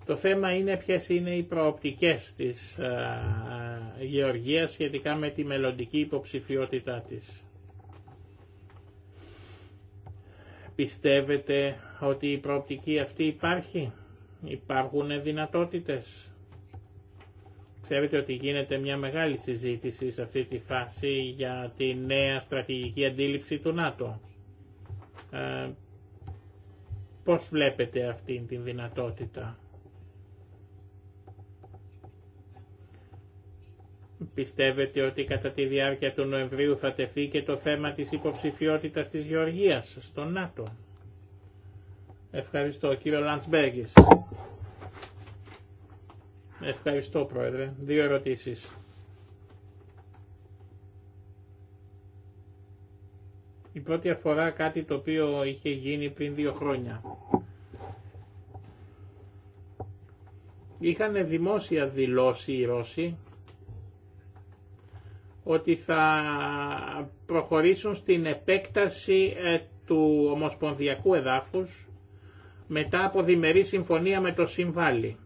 Το θέμα είναι ποιες είναι οι προοπτικές της α, ε, ε, Γεωργίας σχετικά με τη μελλοντική υποψηφιότητά της. Πιστεύετε ότι η προοπτική αυτή υπάρχει, υπάρχουν δυνατότητες. Ξέρετε ότι γίνεται μια μεγάλη συζήτηση σε αυτή τη φάση για τη νέα στρατηγική αντίληψη του ΝΑΤΟ. Ε, πώς βλέπετε αυτή την δυνατότητα. Πιστεύετε ότι κατά τη διάρκεια του Νοεμβρίου θα τεθεί και το θέμα της υποψηφιότητας της Γεωργίας στο ΝΑΤΟ. Ευχαριστώ κύριο Λαντσμπέργης. Ευχαριστώ πρόεδρε. Δύο ερωτήσεις. Η πρώτη αφορά κάτι το οποίο είχε γίνει πριν δύο χρόνια. Είχαν δημόσια δηλώσει οι Ρώσοι ότι θα προχωρήσουν στην επέκταση ε, του ομοσπονδιακού εδάφους μετά από διμερή συμφωνία με το Συμβάλλη.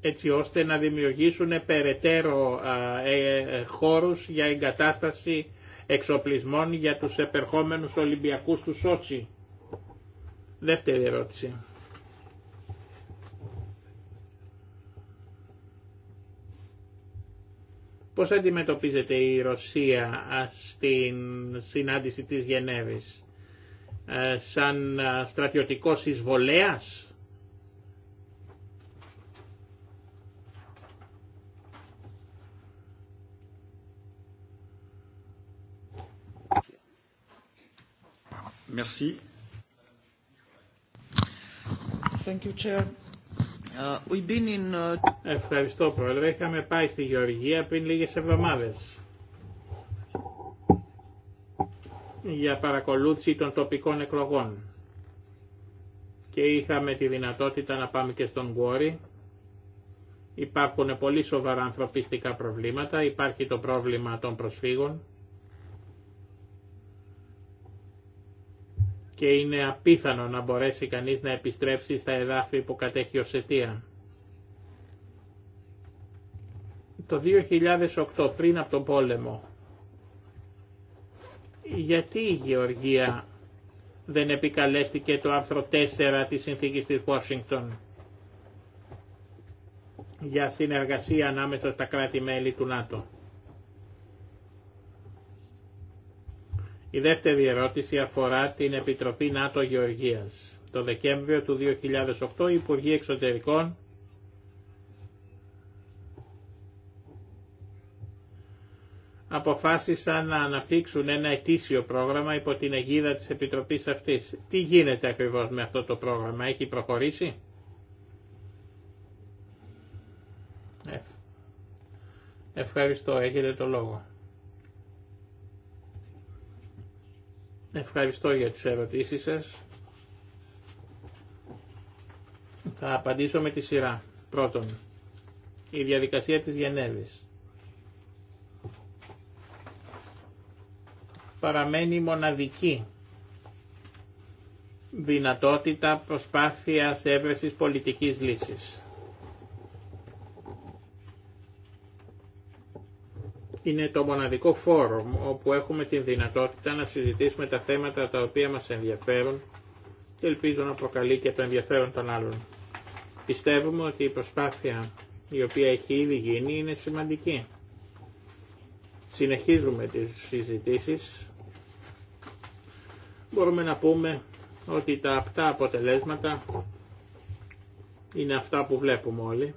έτσι ώστε να δημιουργήσουν περαιτέρω ε, ε, χώρους για εγκατάσταση εξοπλισμών για τους επερχόμενους Ολυμπιακούς του Σότσι. Δεύτερη ερώτηση. Πώς αντιμετωπίζεται η Ρωσία στην συνάντηση της Γενέβης, σαν στρατιωτικός εισβολέας, Merci. Thank you, Chair. Ε, ε, Ευχαριστώ Πρόεδρε. Είχαμε πάει στη Γεωργία πριν λίγες εβδομάδες για παρακολούθηση των τοπικών εκλογών. Και είχαμε τη δυνατότητα να πάμε και στον Γκόρι. Υπάρχουν πολύ σοβαρά ανθρωπιστικά προβλήματα. Υπάρχει το πρόβλημα των προσφύγων. και είναι απίθανο να μπορέσει κανείς να επιστρέψει στα εδάφη που κατέχει ως αιτία. Το 2008 πριν από τον πόλεμο γιατί η Γεωργία δεν επικαλέστηκε το άρθρο 4 της συνθήκης της Washington για συνεργασία ανάμεσα στα κράτη-μέλη του ΝΑΤΟ. Η δεύτερη ερώτηση αφορά την Επιτροπή ΝΑΤΟ Γεωργίας. Το Δεκέμβριο του 2008 οι Υπουργοί Εξωτερικών αποφάσισαν να αναπτύξουν ένα ετήσιο πρόγραμμα υπό την αιγίδα της Επιτροπής αυτής. Τι γίνεται ακριβώς με αυτό το πρόγραμμα, έχει προχωρήσει. Ε, ευχαριστώ, έχετε το λόγο. Ευχαριστώ για τις ερωτήσεις σας. Θα απαντήσω με τη σειρά. Πρώτον, η διαδικασία της Γενέβης. Παραμένει μοναδική δυνατότητα προσπάθειας έβρεσης πολιτικής λύσης. είναι το μοναδικό φόρουμ όπου έχουμε την δυνατότητα να συζητήσουμε τα θέματα τα οποία μας ενδιαφέρουν και ελπίζω να προκαλεί και το ενδιαφέρον των άλλων. Πιστεύουμε ότι η προσπάθεια η οποία έχει ήδη γίνει είναι σημαντική. Συνεχίζουμε τις συζητήσεις. Μπορούμε να πούμε ότι τα απτά αποτελέσματα είναι αυτά που βλέπουμε όλοι.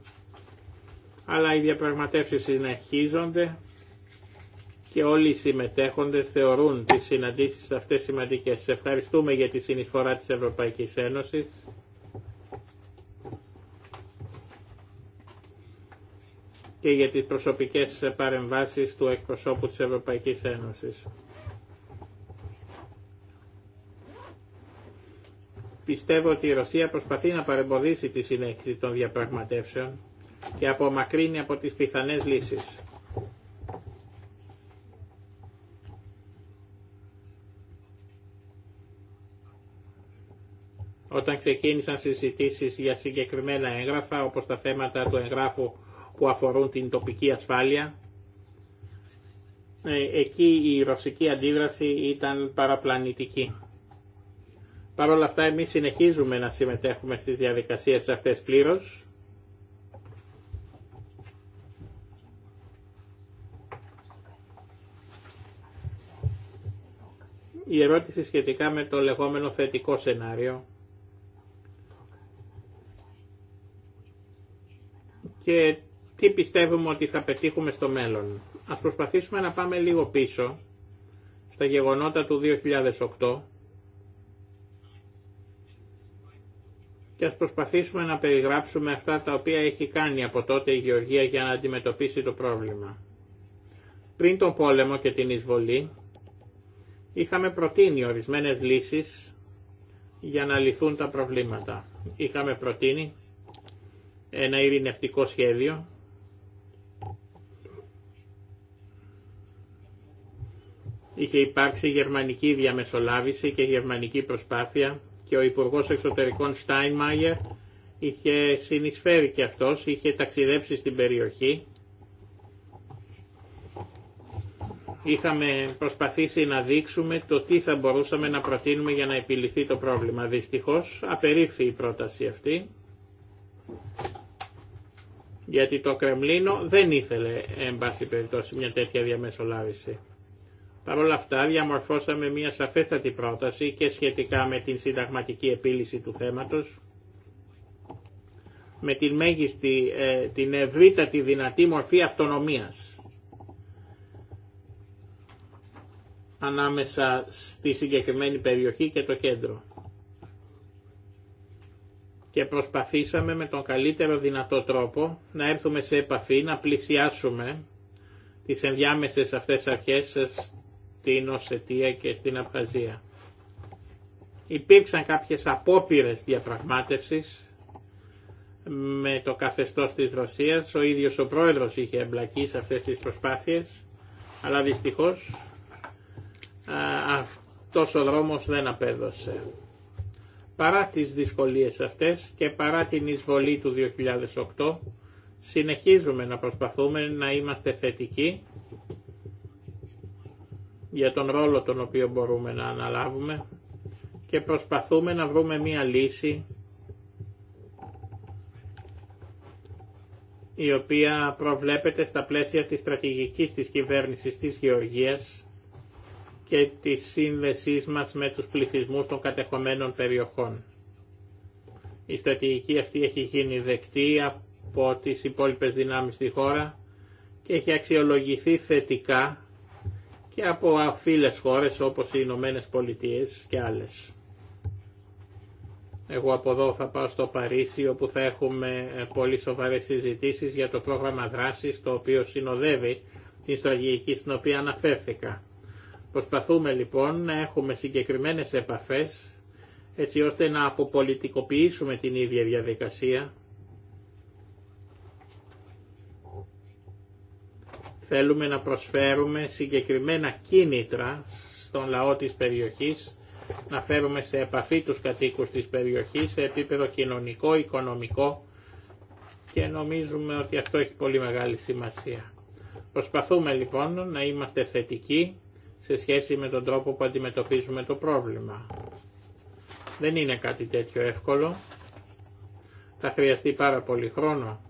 Αλλά οι διαπραγματεύσεις συνεχίζονται και όλοι οι συμμετέχοντες θεωρούν τις συναντήσεις αυτές σημαντικές. Σε ευχαριστούμε για τη συνεισφορά της Ευρωπαϊκής Ένωσης. και για τις προσωπικές παρεμβάσεις του εκπροσώπου της Ευρωπαϊκής Ένωσης. Πιστεύω ότι η Ρωσία προσπαθεί να παρεμποδίσει τη συνέχιση των διαπραγματεύσεων και απομακρύνει από τις πιθανές λύσεις. Όταν ξεκίνησαν συζητήσεις για συγκεκριμένα έγγραφα, όπως τα θέματα του εγγράφου που αφορούν την τοπική ασφάλεια, ε, εκεί η ρωσική αντίδραση ήταν παραπλανητική. Παρ' όλα αυτά εμείς συνεχίζουμε να συμμετέχουμε στις διαδικασίες αυτές πλήρως. Η ερώτηση σχετικά με το λεγόμενο θετικό σενάριο και τι πιστεύουμε ότι θα πετύχουμε στο μέλλον. Ας προσπαθήσουμε να πάμε λίγο πίσω στα γεγονότα του 2008 και ας προσπαθήσουμε να περιγράψουμε αυτά τα οποία έχει κάνει από τότε η Γεωργία για να αντιμετωπίσει το πρόβλημα. Πριν τον πόλεμο και την εισβολή, είχαμε προτείνει ορισμένες λύσεις για να λυθούν τα προβλήματα. Είχαμε προτείνει ένα ειρηνευτικό σχέδιο είχε υπάρξει γερμανική διαμεσολάβηση και γερμανική προσπάθεια και ο Υπουργός Εξωτερικών Στάινμαγερ είχε συνεισφέρει και αυτός, είχε ταξιδέψει στην περιοχή. Είχαμε προσπαθήσει να δείξουμε το τι θα μπορούσαμε να προτείνουμε για να επιληθεί το πρόβλημα. Δυστυχώς απερίφθη η πρόταση αυτή γιατί το Κρεμλίνο δεν ήθελε εν πάση περιπτώσει μια τέτοια διαμεσολάβηση. Παρ' όλα αυτά διαμορφώσαμε μια σαφέστατη πρόταση και σχετικά με την συνταγματική επίλυση του θέματος, με την μέγιστη, ε, την ευρύτατη δυνατή μορφή αυτονομίας. ανάμεσα στη συγκεκριμένη περιοχή και το κέντρο και προσπαθήσαμε με τον καλύτερο δυνατό τρόπο να έρθουμε σε επαφή, να πλησιάσουμε τις ενδιάμεσες αυτές αρχές στην Οσετία και στην Απχαζία. Υπήρξαν κάποιες απόπειρες διαπραγμάτευσης με το καθεστώς της Ρωσίας. Ο ίδιος ο πρόεδρος είχε εμπλακεί σε αυτές τις προσπάθειες, αλλά δυστυχώς αυτός ο δρόμος δεν απέδωσε. Παρά τις δυσκολίες αυτές και παρά την εισβολή του 2008, συνεχίζουμε να προσπαθούμε να είμαστε θετικοί για τον ρόλο τον οποίο μπορούμε να αναλάβουμε και προσπαθούμε να βρούμε μία λύση η οποία προβλέπεται στα πλαίσια της στρατηγικής της κυβέρνησης της Γεωργίας και τη σύνδεσή μας με τους πληθυσμούς των κατεχωμένων περιοχών. Η στρατηγική αυτή έχει γίνει δεκτή από τις υπόλοιπες δυνάμεις στη χώρα και έχει αξιολογηθεί θετικά και από φίλες χώρες όπως οι Ηνωμένε Πολιτείε και άλλες. Εγώ από εδώ θα πάω στο Παρίσι όπου θα έχουμε ε, πολύ σοβαρές συζητήσεις για το πρόγραμμα δράσης το οποίο συνοδεύει την στρατηγική στην οποία αναφέρθηκα. Προσπαθούμε λοιπόν να έχουμε συγκεκριμένες επαφές έτσι ώστε να αποπολιτικοποιήσουμε την ίδια διαδικασία. Θέλουμε να προσφέρουμε συγκεκριμένα κίνητρα στον λαό της περιοχής, να φέρουμε σε επαφή τους κατοίκους της περιοχής σε επίπεδο κοινωνικό, οικονομικό και νομίζουμε ότι αυτό έχει πολύ μεγάλη σημασία. Προσπαθούμε λοιπόν να είμαστε θετικοί σε σχέση με τον τρόπο που αντιμετωπίζουμε το πρόβλημα. Δεν είναι κάτι τέτοιο εύκολο. Θα χρειαστεί πάρα πολύ χρόνο.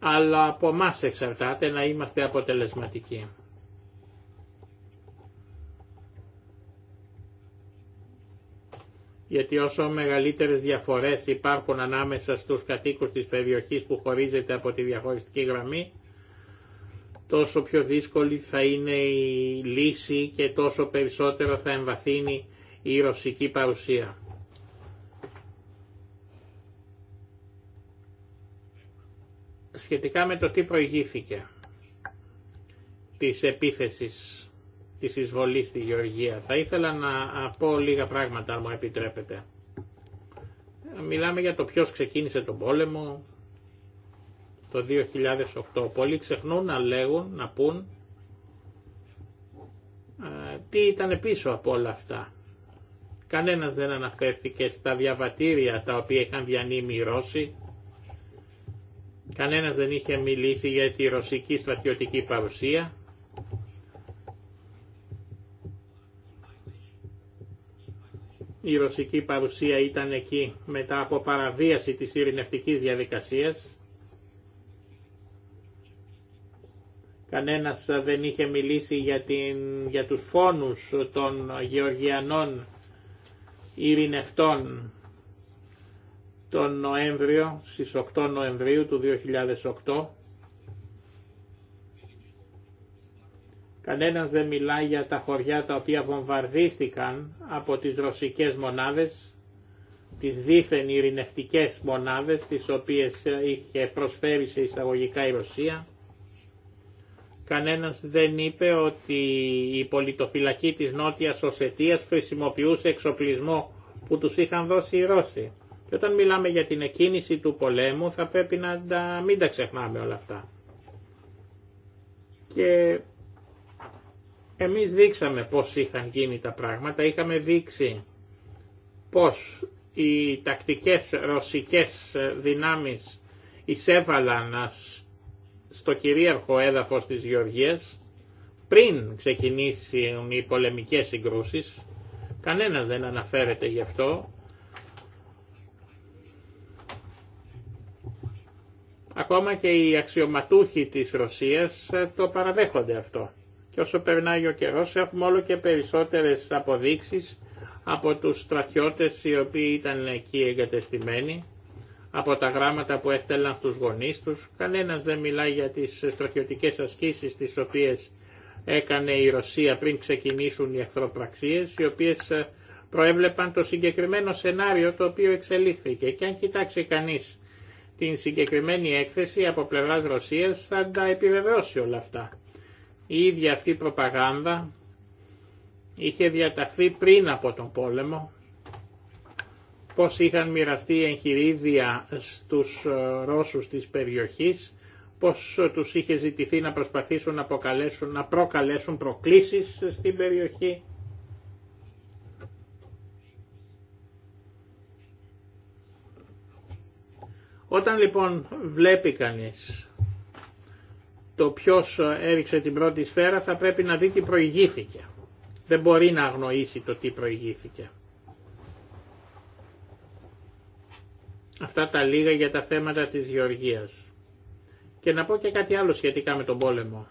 Αλλά από εμά εξαρτάται να είμαστε αποτελεσματικοί. γιατί όσο μεγαλύτερες διαφορές υπάρχουν ανάμεσα στους κατοίκους της περιοχής που χωρίζεται από τη διαχωριστική γραμμή, τόσο πιο δύσκολη θα είναι η λύση και τόσο περισσότερο θα εμβαθύνει η ρωσική παρουσία. Σχετικά με το τι προηγήθηκε της επίθεσης της εισβολής στη Γεωργία. Θα ήθελα να πω λίγα πράγματα, αν μου επιτρέπετε. Μιλάμε για το ποιος ξεκίνησε τον πόλεμο, το 2008. Πολλοί ξεχνούν να λέγουν, να πούν ε, τι ήταν πίσω από όλα αυτά. Κανένας δεν αναφέρθηκε στα διαβατήρια τα οποία είχαν διανύμει οι Ρώσοι. Κανένας δεν είχε μιλήσει για τη ρωσική στρατιωτική παρουσία. Η ρωσική παρουσία ήταν εκεί μετά από παραβίαση της ειρηνευτικής διαδικασίας Κανένας δεν είχε μιλήσει για, την, για τους φόνους των γεωργιανών ειρηνευτών τον Νοέμβριο, στις 8 Νοεμβρίου του 2008. Κανένας δεν μιλάει για τα χωριά τα οποία βομβαρδίστηκαν από τις ρωσικές μονάδες, τις δίθεν ειρηνευτικές μονάδες, τις οποίες είχε προσφέρει σε εισαγωγικά η Ρωσία. Κανένας δεν είπε ότι η πολιτοφυλακή της Νότιας Οσετίας χρησιμοποιούσε εξοπλισμό που τους είχαν δώσει οι Ρώσοι. Και όταν μιλάμε για την εκκίνηση του πολέμου θα πρέπει να μην τα ξεχνάμε όλα αυτά. Και εμείς δείξαμε πώς είχαν γίνει τα πράγματα, είχαμε δείξει πώς οι τακτικές ρωσικές δυνάμεις εισέβαλαν στο κυρίαρχο έδαφος της Γεωργίας πριν ξεκινήσουν οι πολεμικές συγκρούσεις. Κανένας δεν αναφέρεται γι' αυτό. Ακόμα και οι αξιωματούχοι της Ρωσίας ε, το παραδέχονται αυτό. Και όσο περνάει ο καιρός έχουμε όλο και περισσότερες αποδείξεις από τους στρατιώτες οι οποίοι ήταν εκεί εγκατεστημένοι από τα γράμματα που έστελναν στους γονείς τους. Κανένας δεν μιλάει για τις στρατιωτικές ασκήσεις τις οποίες έκανε η Ρωσία πριν ξεκινήσουν οι εχθροπραξίες, οι οποίες ε, προέβλεπαν το συγκεκριμένο σενάριο το οποίο εξελίχθηκε. Και αν κοιτάξει κανείς την συγκεκριμένη έκθεση από πλευράς Ρωσίας θα τα επιβεβαιώσει όλα αυτά. Η ίδια αυτή προπαγάνδα είχε διαταχθεί πριν από τον πόλεμο πώς είχαν μοιραστεί εγχειρίδια στους ε, Ρώσους της περιοχής, πώς ε, τους είχε ζητηθεί να προσπαθήσουν να, προκαλέσουν, να προκαλέσουν προκλήσεις στην περιοχή. Όταν λοιπόν βλέπει κανείς το ποιος ε, έριξε την πρώτη σφαίρα θα πρέπει να δει τι προηγήθηκε. Δεν μπορεί να αγνοήσει το τι προηγήθηκε. Αυτά τα λίγα για τα θέματα της γεωργίας. Και να πω και κάτι άλλο σχετικά με τον πόλεμο.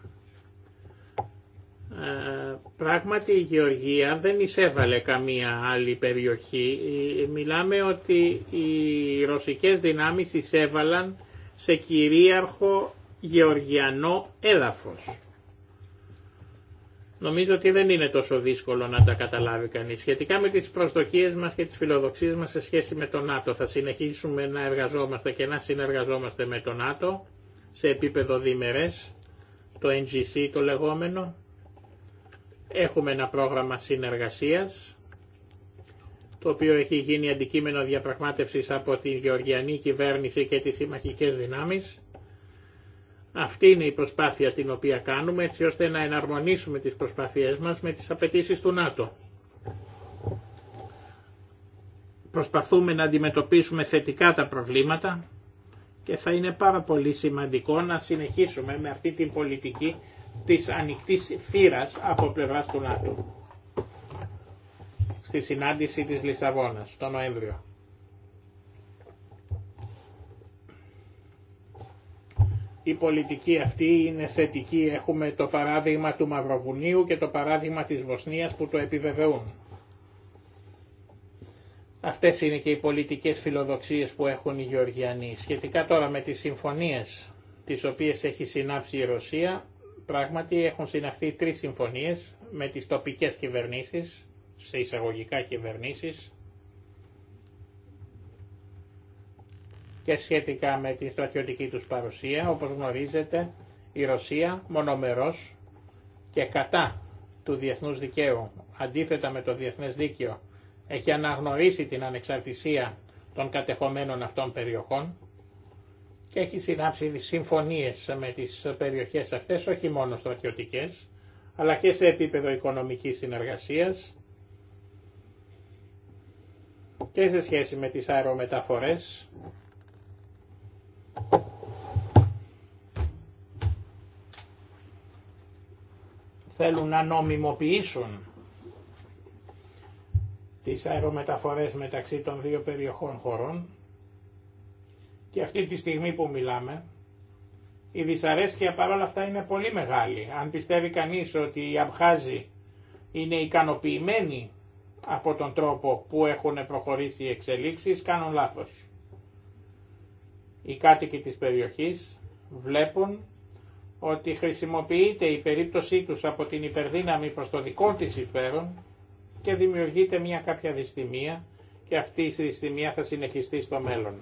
Ε, πράγματι η Γεωργία δεν εισέβαλε καμία άλλη περιοχή. Ε, μιλάμε ότι οι ρωσικές δυνάμεις εισέβαλαν σε κυρίαρχο γεωργιανό έδαφος. Νομίζω ότι δεν είναι τόσο δύσκολο να τα καταλάβει κανείς. Σχετικά με τις προσδοκίες μας και τις φιλοδοξίες μας σε σχέση με τον ΝΑΤΟ, θα συνεχίσουμε να εργαζόμαστε και να συνεργαζόμαστε με τον ΝΑΤΟ σε επίπεδο διμερές, το NGC το λεγόμενο. Έχουμε ένα πρόγραμμα συνεργασίας, το οποίο έχει γίνει αντικείμενο διαπραγμάτευσης από τη Γεωργιανή κυβέρνηση και τις συμμαχικές δυνάμεις αυτή είναι η προσπάθεια την οποία κάνουμε έτσι ώστε να εναρμονίσουμε τις προσπάθειές μας με τις απαιτήσει του ΝΑΤΟ. Προσπαθούμε να αντιμετωπίσουμε θετικά τα προβλήματα και θα είναι πάρα πολύ σημαντικό να συνεχίσουμε με αυτή την πολιτική της ανοιχτής φύρας από πλευράς του ΝΑΤΟ στη συνάντηση της Λισαβόνας το Νοέμβριο. η πολιτική αυτή είναι θετική. Έχουμε το παράδειγμα του Μαυροβουνίου και το παράδειγμα της Βοσνίας που το επιβεβαιούν. Αυτές είναι και οι πολιτικές φιλοδοξίες που έχουν οι Γεωργιανοί. Σχετικά τώρα με τις συμφωνίες τις οποίες έχει συνάψει η Ρωσία, πράγματι έχουν συναφθεί τρεις συμφωνίες με τις τοπικές κυβερνήσεις, σε εισαγωγικά κυβερνήσεις, και σχετικά με την στρατιωτική τους παρουσία. Όπως γνωρίζετε, η Ρωσία μονομερός και κατά του διεθνούς δικαίου, αντίθετα με το διεθνές δίκαιο, έχει αναγνωρίσει την ανεξαρτησία των κατεχομένων αυτών περιοχών και έχει συνάψει συμφωνίες με τις περιοχές αυτές, όχι μόνο στρατιωτικές, αλλά και σε επίπεδο οικονομικής συνεργασίας και σε σχέση με τις αερομεταφορές θέλουν να νομιμοποιήσουν τις αερομεταφορές μεταξύ των δύο περιοχών χωρών και αυτή τη στιγμή που μιλάμε η δυσαρέσκεια παρόλα αυτά είναι πολύ μεγάλη. Αν πιστεύει κανείς ότι οι Αμπχάζοι είναι ικανοποιημένοι από τον τρόπο που έχουν προχωρήσει οι εξελίξεις, κάνουν λάθος οι κάτοικοι της περιοχής βλέπουν ότι χρησιμοποιείται η περίπτωσή τους από την υπερδύναμη προς το δικό της υφέρον και δημιουργείται μια κάποια δυστημία και αυτή η δυστημία θα συνεχιστεί στο μέλλον.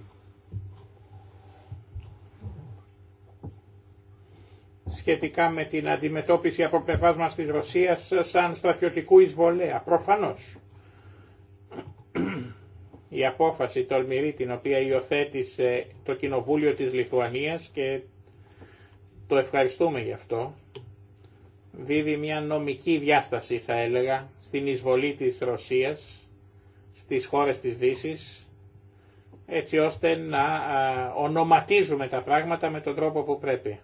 σχετικά με την αντιμετώπιση από πλευρά μας της Ρωσίας σαν στρατιωτικού εισβολέα. Προφανώς η απόφαση τολμηρή την οποία υιοθέτησε το Κοινοβούλιο της Λιθουανίας και το ευχαριστούμε γι' αυτό, δίδει μια νομική διάσταση θα έλεγα στην εισβολή της Ρωσίας στις χώρες της Δύσης έτσι ώστε να ονοματίζουμε τα πράγματα με τον τρόπο που πρέπει.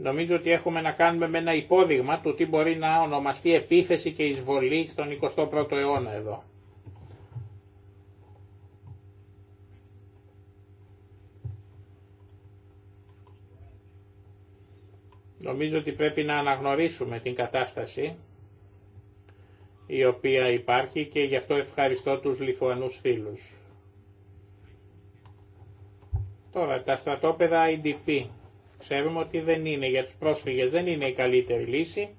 Νομίζω ότι έχουμε να κάνουμε με ένα υπόδειγμα του τι μπορεί να ονομαστεί επίθεση και εισβολή στον 21ο αιώνα εδώ. Νομίζω ότι πρέπει να αναγνωρίσουμε την κατάσταση η οποία υπάρχει και γι' αυτό ευχαριστώ τους Λιθουανούς φίλους. Τώρα, τα στρατόπεδα IDP. Ξέρουμε ότι δεν είναι για τους πρόσφυγες, δεν είναι η καλύτερη λύση.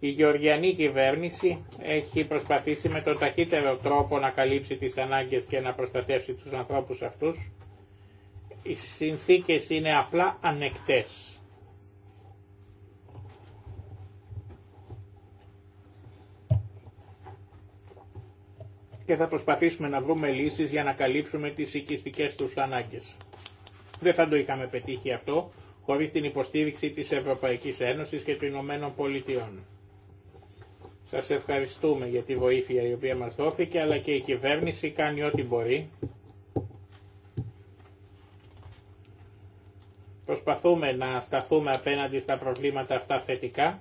Η γεωργιανή κυβέρνηση έχει προσπαθήσει με τον ταχύτερο τρόπο να καλύψει τις ανάγκες και να προστατεύσει τους ανθρώπους αυτούς. Οι συνθήκες είναι απλά ανεκτές. και θα προσπαθήσουμε να βρούμε λύσεις για να καλύψουμε τις οικιστικές τους ανάγκες. Δεν θα το είχαμε πετύχει αυτό χωρίς την υποστήριξη της Ευρωπαϊκής Ένωσης και των Ηνωμένων Πολιτειών. Σας ευχαριστούμε για τη βοήθεια η οποία μας δόθηκε, αλλά και η κυβέρνηση κάνει ό,τι μπορεί. Προσπαθούμε να σταθούμε απέναντι στα προβλήματα αυτά θετικά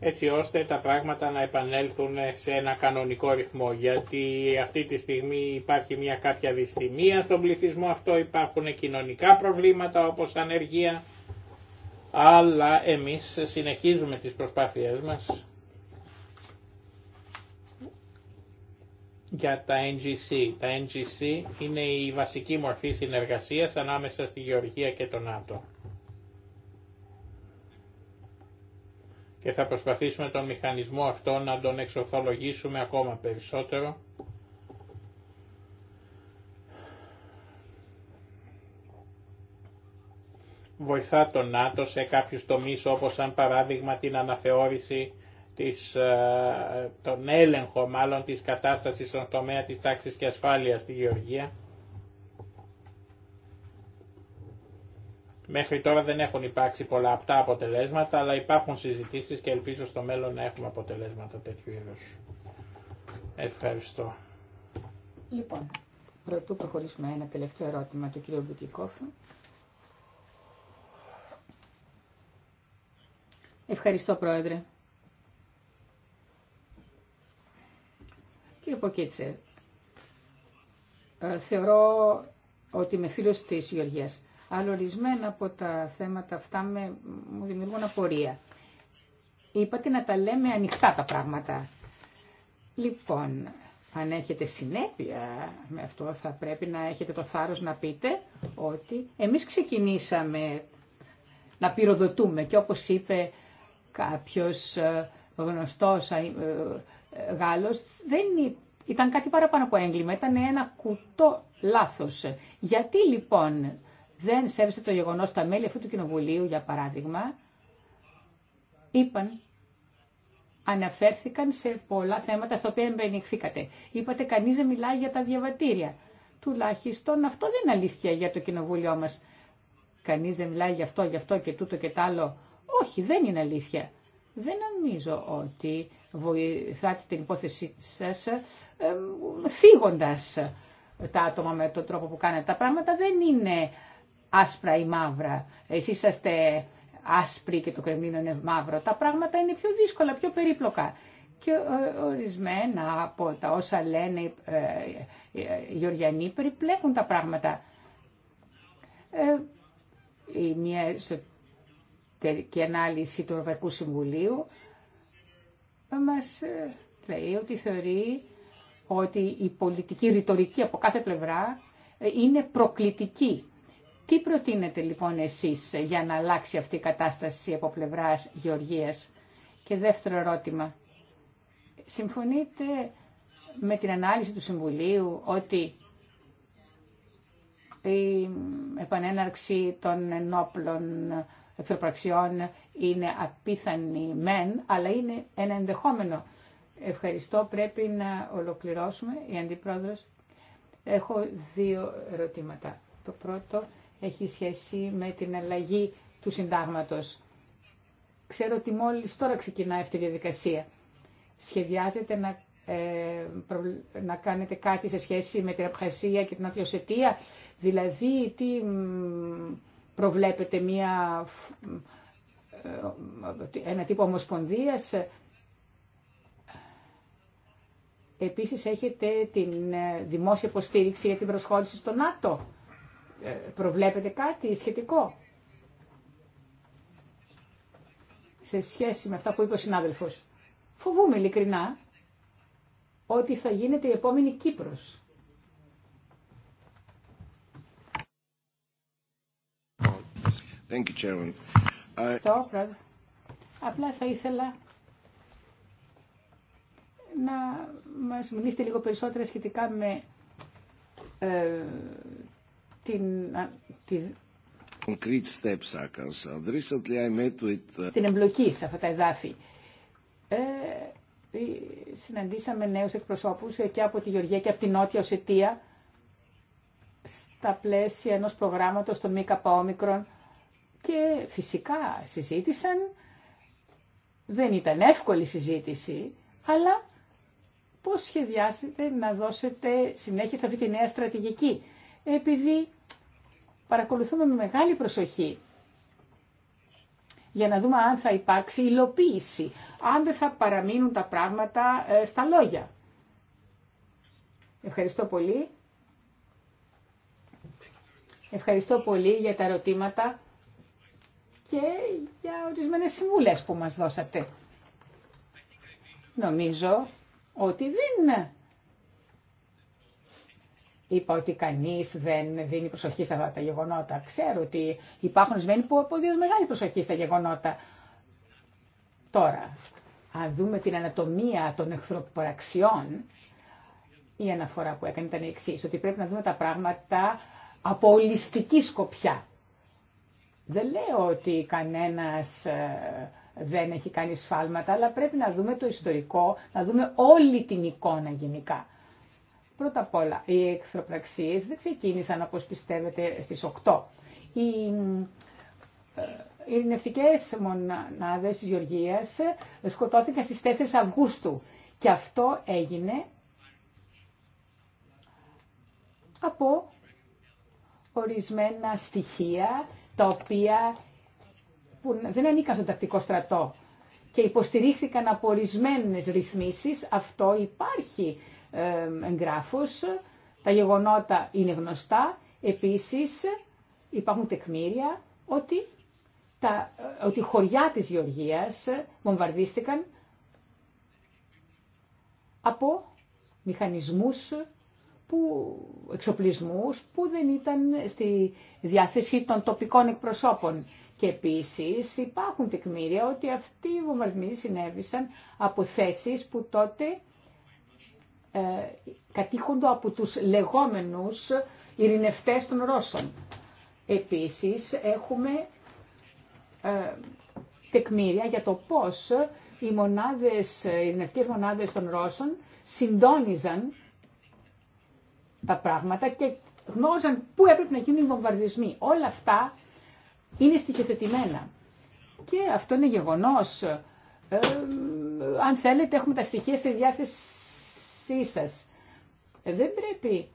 έτσι ώστε τα πράγματα να επανέλθουν σε ένα κανονικό ρυθμό. Γιατί αυτή τη στιγμή υπάρχει μια κάποια δυστημία στον πληθυσμό αυτό, υπάρχουν κοινωνικά προβλήματα όπως ανεργία, αλλά εμείς συνεχίζουμε τις προσπάθειές μας για τα NGC. Τα NGC είναι η βασική μορφή συνεργασίας ανάμεσα στη Γεωργία και τον ΝΑΤΟ. και θα προσπαθήσουμε τον μηχανισμό αυτό να τον εξορθολογήσουμε ακόμα περισσότερο. Βοηθά τον ΝΑΤΟ σε κάποιους τομείς όπως σαν παράδειγμα την αναθεώρηση της, ε, τον έλεγχο μάλλον της κατάστασης στον τομέα της τάξης και ασφάλειας στη Γεωργία. Μέχρι τώρα δεν έχουν υπάρξει πολλά απτά αποτελέσματα, αλλά υπάρχουν συζητήσεις και ελπίζω στο μέλλον να έχουμε αποτελέσματα τέτοιου είδους. Ευχαριστώ. Λοιπόν, πρωτού προχωρήσουμε ένα τελευταίο ερώτημα του κ. Μπουτικόφου. Ευχαριστώ, Πρόεδρε. Κύριε Ποκίτσε, ε, θεωρώ ότι είμαι φίλος της Γεωργίας αλλά ορισμένα από τα θέματα αυτά με, μου δημιουργούν απορία. Είπατε να τα λέμε ανοιχτά τα πράγματα. Λοιπόν, αν έχετε συνέπεια με αυτό θα πρέπει να έχετε το θάρρος να πείτε ότι εμείς ξεκινήσαμε να πυροδοτούμε και όπως είπε κάποιος ε, γνωστός ε, ε, Γάλλος δεν ήταν κάτι παραπάνω από έγκλημα, ήταν ένα κουτό λάθος. Γιατί λοιπόν δεν σέβεστε το γεγονός τα μέλη αυτού του κοινοβουλίου, για παράδειγμα, είπαν, αναφέρθηκαν σε πολλά θέματα στα οποία εμπενιχθήκατε. Είπατε κανεί δεν μιλάει για τα διαβατήρια. Τουλάχιστον αυτό δεν είναι αλήθεια για το κοινοβούλιο μας. Κανεί δεν μιλάει για αυτό, για αυτό και τούτο και τ' άλλο. Όχι, δεν είναι αλήθεια. Δεν νομίζω ότι βοηθάτε την υπόθεσή σας ε, τα άτομα με τον τρόπο που κάνετε τα πράγματα. Δεν είναι άσπρα ή μαύρα. Εσείς είσαστε άσπροι και το Κρεμλίνο είναι μαύρο. Τα πράγματα είναι πιο δύσκολα, πιο περίπλοκα. Και ε, ορισμένα από τα όσα λένε ε, ε, οι Γεωργιανοί περιπλέκουν τα πράγματα. Η μια εσωτερική ανάλυση του Ευρωπαϊκού Συμβουλίου μας λέει ότι θεωρεί ότι η πολιτική ρητορική από κάθε πλευρά είναι προκλητική τι προτείνετε λοιπόν εσείς για να αλλάξει αυτή η κατάσταση από πλευράς Γεωργίας. Και δεύτερο ερώτημα. Συμφωνείτε με την ανάλυση του Συμβουλίου ότι η επανέναρξη των ενόπλων εχθροπραξιών είναι απίθανη μεν, αλλά είναι ένα ενδεχόμενο. Ευχαριστώ, πρέπει να ολοκληρώσουμε, η Αντιπρόεδρος. Έχω δύο ερωτήματα. Το πρώτο έχει σχέση με την αλλαγή του συντάγματος. Ξέρω ότι μόλις τώρα ξεκινάει αυτή η διαδικασία. Σχεδιάζεται να, ε, να κάνετε κάτι σε σχέση με την Απχασία και την Αθιοσετία. δηλαδή τι προβλέπετε μια, ε, ε, ένα τύπο ομοσπονδίας, Επίσης έχετε την δημόσια υποστήριξη για την προσχώρηση στο ΝΑΤΟ. Ε, προβλέπετε κάτι σχετικό σε σχέση με αυτά που είπε ο συνάδελφος. Φοβούμαι ειλικρινά ότι θα γίνεται η επόμενη Κύπρος. Thank you, Chairman. Ε, Απλά θα ήθελα να μας μιλήσετε λίγο περισσότερα σχετικά με ε, την, την εμπλοκή σε αυτά τα εδάφη. Ε, ε συναντήσαμε νέους εκπροσώπους ε, και από τη Γεωργία και από την Νότια Οσετία στα πλαίσια ενός προγράμματος των ΜΚΟ και φυσικά συζήτησαν. Δεν ήταν εύκολη συζήτηση, αλλά πώς σχεδιάσετε να δώσετε συνέχεια σε αυτή τη νέα στρατηγική επειδή παρακολουθούμε με μεγάλη προσοχή για να δούμε αν θα υπάρξει υλοποίηση, αν δεν θα παραμείνουν τα πράγματα ε, στα λόγια. Ευχαριστώ πολύ. Ευχαριστώ πολύ για τα ερωτήματα και για ορισμένες συμβουλές που μας δώσατε. Νομίζω ότι δεν είπα ότι κανεί δεν δίνει προσοχή σε αυτά τα γεγονότα. Ξέρω ότι υπάρχουν σμένοι που αποδίδουν μεγάλη προσοχή στα γεγονότα. Τώρα, αν δούμε την ανατομία των εχθροπραξιών, η αναφορά που έκανε ήταν η εξή, ότι πρέπει να δούμε τα πράγματα από ολιστική σκοπιά. Δεν λέω ότι κανένας ε, δεν έχει κάνει σφάλματα, αλλά πρέπει να δούμε το ιστορικό, να δούμε όλη την εικόνα γενικά. Πρώτα απ' όλα, οι εχθροπραξίες δεν ξεκίνησαν, όπως πιστεύετε, στις 8. Ε, οι ειρηνευτικές μονάδες της Γεωργίας σκοτώθηκαν στις 4 Αυγούστου και αυτό έγινε από ορισμένα στοιχεία τα οποία δεν ανήκαν στον τακτικό στρατό και υποστηρίχθηκαν από ορισμένε ρυθμίσεις. Αυτό υπάρχει εγγράφους. Τα γεγονότα είναι γνωστά. Επίσης υπάρχουν τεκμήρια ότι, τα, ότι χωριά της Γεωργίας βομβαρδίστηκαν από μηχανισμούς που, εξοπλισμούς που δεν ήταν στη διάθεση των τοπικών εκπροσώπων. Και επίσης υπάρχουν τεκμήρια ότι αυτοί οι βομβαρδισμοί συνέβησαν από θέσεις που τότε ε, κατήχοντο από τους λεγόμενους ειρηνευτές των Ρώσων. Επίσης έχουμε ε, τεκμήρια για το πώς οι μονάδες, ε, οι μονάδες των Ρώσων συντόνιζαν τα πράγματα και γνώριζαν πού έπρεπε να γίνουν οι βομβαρδισμοί. Όλα αυτά είναι στοιχειοθετημένα. Και αυτό είναι γεγονός. αν θέλετε, έχουμε τα στοιχεία στη διάθεση μεταξύ σας. Ε, δεν πρέπει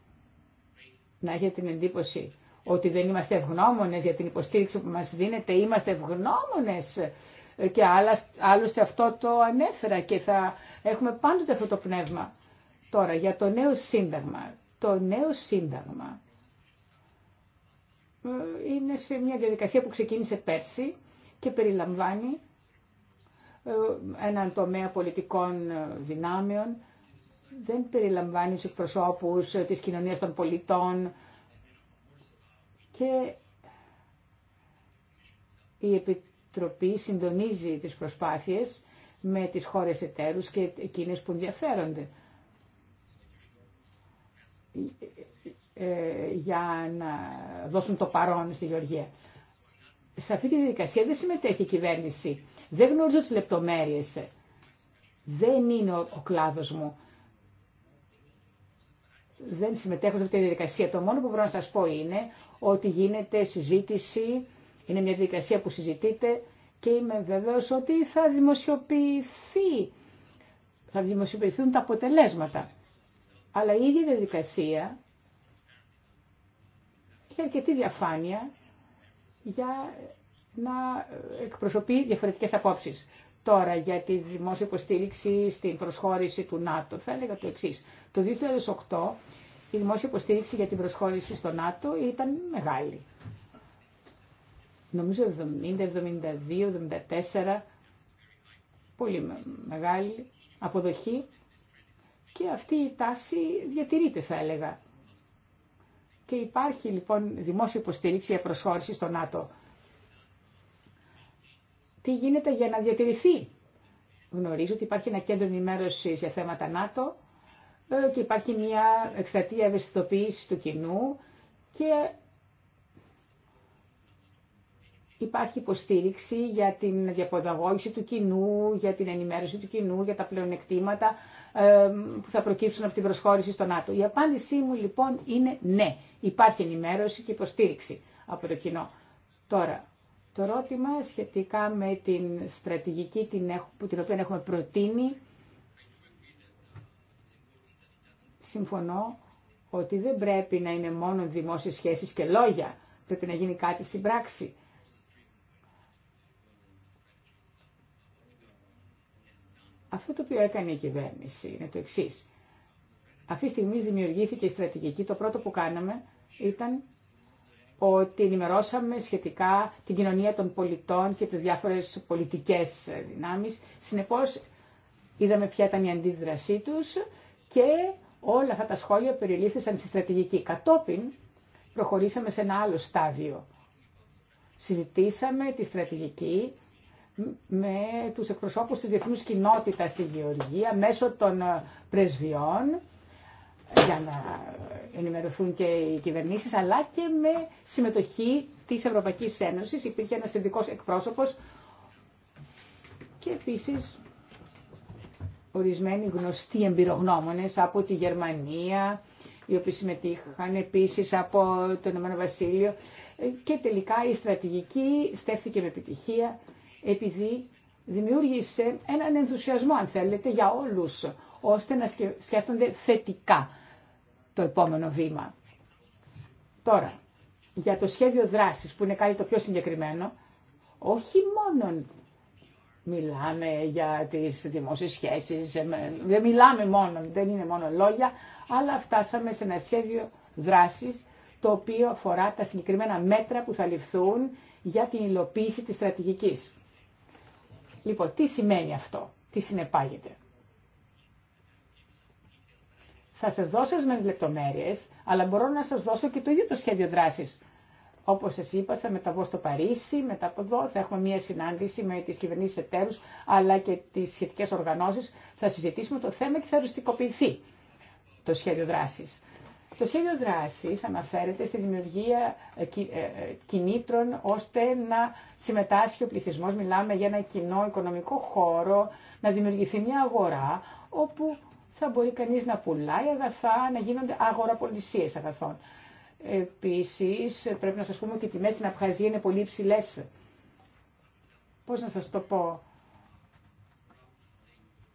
να έχετε την εντύπωση ότι δεν είμαστε ευγνώμονες για την υποστήριξη που μας δίνετε. Είμαστε ευγνώμονες ε, και άλλωστε αυτό το ανέφερα και θα έχουμε πάντοτε αυτό το πνεύμα. Τώρα για το νέο σύνταγμα. Το νέο σύνταγμα ε, είναι σε μια διαδικασία που ξεκίνησε πέρσι και περιλαμβάνει έναν τομέα πολιτικών δυνάμεων, δεν περιλαμβάνει τους εκπροσώπους της κοινωνίας των πολιτών και η Επιτροπή συντονίζει τις προσπάθειες με τις χώρες εταίρους και εκείνες που ενδιαφέρονται ε, για να δώσουν το παρόν στη Γεωργία. Σε αυτή τη διαδικασία δεν συμμετέχει η κυβέρνηση. Δεν γνωρίζω τις λεπτομέρειες. Δεν είναι ο κλάδος μου δεν συμμετέχω σε αυτή τη διαδικασία. Το μόνο που μπορώ να σας πω είναι ότι γίνεται συζήτηση, είναι μια διαδικασία που συζητείτε και είμαι βεβαίως ότι θα δημοσιοποιηθεί, θα δημοσιοποιηθούν τα αποτελέσματα. Αλλά η ίδια διαδικασία έχει αρκετή διαφάνεια για να εκπροσωπεί διαφορετικές απόψεις. Τώρα για τη δημόσια υποστήριξη στην προσχώρηση του ΝΑΤΟ θα έλεγα το εξής. Το 2008 η δημόσια υποστήριξη για την προσχώρηση στο ΝΑΤΟ ήταν μεγάλη. Νομίζω 70, 72, 74, πολύ μεγάλη αποδοχή και αυτή η τάση διατηρείται θα έλεγα. Και υπάρχει λοιπόν δημόσια υποστήριξη για προσχώρηση στο ΝΑΤΟ. Τι γίνεται για να διατηρηθεί. Γνωρίζω ότι υπάρχει ένα κέντρο ενημέρωση για θέματα ΝΑΤΟ ε, και υπάρχει μια εκστατεία ευαισθητοποίηση του κοινού και υπάρχει υποστήριξη για την διαποδαγώγηση του κοινού, για την ενημέρωση του κοινού, για τα πλεονεκτήματα ε, που θα προκύψουν από την προσχώρηση στον ΝΑΤΟ. Η απάντησή μου λοιπόν είναι ναι, υπάρχει ενημέρωση και υποστήριξη από το κοινό. Τώρα, το ερώτημα σχετικά με την στρατηγική την που την οποία έχουμε προτείνει συμφωνώ ότι δεν πρέπει να είναι μόνο δημόσιες σχέσεις και λόγια. Πρέπει να γίνει κάτι στην πράξη. Αυτό το οποίο έκανε η κυβέρνηση είναι το εξή. Αυτή τη στιγμή δημιουργήθηκε η στρατηγική. Το πρώτο που κάναμε ήταν ότι ενημερώσαμε σχετικά την κοινωνία των πολιτών και τις διάφορες πολιτικές δυνάμεις. Συνεπώς είδαμε ποια ήταν η αντίδρασή τους και Όλα αυτά τα σχόλια περιλήφθησαν στη στρατηγική. Κατόπιν προχωρήσαμε σε ένα άλλο στάδιο. Συζητήσαμε τη στρατηγική με τους εκπροσώπους της διεθνούς κοινότητας στη Γεωργία μέσω των ε, πρεσβειών ε, για να ενημερωθούν και οι κυβερνήσεις, αλλά και με συμμετοχή της Ευρωπαϊκής Ένωσης. Υπήρχε ένας ειδικό εκπρόσωπος και επίσης ορισμένοι γνωστοί εμπειρογνώμονες από τη Γερμανία, οι οποίοι συμμετείχαν επίσης από το Ηνωμένο Βασίλειο ε, και τελικά η στρατηγική στέφθηκε με επιτυχία επειδή δημιούργησε έναν ενθουσιασμό, αν θέλετε, για όλους, ώστε να σκέφτονται θετικά το επόμενο βήμα. Τώρα, για το σχέδιο δράσης, που είναι κάτι το πιο συγκεκριμένο, όχι μόνον Μιλάμε για τις δημόσιες σχέσεις, ε, δεν μιλάμε μόνο, δεν είναι μόνο λόγια, αλλά φτάσαμε σε ένα σχέδιο δράσης το οποίο αφορά τα συγκεκριμένα μέτρα που θα ληφθούν για την υλοποίηση της στρατηγικής. Λοιπόν, τι σημαίνει αυτό, τι συνεπάγεται. Θα σας δώσω τι λεπτομέρειες, αλλά μπορώ να σας δώσω και το ίδιο το σχέδιο δράσης Όπω σα είπα, θα μεταβώ στο Παρίσι, μετά από εδώ θα έχουμε μια συνάντηση με τι κυβερνήσει εταίρου αλλά και τι σχετικέ οργανώσει. Θα συζητήσουμε το θέμα και θα οριστικοποιηθεί το σχέδιο δράση. Το σχέδιο δράση αναφέρεται στη δημιουργία ε, ε, ε, κινήτρων ώστε να συμμετάσχει ο πληθυσμό, Μιλάμε για ένα κοινό οικονομικό χώρο, να δημιουργηθεί μια αγορά όπου θα μπορεί κανεί να πουλάει αγαθά, να γίνονται αγοραπολισίε αγαθών. Επίσης, πρέπει να σας πούμε ότι οι τιμές στην Απχαζία είναι πολύ ψηλές. Πώς να σας το πω.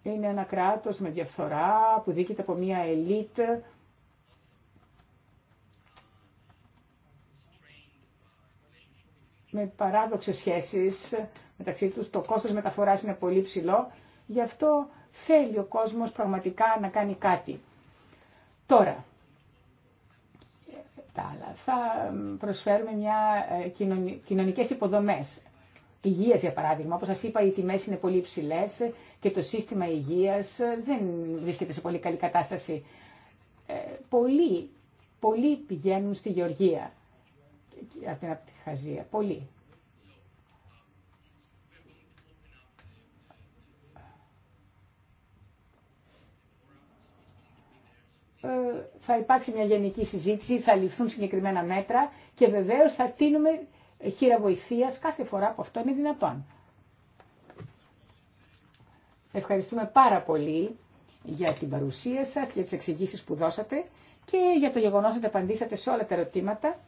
Είναι ένα κράτος με διαφθορά που δίκεται από μια ελίτ με παράδοξες σχέσεις μεταξύ του. Το κόστος μεταφοράς είναι πολύ ψηλό. Γι' αυτό θέλει ο κόσμος πραγματικά να κάνει κάτι. Τώρα, άλλα. Θα προσφέρουμε μια, ε, κοινωνικές υποδομές. υγεία, για παράδειγμα. Όπως σα είπα, οι τιμέ είναι πολύ υψηλέ και το σύστημα υγείας ε, δεν βρίσκεται σε πολύ καλή κατάσταση. Ε, πολλοί, πολλοί πηγαίνουν στη Γεωργία από την Απτυχαζία. Πολλοί. Ε, θα υπάρξει μια γενική συζήτηση, θα ληφθούν συγκεκριμένα μέτρα και βεβαίως θα τίνουμε χείρα κάθε φορά που αυτό είναι δυνατόν. Ευχαριστούμε πάρα πολύ για την παρουσία σας και τις εξηγήσεις που δώσατε και για το γεγονός ότι απαντήσατε σε όλα τα ερωτήματα.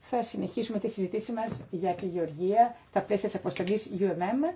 Θα συνεχίσουμε τη συζήτηση μας για τη Γεωργία στα πλαίσια της αποστολής UMM.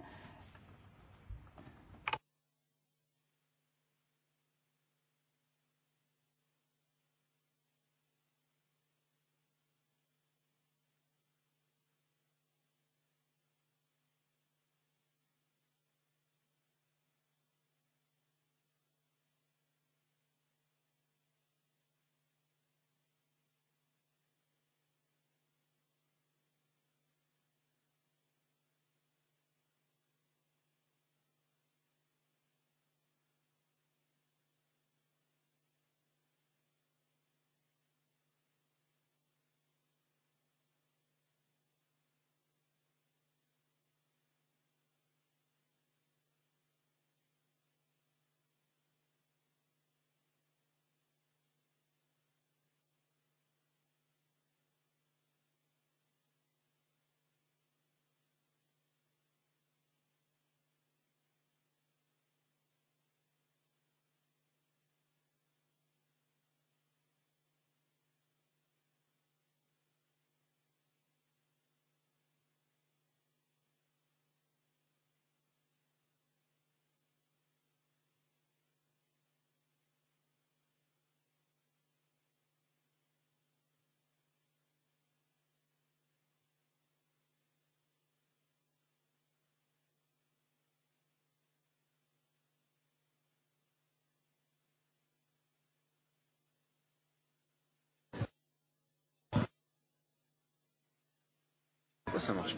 Ça marche.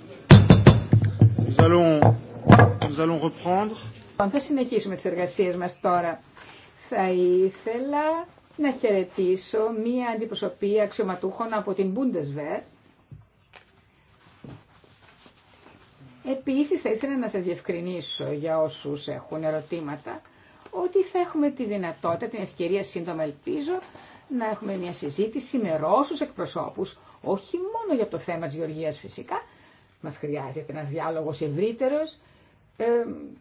Θα συνεχίσουμε τις εργασίες μα τώρα. Θα ήθελα να χαιρετήσω μία αντιπροσωπή αξιωματούχων από την Bundeswehr. Επίσης θα ήθελα να σα διευκρινίσω για όσους έχουν ερωτήματα ότι θα έχουμε τη δυνατότητα, την ευκαιρία σύντομα ελπίζω, να έχουμε μια συζήτηση με Ρώσους εκπροσώπους, όχι μόνο για το θέμα της Γεωργίας φυσικά, μας χρειάζεται ένας διάλογος ευρύτερος ε,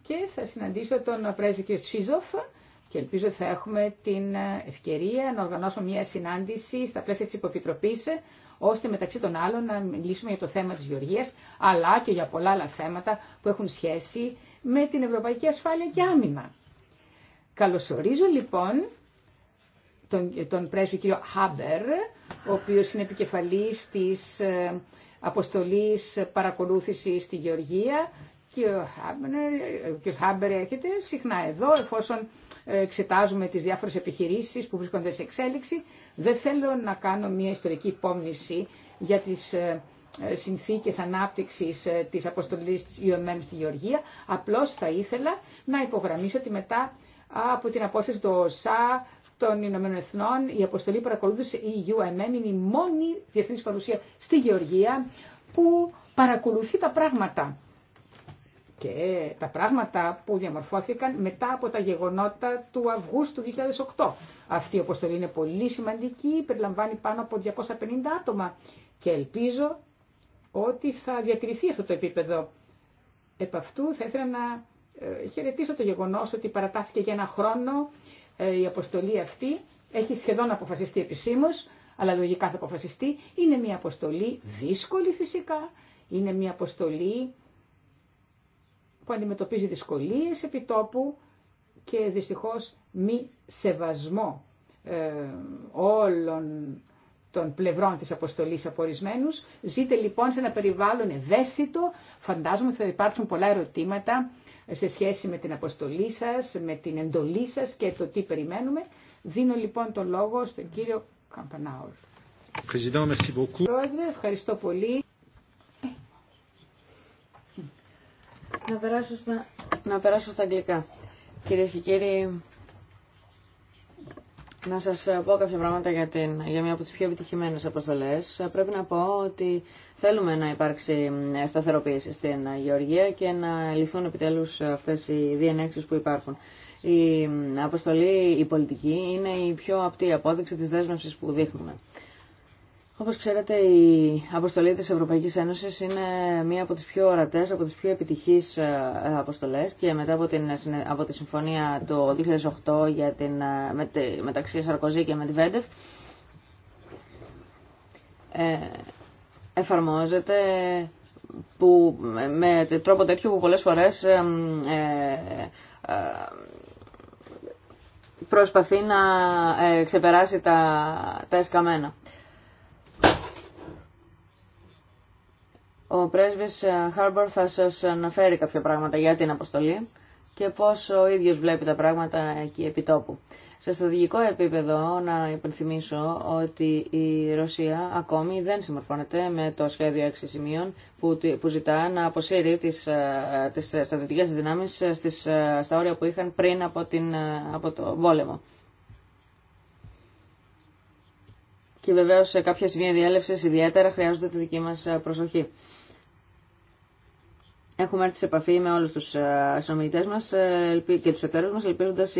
και θα συναντήσω τον πρέσβη κ. Τσίζοφ και ελπίζω ότι θα έχουμε την ε, ευκαιρία να οργανώσουμε μια συνάντηση στα πλαίσια της υποπιτροπής ώστε μεταξύ των άλλων να μιλήσουμε για το θέμα της γεωργίας αλλά και για πολλά άλλα θέματα που έχουν σχέση με την ευρωπαϊκή ασφάλεια και άμυνα. Καλωσορίζω λοιπόν τον, τον πρέσβη κ. Χάμπερ, ο οποίος είναι επικεφαλής της ε, αποστολής παρακολούθησης στη Γεωργία και ο κ. Χάμπερ έρχεται συχνά εδώ εφόσον εξετάζουμε τις διάφορες επιχειρήσεις που βρίσκονται σε εξέλιξη. Δεν θέλω να κάνω μια ιστορική υπόμνηση για τις ε, συνθήκες ανάπτυξης ε, της αποστολής της UMM στη Γεωργία. Απλώς θα ήθελα να υπογραμμίσω ότι μετά από την απόσταση του ΩΣΑ των Ηνωμένων Εθνών, η αποστολή παρακολούθησε η UNM είναι η μόνη διεθνή παρουσία στη Γεωργία που παρακολουθεί τα πράγματα και τα πράγματα που διαμορφώθηκαν μετά από τα γεγονότα του Αυγούστου 2008. Αυτή η αποστολή είναι πολύ σημαντική, περιλαμβάνει πάνω από 250 άτομα και ελπίζω ότι θα διατηρηθεί αυτό το επίπεδο. Επ' αυτού θα ήθελα να ε, χαιρετήσω το γεγονός ότι παρατάθηκε για ένα χρόνο ε, η αποστολή αυτή έχει σχεδόν αποφασιστεί επισήμω, αλλά λογικά θα αποφασιστεί. Είναι μια αποστολή δύσκολη φυσικά, είναι μια αποστολή που αντιμετωπίζει δυσκολίες επί τόπου και δυστυχώς μη σεβασμό ε, όλων των πλευρών της αποστολής από ορισμένους. Ζείτε λοιπόν σε ένα περιβάλλον ευαίσθητο, φαντάζομαι ότι θα υπάρξουν πολλά ερωτήματα σε σχέση με την αποστολή σας, με την εντολή σας και το τι περιμένουμε. Δίνω λοιπόν τον λόγο στον κύριο Καμπανάουρ. Πρόεδρε, ευχαριστώ πολύ. Να περάσω στα, να περάσω στα αγγλικά. Κυρίε και κύριοι, να σας πω κάποια πράγματα για, για μια από τι πιο επιτυχημένε αποστολές. Πρέπει να πω ότι θέλουμε να υπάρξει σταθεροποίηση στην Γεωργία και να λυθούν επιτέλους αυτές οι διενέξει που υπάρχουν. Η αποστολή, η πολιτική, είναι η πιο απτή απόδειξη της δέσμευσης που δείχνουμε. Όπως ξέρετε, η αποστολή της Ευρωπαϊκής Ένωσης είναι μία από τις πιο ορατές, από τις πιο επιτυχείς ε, αποστολές και μετά από, την, ε, από τη συμφωνία το 2008 για την, ε, με, μεταξύ Σαρκοζή και Μετβέντεφ ε, εφαρμόζεται που, με τρόπο τέτοιο που πολλές φορές ε, ε, προσπαθεί να ξεπεράσει τα, τα εσκαμένα. Ο πρέσβης ε, Χάρμπορ θα σας αναφέρει κάποια πράγματα για την αποστολή και πώς ο ίδιος βλέπει τα πράγματα εκεί επί τόπου. Σε στρατηγικό επίπεδο να υπενθυμίσω ότι η Ρωσία ακόμη δεν συμμορφώνεται με το σχέδιο έξι σημείων που, ζητά να αποσύρει τις, ε, τις στρατιωτικές δυνάμεις ε, στις, στα όρια που είχαν πριν από, την, από το βόλεμο. Και βεβαίως σε κάποια σημεία διέλευσης ιδιαίτερα χρειάζονται τη δική μας προσοχή. Έχουμε έρθει σε επαφή με όλους τους ε, συνομιλητές μας ε, και τους εταίρους μας, ελπίζοντας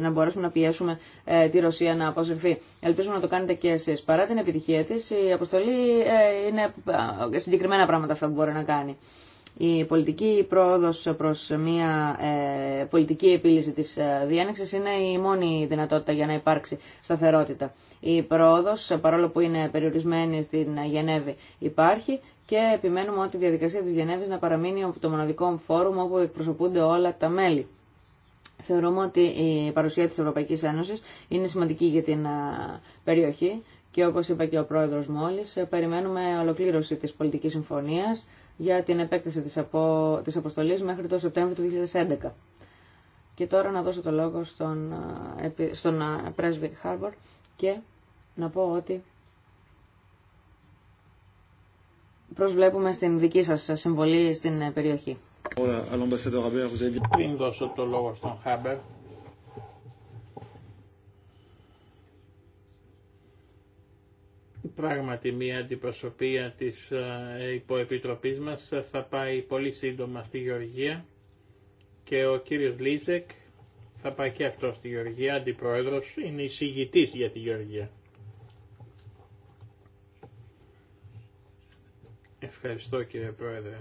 να μπορέσουμε να πιέσουμε ε, τη Ρωσία να αποσυρθεί. Ελπίζουμε να το κάνετε και εσείς. Παρά την επιτυχία της, η αποστολή είναι συγκεκριμένα πράγματα αυτά που μπορεί να κάνει. Η πολιτική πρόοδος προς μια πολιτική επίλυση της διένεξης είναι η μόνη δυνατότητα για να υπάρξει σταθερότητα. Η πρόοδος, παρόλο που είναι περιορισμένη στην Γενέβη, υπάρχει και επιμένουμε ότι η διαδικασία της Γενέβης να παραμείνει το μοναδικό φόρουμ όπου εκπροσωπούνται όλα τα μέλη. Θεωρούμε ότι η παρουσία της Ευρωπαϊκής Ένωσης είναι σημαντική για την περιοχή και όπως είπα και ο πρόεδρος μόλις, ε, περιμένουμε ολοκλήρωση της πολιτικής συμφωνίας για την επέκταση της, απο... της αποστολής μέχρι το Σεπτέμβριο του 2011. Και τώρα να δώσω το λόγο στον, στον πρέσβη Χάρμπορ και να πω ότι προσβλέπουμε στην δική σας συμβολή στην ε, περιοχή. Πριν δώσω το λόγο στον Χάμπερ, πράγματι μια αντιπροσωπεία της ε, υποεπιτροπής μας θα πάει πολύ σύντομα στη Γεωργία και ο κύριος Λίζεκ θα πάει και αυτό στη Γεωργία, αντιπρόεδρος, είναι εισηγητής για τη Γεωργία. Ευχαριστώ κύριε Πρόεδρε.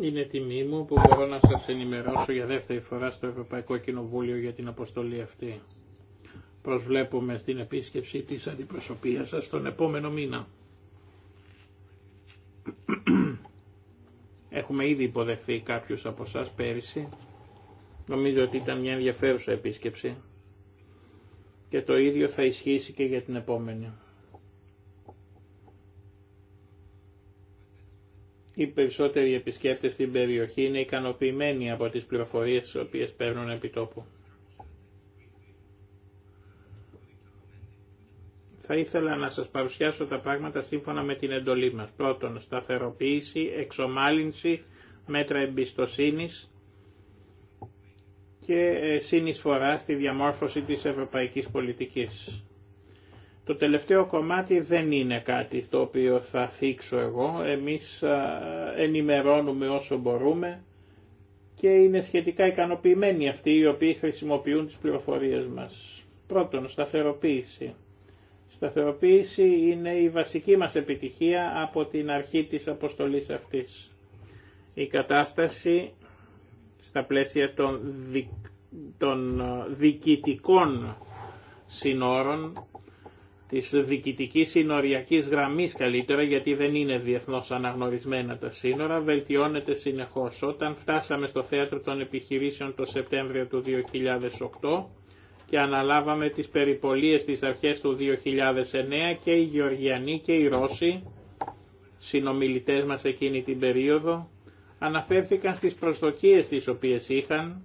Είναι τιμή μου που μπορώ να σας ενημερώσω για δεύτερη φορά στο Ευρωπαϊκό Κοινοβούλιο για την αποστολή αυτή. Προσβλέπουμε στην επίσκεψη της αντιπροσωπείας σας τον επόμενο μήνα. Έχουμε ήδη υποδεχθεί κάποιους από εσά πέρυσι. Νομίζω ότι ήταν μια ενδιαφέρουσα επίσκεψη και το ίδιο θα ισχύσει και για την επόμενη. Οι περισσότεροι επισκέπτες στην περιοχή είναι ικανοποιημένοι από τις πληροφορίες τις οποίες παίρνουν επί τόπου. Θα ήθελα να σας παρουσιάσω τα πράγματα σύμφωνα με την εντολή μας. Πρώτον, σταθεροποίηση, εξομάλυνση, μέτρα εμπιστοσύνης και ε, συνεισφορά στη διαμόρφωση της ευρωπαϊκής πολιτικής. Το τελευταίο κομμάτι δεν είναι κάτι το οποίο θα θίξω εγώ. Εμείς ενημερώνουμε όσο μπορούμε και είναι σχετικά ικανοποιημένοι αυτοί οι οποίοι χρησιμοποιούν τις πληροφορίες μας. Πρώτον, σταθεροποίηση. Σταθεροποίηση είναι η βασική μας επιτυχία από την αρχή της αποστολής αυτής. Η κατάσταση στα πλαίσια των, των διοικητικών συνόρων Τη διοικητική συνοριακή γραμμή καλύτερα γιατί δεν είναι διεθνώ αναγνωρισμένα τα σύνορα, βελτιώνεται συνεχώ Όταν φτάσαμε στο θέατρο των επιχειρήσεων το Σεπτέμβριο του 2008 και αναλάβαμε τις περιπολίες στις αρχές του 2009 και οι Γεωργιανοί και οι Ρώσοι, συνομιλητές μας εκείνη την περίοδο, αναφέρθηκαν στις προσδοκίες τις οποίες είχαν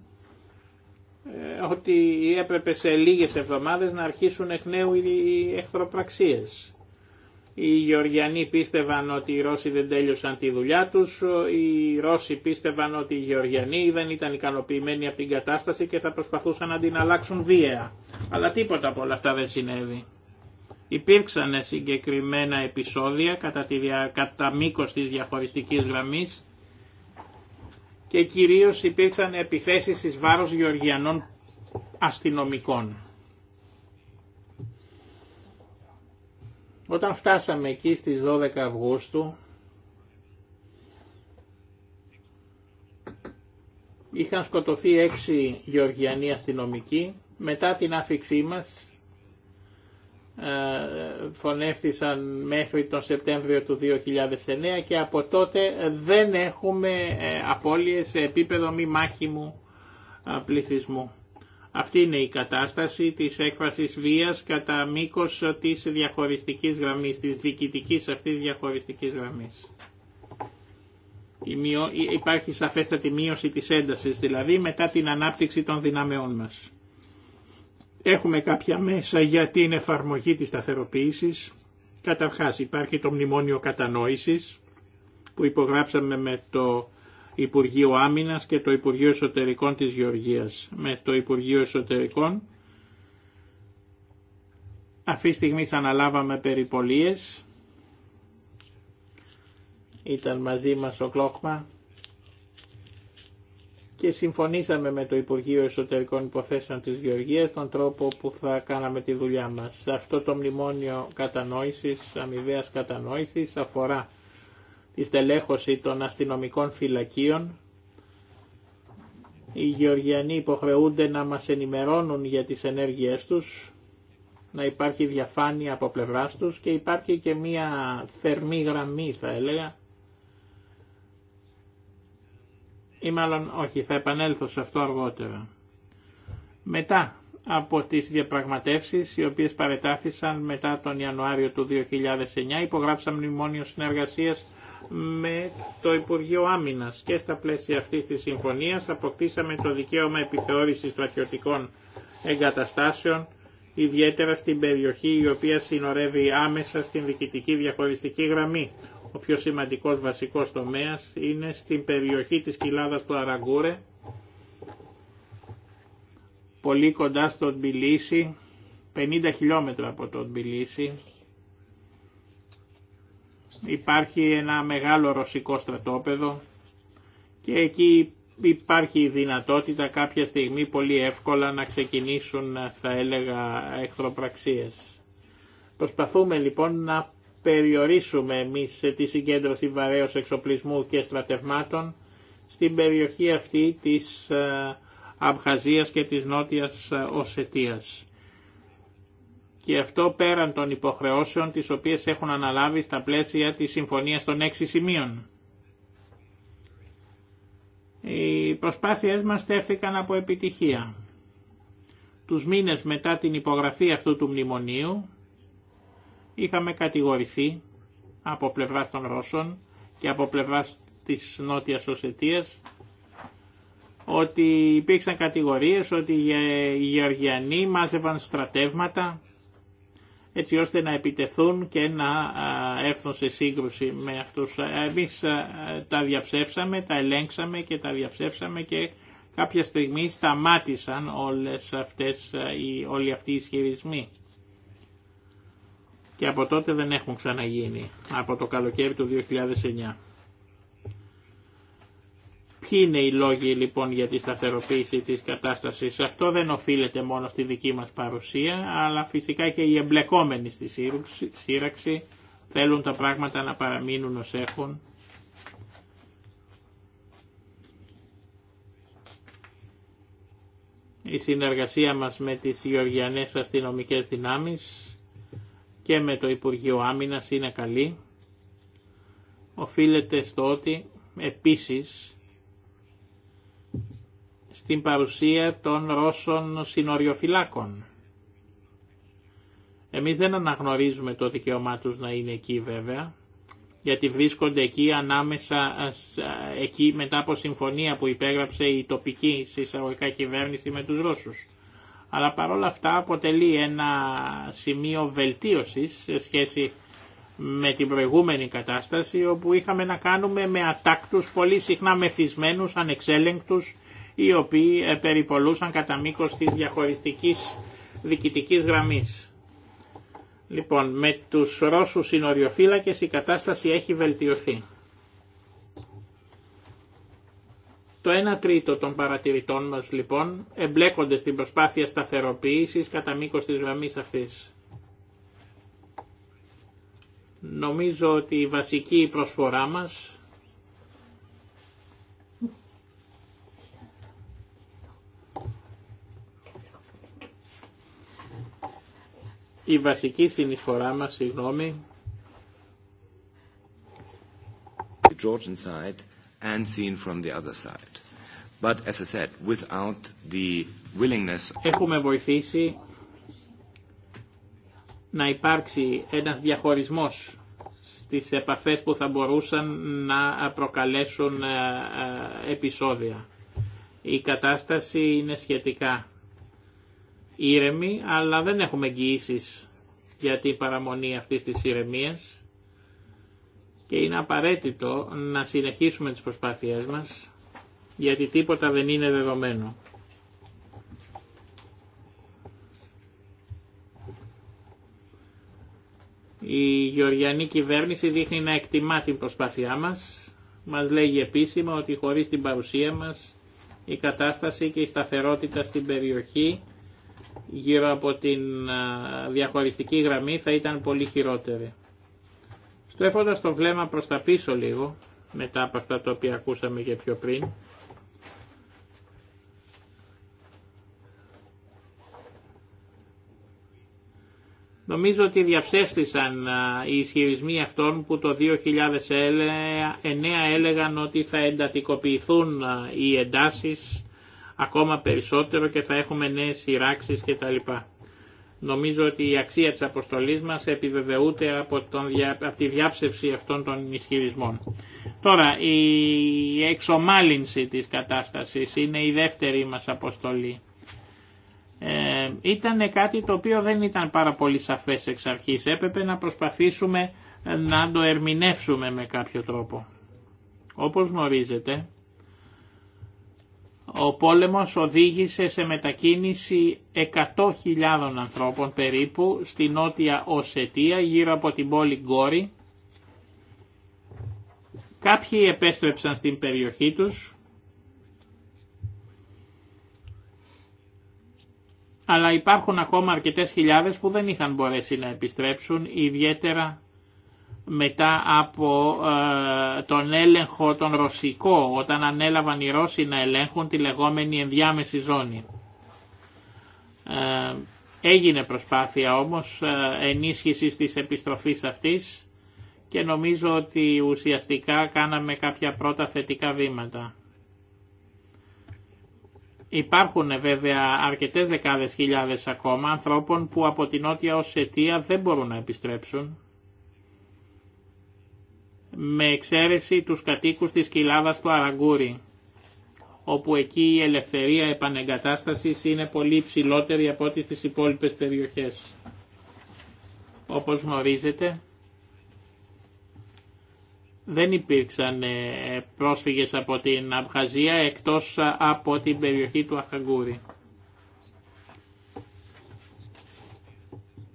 ε, ότι έπρεπε σε λίγες εβδομάδες να αρχίσουν εκ νέου οι εχθροπραξίες. Οι Γεωργιανοί πίστευαν ότι οι Ρώσοι δεν τέλειωσαν τη δουλειά τους, οι Ρώσοι πίστευαν ότι οι Γεωργιανοί δεν ήταν ικανοποιημένοι από την κατάσταση και θα προσπαθούσαν να την αλλάξουν βία. Αλλά τίποτα από όλα αυτά δεν συνέβη. Υπήρξαν συγκεκριμένα επεισόδια κατά, τη, κατά μήκος της διαχωριστικής γραμμής και κυρίως υπήρξαν επιθέσεις στις βάρος γεωργιανών αστυνομικών. Όταν φτάσαμε εκεί στις 12 Αυγούστου, είχαν σκοτωθεί έξι γεωργιανοί αστυνομικοί, μετά την άφηξή μας ε, φωνεύτησαν μέχρι τον Σεπτέμβριο του 2009 και από τότε δεν έχουμε ε, απώλειες σε επίπεδο μη μάχημου πληθυσμού. Αυτή είναι η κατάσταση της έκφρασης βίας κατά μήκος της διαχωριστικής γραμμής, της διοικητικής αυτής διαχωριστικής γραμμής. Υπάρχει σαφέστατη μείωση της έντασης, δηλαδή μετά την ανάπτυξη των δυνάμεών μας. Έχουμε κάποια μέσα για την εφαρμογή της σταθεροποίησης. Καταρχάς υπάρχει το μνημόνιο κατανόησης που υπογράψαμε με το Υπουργείο Άμυνας και το Υπουργείο Εσωτερικών της Γεωργίας. Με το Υπουργείο Εσωτερικών αυτή τη στιγμή αναλάβαμε περιπολίες. Ήταν μαζί μας ο Κλόκμα και συμφωνήσαμε με το Υπουργείο Εσωτερικών Υποθέσεων της Γεωργίας τον τρόπο που θα κάναμε τη δουλειά μας. Αυτό το μνημόνιο κατανόησης, αμοιβαίας κατανόησης αφορά τη στελέχωση των αστυνομικών φυλακίων. Οι Γεωργιανοί υποχρεούνται να μας ενημερώνουν για τις ενέργειές τους, να υπάρχει διαφάνεια από πλευράς τους και υπάρχει και μία θερμή γραμμή θα έλεγα ή μάλλον όχι, θα επανέλθω σε αυτό αργότερα. Μετά από τις διαπραγματεύσεις οι οποίες παρετάθησαν μετά τον Ιανουάριο του 2009 υπογράψαμε μνημόνιο συνεργασίας με το Υπουργείο Άμυνας και στα πλαίσια αυτής της συμφωνίας αποκτήσαμε το δικαίωμα επιθεώρησης στρατιωτικών εγκαταστάσεων ιδιαίτερα στην περιοχή η οποία συνορεύει άμεσα στην διοικητική διαχωριστική γραμμή ο πιο σημαντικός βασικός τομέας είναι στην περιοχή της κοιλάδας του Αραγκούρε, πολύ κοντά στον Τμπιλίσι, 50 χιλιόμετρα από τον Τμπιλίσι. Υπάρχει ένα μεγάλο ρωσικό στρατόπεδο και εκεί υπάρχει η δυνατότητα κάποια στιγμή πολύ εύκολα να ξεκινήσουν θα έλεγα εχθροπραξίες. Προσπαθούμε λοιπόν να περιορίσουμε εμείς τη συγκέντρωση βαρέως εξοπλισμού και στρατευμάτων στην περιοχή αυτή της ε, Αμπχαζίας και της Νότιας ε, Οσετίας. Και αυτό πέραν των υποχρεώσεων τις οποίες έχουν αναλάβει στα πλαίσια της Συμφωνίας των Έξι Σημείων. Οι προσπάθειές μας στέφθηκαν από επιτυχία. Τους μήνες μετά την υπογραφή αυτού του μνημονίου, είχαμε κατηγορηθεί από πλευράς των Ρώσων και από πλευράς της Νότιας Οσετίας ότι υπήρξαν κατηγορίες ότι οι Γεωργιανοί μάζευαν στρατεύματα έτσι ώστε να επιτεθούν και να έρθουν σε σύγκρουση με αυτούς. Εμείς τα διαψεύσαμε, τα ελέγξαμε και τα διαψεύσαμε και κάποια στιγμή σταμάτησαν όλες αυτές, όλοι αυτοί οι ισχυρισμοί και από τότε δεν έχουν ξαναγίνει, από το καλοκαίρι του 2009. Ποιοι είναι οι λόγοι λοιπόν για τη σταθεροποίηση της κατάστασης. Αυτό δεν οφείλεται μόνο στη δική μας παρουσία, αλλά φυσικά και οι εμπλεκόμενοι στη σύραξη θέλουν τα πράγματα να παραμείνουν ως έχουν. Η συνεργασία μας με τις γεωργιανές αστυνομικές δυνάμεις και με το Υπουργείο Άμυνας είναι καλή, οφείλεται στο ότι επίσης στην παρουσία των Ρώσων συνοριοφυλάκων. Εμείς δεν αναγνωρίζουμε το δικαίωμά τους να είναι εκεί βέβαια, γιατί βρίσκονται εκεί ανάμεσα, εκεί μετά από συμφωνία που υπέγραψε η τοπική συσσαγωγικά κυβέρνηση με τους Ρώσους αλλά παρόλα αυτά αποτελεί ένα σημείο βελτίωσης σε σχέση με την προηγούμενη κατάσταση όπου είχαμε να κάνουμε με ατάκτους πολύ συχνά μεθυσμένους, ανεξέλεγκτους οι οποίοι ε, περιπολούσαν κατά μήκο της διαχωριστικής διοικητικής γραμμής. Λοιπόν, με τους Ρώσους συνοριοφύλακες η κατάσταση έχει βελτιωθεί. Το 1 τρίτο των παρατηρητών μας λοιπόν εμπλέκονται στην προσπάθεια σταθεροποίησης κατά μήκος της γραμμής αυτής. Νομίζω ότι η βασική προσφορά μας η βασική συνεισφορά μας, συγγνώμη, and seen Έχουμε βοηθήσει να υπάρξει ένας διαχωρισμός στις επαφές που θα μπορούσαν να προκαλέσουν ε, ε, επεισόδια. Η κατάσταση είναι σχετικά ήρεμη, αλλά δεν έχουμε εγγυήσει για την παραμονή αυτής της ηρεμίας και είναι απαραίτητο να συνεχίσουμε τις προσπάθειές μας γιατί τίποτα δεν είναι δεδομένο. Η γεωργιανή κυβέρνηση δείχνει να εκτιμά την προσπάθειά μας. Μας λέγει επίσημα ότι χωρίς την παρουσία μας η κατάσταση και η σταθερότητα στην περιοχή γύρω από την διαχωριστική γραμμή θα ήταν πολύ χειρότερη. Στρέφοντας το βλέμμα προς τα πίσω λίγο, μετά από αυτά τα οποία ακούσαμε και πιο πριν, Νομίζω ότι διαψέστησαν οι ισχυρισμοί αυτών που το 2009 έλεγαν ότι θα εντατικοποιηθούν οι εντάσεις ακόμα περισσότερο και θα έχουμε νέες σειράξεις κτλ. Νομίζω ότι η αξία της αποστολής μας επιβεβαιούται από, τη διάψευση αυτών των ισχυρισμών. Τώρα, η εξομάλυνση της κατάστασης είναι η δεύτερη μας αποστολή. Ε, ήταν κάτι το οποίο δεν ήταν πάρα πολύ σαφές εξ αρχής. Έπρεπε να προσπαθήσουμε να το ερμηνεύσουμε με κάποιο τρόπο. Όπως γνωρίζετε, ο πόλεμος οδήγησε σε μετακίνηση 100.000 ανθρώπων περίπου στη νότια Οσετία γύρω από την πόλη Γκόρη. Κάποιοι επέστρεψαν στην περιοχή τους, αλλά υπάρχουν ακόμα αρκετές χιλιάδες που δεν είχαν μπορέσει να επιστρέψουν, ιδιαίτερα μετά από ε, τον έλεγχο τον ρωσικό όταν ανέλαβαν οι Ρώσοι να ελέγχουν τη λεγόμενη ενδιάμεση ζώνη. Ε, έγινε προσπάθεια όμως ε, ενίσχυσης της επιστροφής αυτής και νομίζω ότι ουσιαστικά κάναμε κάποια πρώτα θετικά βήματα. Υπάρχουν βέβαια αρκετές δεκάδες χιλιάδες ακόμα ανθρώπων που από την Νότια αιτία δεν μπορούν να επιστρέψουν με εξαίρεση τους κατοίκους της κοιλάδας του Αραγκούρη, όπου εκεί η ελευθερία επανεγκατάστασης είναι πολύ ψηλότερη από ό,τι στις υπόλοιπες περιοχές. Όπως γνωρίζετε, δεν υπήρξαν ε, πρόσφυγες από την Αμπχαζία εκτός ε, από την περιοχή του Αχαγκούρη.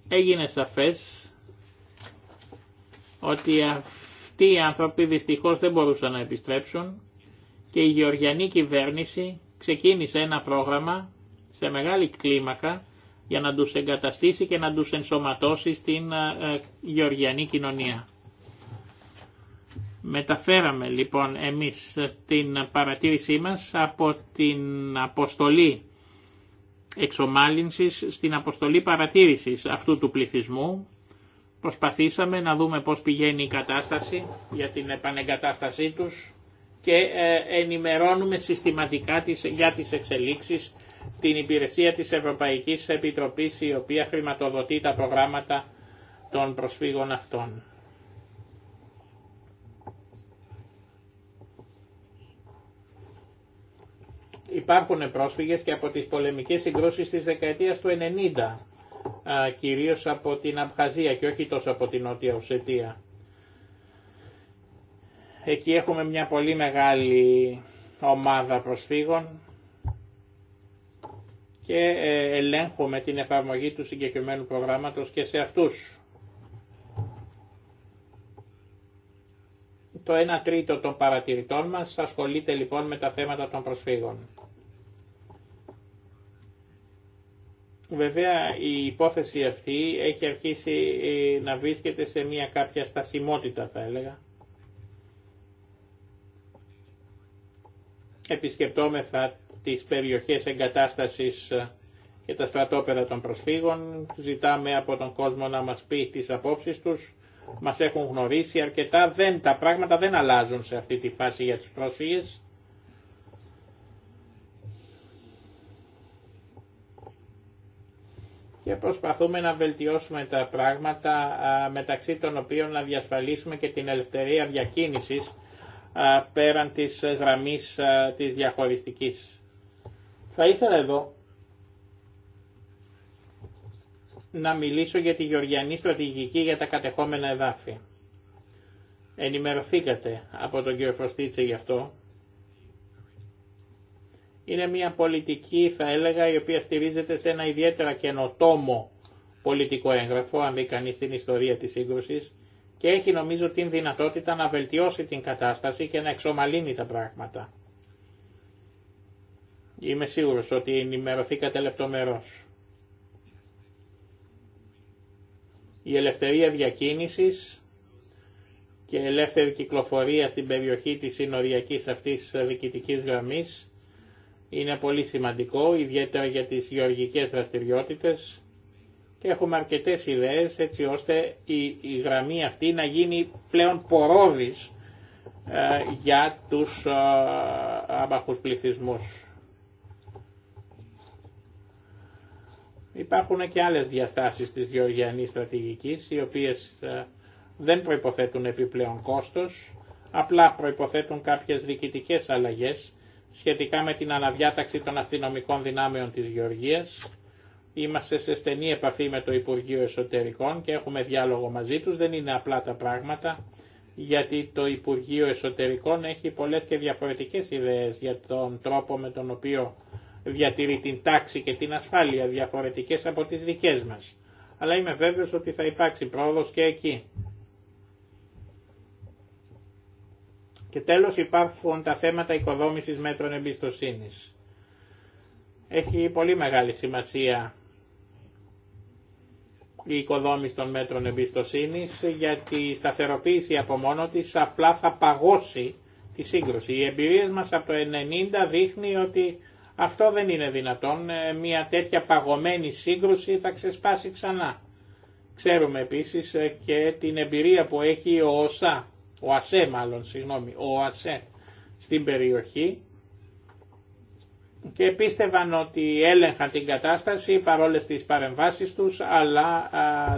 Έγινε σαφές ότι αυτοί οι άνθρωποι δυστυχώς δεν μπορούσαν να επιστρέψουν και η γεωργιανή κυβέρνηση ξεκίνησε ένα πρόγραμμα σε μεγάλη κλίμακα για να τους εγκαταστήσει και να τους ενσωματώσει στην ε, ε, γεωργιανή κοινωνία. Μεταφέραμε λοιπόν εμείς την παρατήρησή μας από την αποστολή εξομάλυνσης στην αποστολή παρατήρησης αυτού του πληθυσμού Προσπαθήσαμε να δούμε πώς πηγαίνει η κατάσταση για την επανεγκατάστασή τους και ε, ενημερώνουμε συστηματικά για τις εξελίξεις την υπηρεσία της Ευρωπαϊκής Επιτροπής η οποία χρηματοδοτεί τα προγράμματα των προσφύγων αυτών. Υπάρχουν πρόσφυγες και από τις πολεμικές συγκρούσεις της δεκαετίας του 90 κυρίως από την Αμπχαζία και όχι τόσο από την Νότια Ουσετία. Εκεί έχουμε μια πολύ μεγάλη ομάδα προσφύγων και ε, ελέγχουμε την εφαρμογή του συγκεκριμένου προγράμματος και σε αυτούς. Το 1 τρίτο των παρατηρητών μας ασχολείται λοιπόν με τα θέματα των προσφύγων. Βέβαια η υπόθεση αυτή έχει αρχίσει ε, να βρίσκεται σε μια κάποια στασιμότητα θα έλεγα. Επισκεπτόμεθα τις περιοχές εγκατάστασης ε, και τα στρατόπεδα των προσφύγων, ζητάμε από τον κόσμο να μας πει τις απόψεις τους, μας έχουν γνωρίσει αρκετά, δεν, τα πράγματα δεν αλλάζουν σε αυτή τη φάση για τους πρόσφυγες και προσπαθούμε να βελτιώσουμε τα πράγματα μεταξύ των οποίων να διασφαλίσουμε και την ελευθερία διακίνησης πέραν της γραμμής της διαχωριστικής. Θα ήθελα εδώ να μιλήσω για τη γεωργιανή στρατηγική για τα κατεχόμενα εδάφη. Ενημερωθήκατε από τον κύριο Φωστίτσε γι' αυτό είναι μια πολιτική, θα έλεγα, η οποία στηρίζεται σε ένα ιδιαίτερα καινοτόμο πολιτικό έγγραφο, αν δει την ιστορία της σύγκρουση, και έχει νομίζω την δυνατότητα να βελτιώσει την κατάσταση και να εξομαλύνει τα πράγματα. Είμαι σίγουρος ότι ενημερωθήκατε λεπτομερώς. Η ελευθερία διακίνηση και ελεύθερη κυκλοφορία στην περιοχή της συνοριακής αυτής διοικητικής γραμμής είναι πολύ σημαντικό, ιδιαίτερα για τις γεωργικές δραστηριότητες και έχουμε αρκετές ιδέες έτσι ώστε η, γραμμή αυτή να γίνει πλέον πορόδης ε, για τους ε, άμπαχους πληθυσμούς. Υπάρχουν και άλλες διαστάσεις της γεωργιανής στρατηγικής, οι οποίες ε, δεν προϋποθέτουν επιπλέον κόστος, απλά προϋποθέτουν κάποιες διοικητικές αλλαγές, σχετικά με την αναδιάταξη των αστυνομικών δυνάμεων της Γεωργίας. Είμαστε σε στενή επαφή με το Υπουργείο Εσωτερικών και έχουμε διάλογο μαζί τους. Δεν είναι απλά τα πράγματα γιατί το Υπουργείο Εσωτερικών έχει πολλές και διαφορετικές ιδέες για τον τρόπο με τον οποίο διατηρεί την τάξη και την ασφάλεια διαφορετικές από τις δικές μας. Αλλά είμαι βέβαιος ότι θα υπάρξει πρόοδος και εκεί. Και τέλος υπάρχουν τα θέματα οικοδόμησης μέτρων εμπιστοσύνης. Έχει πολύ μεγάλη σημασία η οικοδόμηση των μέτρων εμπιστοσύνης γιατί η σταθεροποίηση από μόνο της απλά θα παγώσει τη σύγκρουση. Οι εμπειρίες μας από το 90 δείχνει ότι αυτό δεν είναι δυνατόν. Ε, μια τέτοια παγωμένη σύγκρουση θα ξεσπάσει ξανά. Ξέρουμε επίσης ε, και την εμπειρία που έχει ο ΩΣΑ ο ΑΣΕ μάλλον, συγγνώμη, ο ΑΣΕ στην περιοχή και πίστευαν ότι έλεγχαν την κατάσταση παρόλες τις παρεμβάσεις τους, αλλά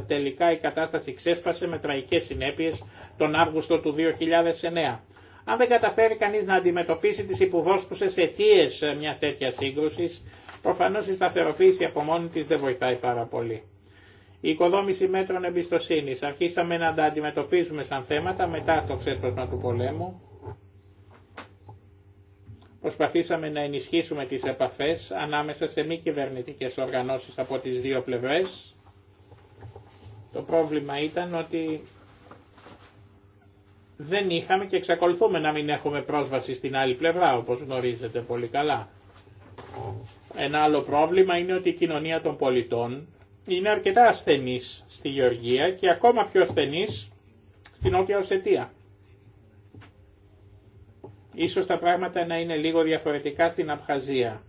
τελικά η κατάσταση ξέσπασε με τραγικές συνέπειες τον Αύγουστο του 2009. Αν δεν καταφέρει κανείς να αντιμετωπίσει τις υποβόσκουσες αιτίε μιας τέτοιας σύγκρουσης, προφανώς η σταθεροποίηση από μόνη της δεν βοηθάει πάρα πολύ. Η οικοδόμηση μέτρων εμπιστοσύνη. Αρχίσαμε να τα αντιμετωπίζουμε σαν θέματα μετά το ξέσπασμα του πολέμου. Προσπαθήσαμε να ενισχύσουμε τις επαφές ανάμεσα σε μη κυβερνητικέ οργανώσεις από τις δύο πλευρές. Το πρόβλημα ήταν ότι δεν είχαμε και εξακολουθούμε να μην έχουμε πρόσβαση στην άλλη πλευρά, όπως γνωρίζετε πολύ καλά. Ένα άλλο πρόβλημα είναι ότι η κοινωνία των πολιτών είναι αρκετά ασθενής στη Γεωργία και ακόμα πιο ασθενής στην Νότια Οσετία. Ίσως τα πράγματα να είναι λίγο διαφορετικά στην Απχαζία.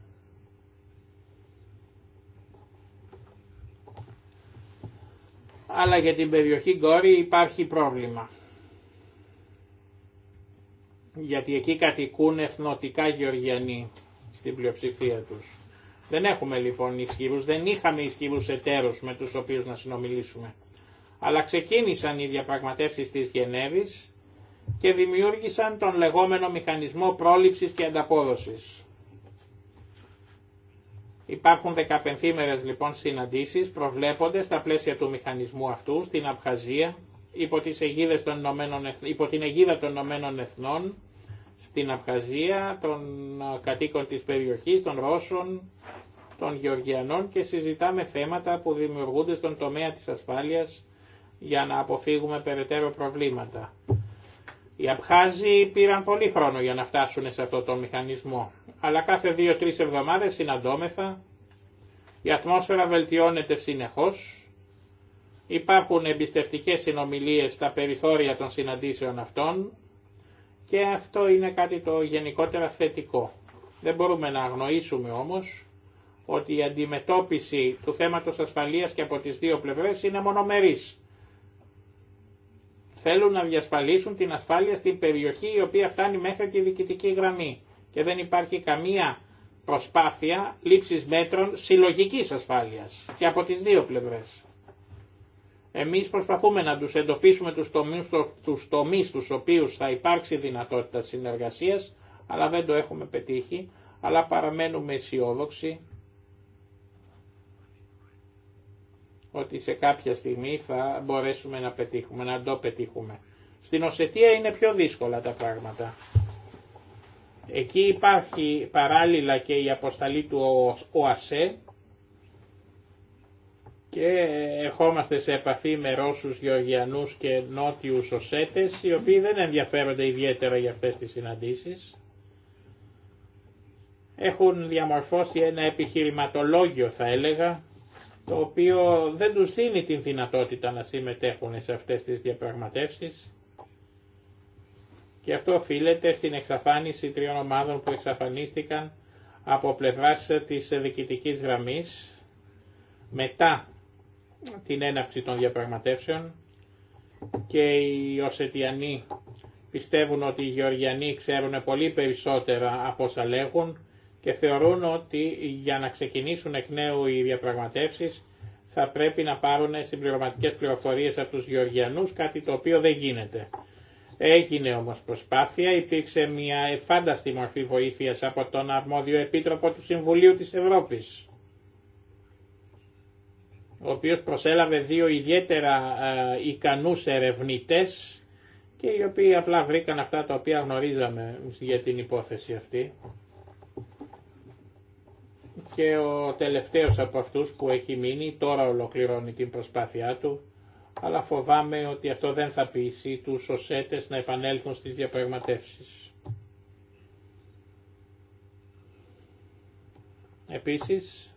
Αλλά για την περιοχή Γκόρη υπάρχει πρόβλημα. Γιατί εκεί κατοικούν εθνοτικά Γεωργιανοί στην πλειοψηφία τους. Δεν έχουμε λοιπόν ισχυρού, δεν είχαμε ισχυρού εταίρους με τους οποίους να συνομιλήσουμε. Αλλά ξεκίνησαν οι διαπραγματεύσει τη Γενέβη και δημιούργησαν τον λεγόμενο μηχανισμό πρόληψης και ανταπόδοσης. Υπάρχουν δεκαπενθήμερες λοιπόν συναντήσει, προβλέπονται στα πλαίσια του μηχανισμού αυτού στην Απχαζία υπό, τις των υπό την αιγίδα των Ηνωμένων Εθνών στην Απχαζία των ε, κατοίκων της περιοχής, των Ρώσων, των Γεωργιανών και συζητάμε θέματα που δημιουργούνται στον τομέα της ασφάλειας για να αποφύγουμε περαιτέρω προβλήματα. Οι Απχάζοι πήραν πολύ χρόνο για να φτάσουν σε αυτό το μηχανισμό, αλλά κάθε δύο-τρεις εβδομάδες συναντώμεθα, η ατμόσφαιρα βελτιώνεται συνεχώς, υπάρχουν εμπιστευτικές συνομιλίες στα περιθώρια των συναντήσεων αυτών, και αυτό είναι κάτι το γενικότερα θετικό. Δεν μπορούμε να αγνοήσουμε όμως ότι η αντιμετώπιση του θέματος ασφαλείας και από τις δύο πλευρές είναι μονομερής. Θέλουν να διασφαλίσουν την ασφάλεια στην περιοχή η οποία φτάνει μέχρι τη διοικητική γραμμή και δεν υπάρχει καμία προσπάθεια λήψης μέτρων συλλογικής ασφάλειας και από τις δύο πλευρές. Εμείς προσπαθούμε να τους εντοπίσουμε τους τομείς, τους τομείς τους οποίους θα υπάρξει δυνατότητα συνεργασίας, αλλά δεν το έχουμε πετύχει, αλλά παραμένουμε αισιόδοξοι ότι σε κάποια στιγμή θα μπορέσουμε να πετύχουμε, να το πετύχουμε. Στην Οσετία είναι πιο δύσκολα τα πράγματα. Εκεί υπάρχει παράλληλα και η αποσταλή του ΟΑΣΕ, και ερχόμαστε σε επαφή με Ρώσους, Γεωργιανούς και Νότιους Οσέτες, οι οποίοι δεν ενδιαφέρονται ιδιαίτερα για αυτές τις συναντήσεις. Έχουν διαμορφώσει ένα επιχειρηματολόγιο θα έλεγα, το οποίο δεν τους δίνει την δυνατότητα να συμμετέχουν σε αυτές τις διαπραγματεύσεις και αυτό οφείλεται στην εξαφάνιση τριών ομάδων που εξαφανίστηκαν από πλευράς της διοικητικής γραμμής μετά την έναρξη των διαπραγματεύσεων και οι Οσετιανοί πιστεύουν ότι οι Γεωργιανοί ξέρουν πολύ περισσότερα από όσα λέγουν και θεωρούν ότι για να ξεκινήσουν εκ νέου οι διαπραγματεύσεις θα πρέπει να πάρουν συμπληρωματικές πληροφορίες από τους Γεωργιανούς, κάτι το οποίο δεν γίνεται. Έγινε όμως προσπάθεια, υπήρξε μια φάνταστη μορφή βοήθειας από τον αρμόδιο επίτροπο του Συμβουλίου της Ευρώπης ο οποίος προσέλαβε δύο ιδιαίτερα ε, ικανούς ερευνητές και οι οποίοι απλά βρήκαν αυτά τα οποία γνωρίζαμε για την υπόθεση αυτή. Και ο τελευταίος από αυτούς που έχει μείνει τώρα ολοκληρώνει την προσπάθειά του, αλλά φοβάμαι ότι αυτό δεν θα πείσει τους οσέτες να επανέλθουν στις διαπραγματεύσεις. Επίσης,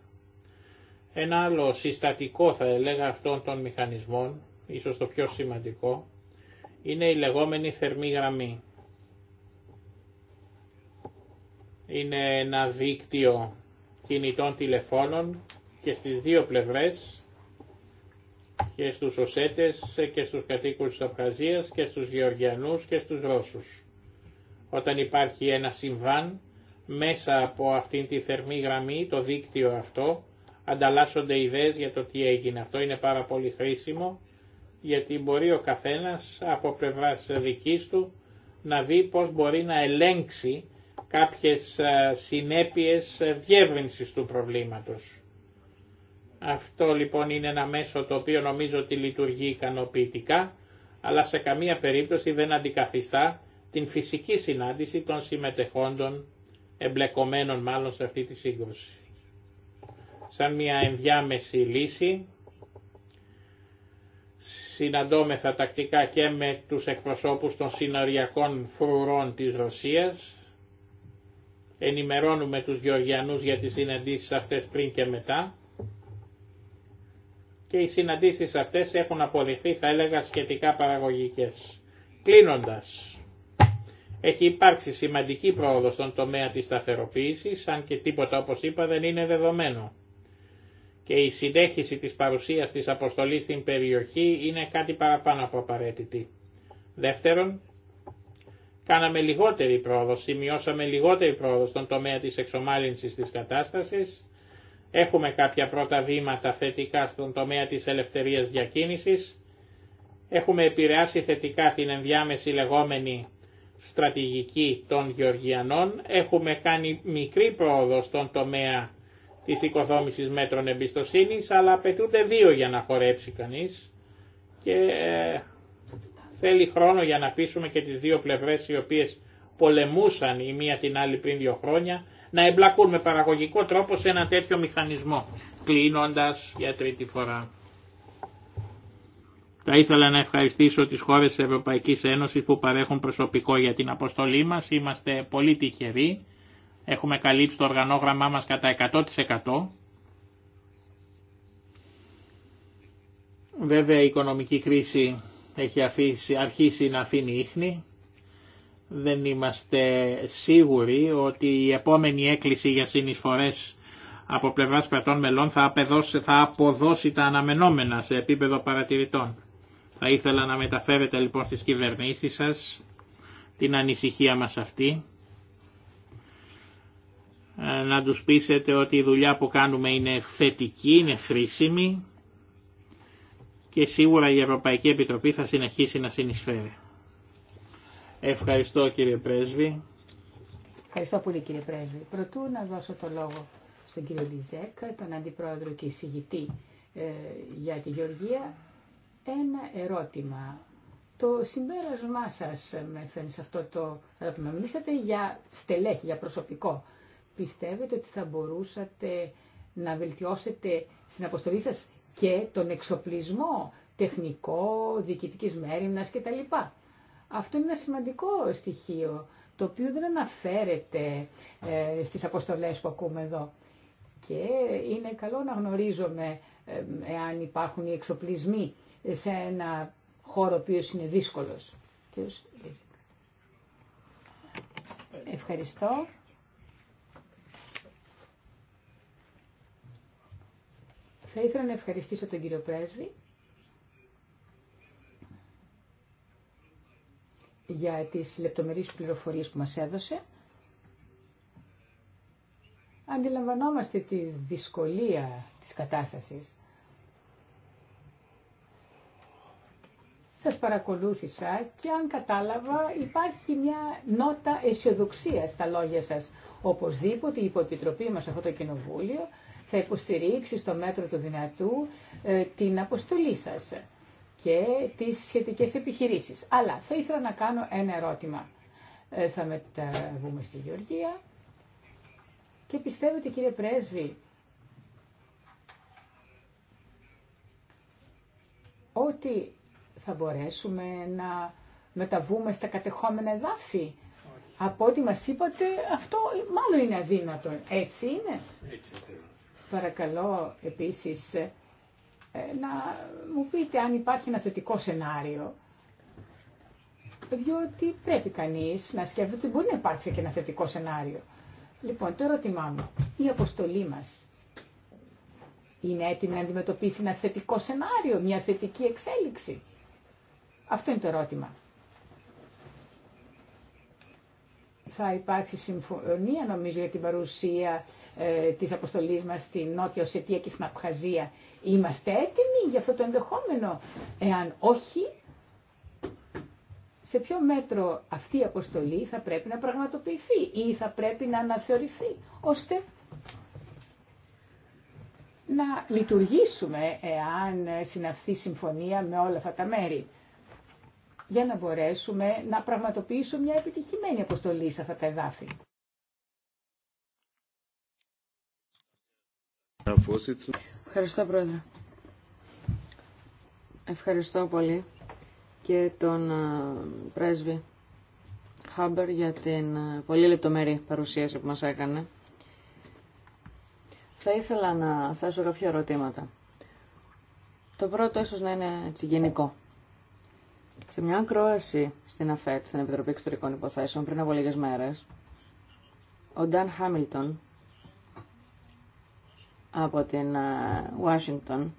ένα άλλο συστατικό θα έλεγα αυτών των μηχανισμών, ίσως το πιο σημαντικό, είναι η λεγόμενη θερμή γραμμή. Είναι ένα δίκτυο κινητών τηλεφώνων και στις δύο πλευρές και στους Οσέτες και στους κατοίκους της Απχαζίας και στους Γεωργιανούς και στους Ρώσους. Όταν υπάρχει ένα συμβάν, μέσα από αυτήν τη θερμή γραμμή, το δίκτυο αυτό, ανταλλάσσονται ιδέες για το τι έγινε. Αυτό είναι πάρα πολύ χρήσιμο γιατί μπορεί ο καθένας από πλευράς δικής του να δει πώς μπορεί να ελέγξει κάποιες ε, συνέπειες διεύρυνσης του προβλήματος. Αυτό λοιπόν είναι ένα μέσο το οποίο νομίζω ότι λειτουργεί ικανοποιητικά, αλλά σε καμία περίπτωση δεν αντικαθιστά την φυσική συνάντηση των συμμετεχόντων, εμπλεκομένων μάλλον σε αυτή τη σύγκρουση σαν μια ενδιάμεση λύση. Συναντώμεθα τακτικά και με τους εκπροσώπους των συνοριακών φρουρών της Ρωσίας. Ενημερώνουμε τους Γεωργιανούς για τις συναντήσεις αυτές πριν και μετά. Και οι συναντήσεις αυτές έχουν αποδειχθεί θα έλεγα σχετικά παραγωγικές. Κλείνοντας, έχει υπάρξει σημαντική πρόοδο στον τομέα της σταθεροποίησης, αν και τίποτα όπως είπα δεν είναι δεδομένο η συνέχιση της παρουσίας της αποστολής στην περιοχή είναι κάτι παραπάνω από απαραίτητη. Δεύτερον, κάναμε λιγότερη πρόοδο, σημειώσαμε λιγότερη πρόοδο στον τομέα της εξομάλυνσης της κατάστασης, έχουμε κάποια πρώτα βήματα θετικά στον τομέα της ελευθερίας διακίνησης, έχουμε επηρεάσει θετικά την ενδιάμεση λεγόμενη στρατηγική των Γεωργιανών, έχουμε κάνει μικρή πρόοδο στον τομέα της οικοδόμησης μέτρων εμπιστοσύνης, αλλά απαιτούνται δύο για να χορέψει κανείς και ε, θέλει χρόνο για να πείσουμε και τις δύο πλευρές οι οποίες πολεμούσαν η μία την άλλη πριν δύο χρόνια να εμπλακούν με παραγωγικό τρόπο σε ένα τέτοιο μηχανισμό, κλείνοντας για τρίτη φορά. Θα ήθελα να ευχαριστήσω τις χώρες της Ευρωπαϊκής Ένωσης που παρέχουν προσωπικό για την αποστολή μας. Είμαστε πολύ τυχεροί Έχουμε καλύψει το οργανόγραμμά μας κατά 100%. Βέβαια η οικονομική κρίση έχει αφήσει, αρχίσει να αφήνει ίχνη. Δεν είμαστε σίγουροι ότι η επόμενη έκκληση για συνεισφορές από πλευρά κρατών μελών θα, απεδώσει, θα αποδώσει τα αναμενόμενα σε επίπεδο παρατηρητών. Θα ήθελα να μεταφέρετε λοιπόν στις κυβερνήσεις σας την ανησυχία μας αυτή ε, να τους πείσετε ότι η δουλειά που κάνουμε είναι θετική, είναι χρήσιμη και σίγουρα η Ευρωπαϊκή Επιτροπή θα συνεχίσει να συνεισφέρει. Ευχαριστώ κύριε Πρέσβη. Ευχαριστώ πολύ κύριε Πρέσβη. Πρωτού να δώσω το λόγο στον κύριο Λιζέκ, τον Αντιπρόεδρο και εισηγητή ε, για τη Γεωργία, ένα ερώτημα. Το συμπέρασμά σας με φαίνεται σε αυτό το ερώτημα. Μιλήσατε για στελέχη, για προσωπικό πιστεύετε ότι θα μπορούσατε να βελτιώσετε στην αποστολή σας και τον εξοπλισμό τεχνικό, διοικητικής μέρημνας κτλ. Αυτό είναι ένα σημαντικό στοιχείο, το οποίο δεν αναφέρεται ε, στις αποστολές που ακούμε εδώ. Και είναι καλό να γνωρίζουμε ε, εάν υπάρχουν οι εξοπλισμοί σε ένα χώρο ο είναι δύσκολος. Ε, Ευχαριστώ. Θα ήθελα να ευχαριστήσω τον κύριο Πρέσβη για τις λεπτομερείς πληροφορίες που μας έδωσε. Αντιλαμβανόμαστε τη δυσκολία της κατάστασης. Σας παρακολούθησα και αν κατάλαβα υπάρχει μια νότα αισιοδοξία στα λόγια σας. Οπωσδήποτε η υποεπιτροπή μας αυτό το κοινοβούλιο θα υποστηρίξει στο μέτρο του δυνατού ε, την αποστολή σας και τις σχετικές επιχειρήσεις. Αλλά θα ήθελα να κάνω ένα ερώτημα. Ε, θα μεταβούμε στη Γεωργία και πιστεύετε κύριε Πρέσβη ότι θα μπορέσουμε να μεταβούμε στα κατεχόμενα εδάφη. Από ό,τι μας είπατε, αυτό μάλλον είναι αδύνατο. Έτσι είναι. Έτσι είναι. Παρακαλώ επίσης ε, να μου πείτε αν υπάρχει ένα θετικό σενάριο διότι πρέπει κανείς να σκέφτεται ότι μπορεί να υπάρξει και ένα θετικό σενάριο. Λοιπόν, το ερώτημά μου, η αποστολή μας είναι έτοιμη να αντιμετωπίσει ένα θετικό σενάριο, μια θετική εξέλιξη. Αυτό είναι το ερώτημα. θα υπάρξει συμφωνία νομίζω για την παρουσία ε, της αποστολής μας στην Νότια Οσετία και στην Απχαζία. Είμαστε έτοιμοι για αυτό το ενδεχόμενο. Εάν όχι, σε ποιο μέτρο αυτή η αποστολή θα πρέπει να πραγματοποιηθεί ή θα πρέπει να αναθεωρηθεί, ώστε να λειτουργήσουμε εάν συναυθεί συμφωνία με όλα αυτά τα μέρη για να μπορέσουμε να πραγματοποιήσουμε μια επιτυχημένη αποστολή σε αυτά τα εδάφη. Ευχαριστώ, Πρόεδρε. Ευχαριστώ πολύ και τον ε, πρέσβη Χάμπερ για την ε, πολύ λεπτομερή παρουσίαση που μας έκανε. Θα ήθελα να θέσω κάποια ερωτήματα. Το πρώτο ίσως να είναι έτσι γενικό. Σε μια ακρόαση στην ΑΦΕΤ, στην Επιτροπή Εξωτερικών Υποθέσεων, πριν από λίγες μέρες, ο Νταν Χάμιλτον από την ε, Ουάσιγκτον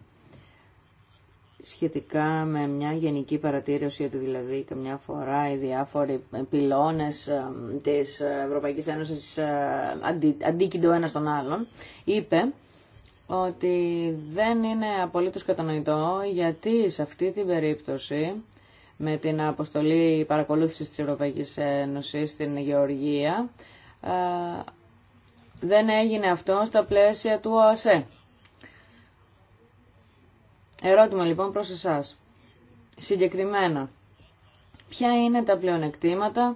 σχετικά με μια γενική παρατήρηση ότι δηλαδή καμιά φορά οι διάφοροι πυλώνες ε, της Ευρωπαϊκής Ένωσης ε, αντί, αντίκεινται ο ένας τον άλλον, είπε ότι δεν είναι απολύτως κατανοητό γιατί σε αυτή την περίπτωση με την αποστολή παρακολούθησης της Ευρωπαϊκής Ένωσης στην Γεωργία. Ε, δεν έγινε αυτό στα πλαίσια του ΟΑΣΕ. Ερώτημα λοιπόν προς εσάς. Συγκεκριμένα, ποια είναι τα πλεονεκτήματα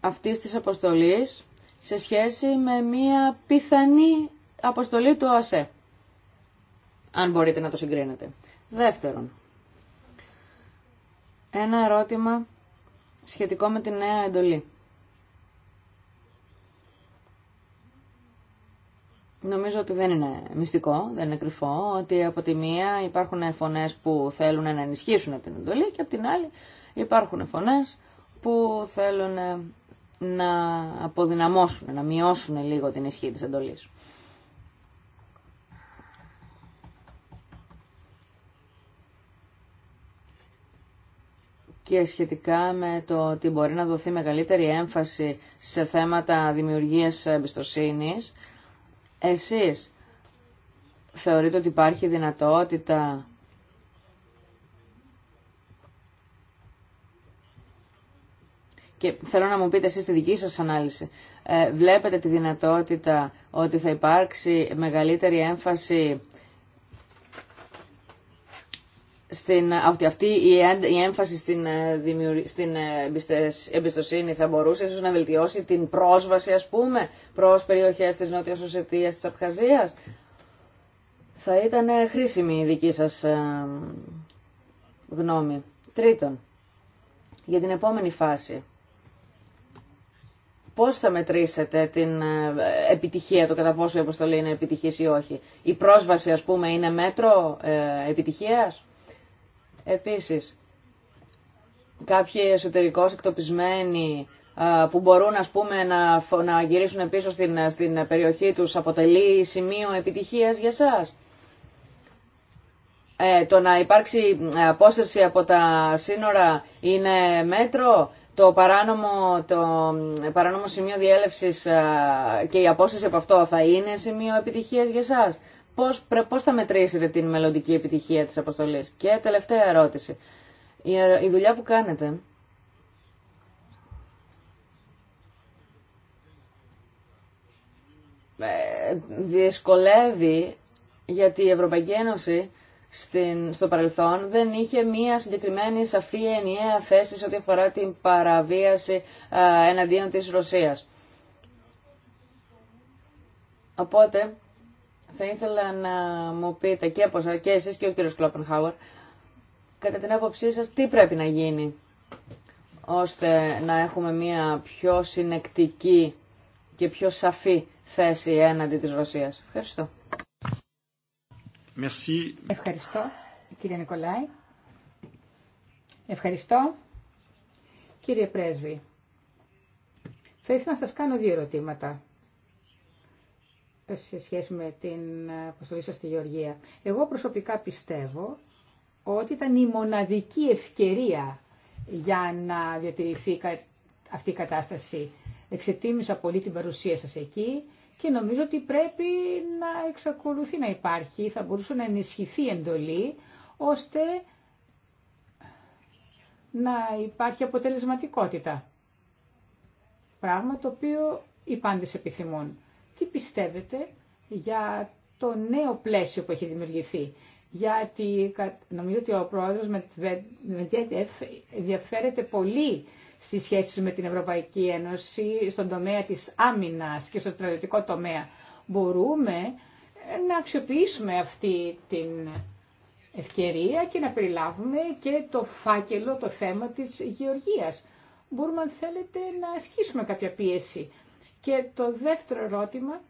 αυτής της αποστολής σε σχέση με μια πιθανή αποστολή του ΟΑΣΕ, αν μπορείτε να το συγκρίνετε. Δεύτερον, ένα ερώτημα σχετικό με τη νέα εντολή. Νομίζω ότι δεν είναι μυστικό, δεν είναι κρυφό, ότι από τη μία υπάρχουν φωνές που θέλουν να ενισχύσουν την εντολή και από την άλλη υπάρχουν φωνές που θέλουν να αποδυναμώσουν, να μειώσουν λίγο την ισχύ της εντολής. και σχετικά με το ότι μπορεί να δοθεί μεγαλύτερη έμφαση σε θέματα δημιουργίας εμπιστοσύνη. Εσείς θεωρείτε ότι υπάρχει δυνατότητα και θέλω να μου πείτε εσείς τη δική σας ανάλυση. Ε, βλέπετε τη δυνατότητα ότι θα υπάρξει μεγαλύτερη έμφαση στην, αυτή, αυτή η, έμφαση στην, ε, στην ε, εμπιστοσύνη θα μπορούσε ίσως να βελτιώσει την πρόσβαση ας πούμε προς περιοχές της Νότιας Οσετίας της Απχαζίας. Θα ήταν ε, χρήσιμη η δική σας γνώμη. Τρίτον, για την επόμενη φάση. Πώς θα μετρήσετε την επιτυχία, το κατά πόσο η αποστολή είναι επιτυχής ή όχι. Η πρόσβαση, ας πούμε, είναι μέτρο επιτυχίας. Επίσης, κάποιοι εσωτερικώς εκτοπισμένοι που μπορούν ας πούμε να, να γυρίσουν πίσω στην, στην περιοχή τους αποτελεί σημείο επιτυχίας για σας. Ε, το να υπάρξει απόσταση από τα σύνορα είναι μέτρο. Το παράνομο, το παράνομο σημείο διέλευσης και η απόσταση από αυτό θα είναι σημείο επιτυχίας για σας πώς, πώς θα μετρήσετε την μελλοντική επιτυχία της αποστολής. Και τελευταία ερώτηση. Η ε, δουλειά που κάνετε δυσκολεύει γιατί η Ευρωπαϊκή Ένωση στην, στο παρελθόν δεν είχε μία συγκεκριμένη σαφή ενιαία θέση σε ό,τι αφορά την παραβίαση ε, εναντίον της Ρωσίας. Οπότε θα ήθελα να μου πείτε και, από, και εσείς και ο κύριος Κλόπενχάουερ κατά την άποψή σας τι πρέπει να γίνει ώστε να έχουμε μια πιο συνεκτική και πιο σαφή θέση έναντι της Ρωσίας. Ευχαριστώ. Ευχαριστώ, κύριε Νικολάη. Ευχαριστώ, κύριε Πρέσβη. Θα ήθελα να σας κάνω δύο ερωτήματα σε σχέση με την αποστολή σας στη Γεωργία. Εγώ προσωπικά πιστεύω ότι ήταν η μοναδική ευκαιρία για να διατηρηθεί αυτή η κατάσταση. Εξετίμησα πολύ την παρουσία σας εκεί και νομίζω ότι πρέπει να εξακολουθεί να υπάρχει, θα μπορούσε να ενισχυθεί η εντολή, ώστε να υπάρχει αποτελεσματικότητα. Πράγμα το οποίο οι πάντες επιθυμούν τι πιστεύετε για το νέο πλαίσιο που έχει δημιουργηθεί. Γιατί νομίζω ότι ο πρόεδρος Μετβέντεφ ενδιαφέρεται πολύ στις σχέσεις με την Ευρωπαϊκή Ένωση, στον τομέα της άμυνας και στο στρατιωτικό τομέα. Μπορούμε ε, να αξιοποιήσουμε αυτή την ευκαιρία και να περιλάβουμε και το φάκελο, το θέμα της γεωργίας. Μπορούμε, αν θέλετε, να ασκήσουμε κάποια πίεση και το δεύτερο ερώτημα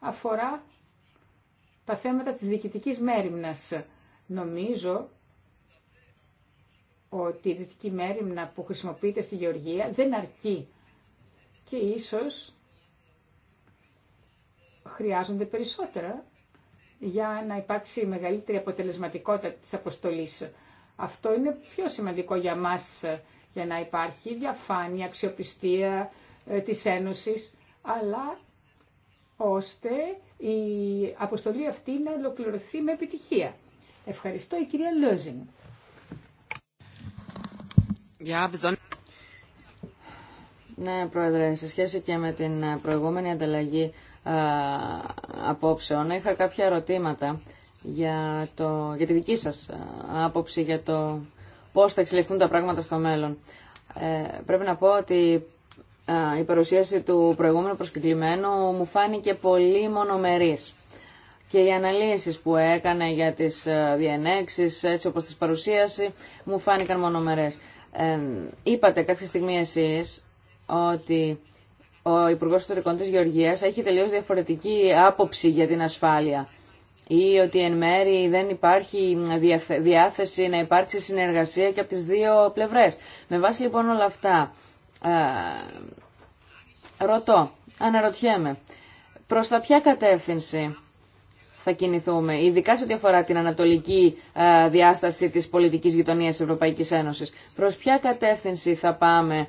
αφορά τα θέματα της διοικητικής μέρημνας. Νομίζω ότι η διοικητική μέρημνα που χρησιμοποιείται στη Γεωργία δεν αρκεί και ίσως χρειάζονται περισσότερα για να υπάρξει μεγαλύτερη αποτελεσματικότητα της αποστολής. Αυτό είναι πιο σημαντικό για μας για να υπάρχει διαφάνεια, αξιοπιστία, ε, της Ένωσης, αλλά ώστε η αποστολή αυτή να ολοκληρωθεί με επιτυχία. Ευχαριστώ η κυρία Λόζιν. Ναι, Πρόεδρε, σε σχέση και με την ε, προηγούμενη ανταλλαγή α, απόψεων, είχα κάποια ερωτήματα για, το, για τη δική σας ε, άποψη για το πώς θα εξελιχθούν τα πράγματα στο μέλλον. πρέπει να πω ότι η παρουσίαση του προηγούμενου προσκεκλημένου μου φάνηκε πολύ μονομερής. Και οι αναλύσεις που έκανε για τις διενέξεις, έτσι όπως τις παρουσίασε, μου φάνηκαν μονομερές. Ε, είπατε κάποια στιγμή εσείς ότι ο Υπουργό Ιστορικών της Γεωργίας έχει τελείως διαφορετική άποψη για την ασφάλεια ή ότι εν μέρη δεν υπάρχει διάθεση να υπάρξει συνεργασία και από τις δύο πλευρές. Με βάση λοιπόν όλα αυτά, ε, ρωτώ, αναρωτιέμαι, προς τα ποια κατεύθυνση θα κινηθούμε, ειδικά σε ό,τι αφορά την ανατολική ε, διάσταση της πολιτικής γειτονίας Ευρωπαϊκής Ένωσης. Προς ποια κατεύθυνση θα πάμε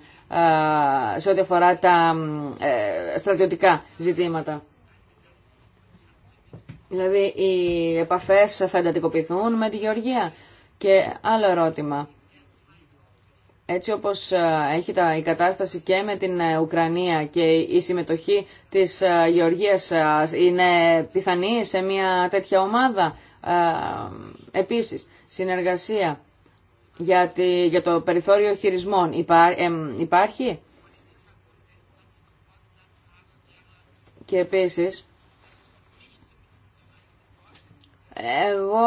ε, σε ό,τι αφορά τα στρατιωτικά ζητήματα. Δηλαδή, οι επαφές θα εντατικοποιηθούν με τη Γεωργία. Και άλλο ερώτημα έτσι όπως ε, έχει τα, η κατάσταση και με την ε, Ουκρανία και η συμμετοχή της ε, Γεωργίας είναι πιθανή σε μια τέτοια ομάδα. Επίσης, συνεργασία για, για το περιθώριο χειρισμών υπάρχει και επίσης εγώ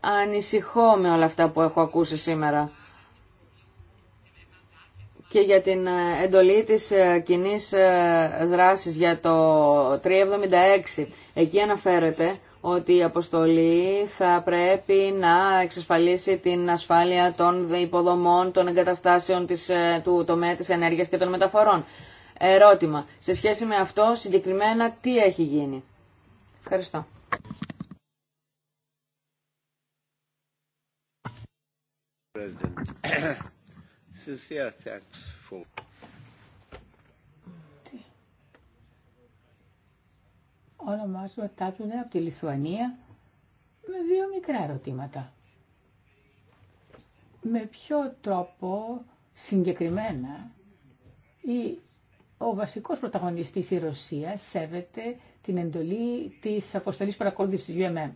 ανησυχώ με όλα αυτά που έχω ακούσει σήμερα και για την ε, εντολή της ε, κοινή ε, δράσης για το 376. Εκεί αναφέρεται ότι η αποστολή θα πρέπει να εξασφαλίσει την ασφάλεια των υποδομών, των εγκαταστάσεων της, του τομέα της ενέργειας και των μεταφορών. Ερώτημα. Σε σχέση με αυτό, συγκεκριμένα, τι έχει γίνει. Ευχαριστώ. President. Sincere thanks for... Ονομάζομαι Τάτουνε από τη Λιθουανία με δύο μικρά ερωτήματα. Με ποιο τρόπο συγκεκριμένα η, ο βασικός πρωταγωνιστής η Ρωσία σέβεται την εντολή της αποστολής παρακολούθησης UMM.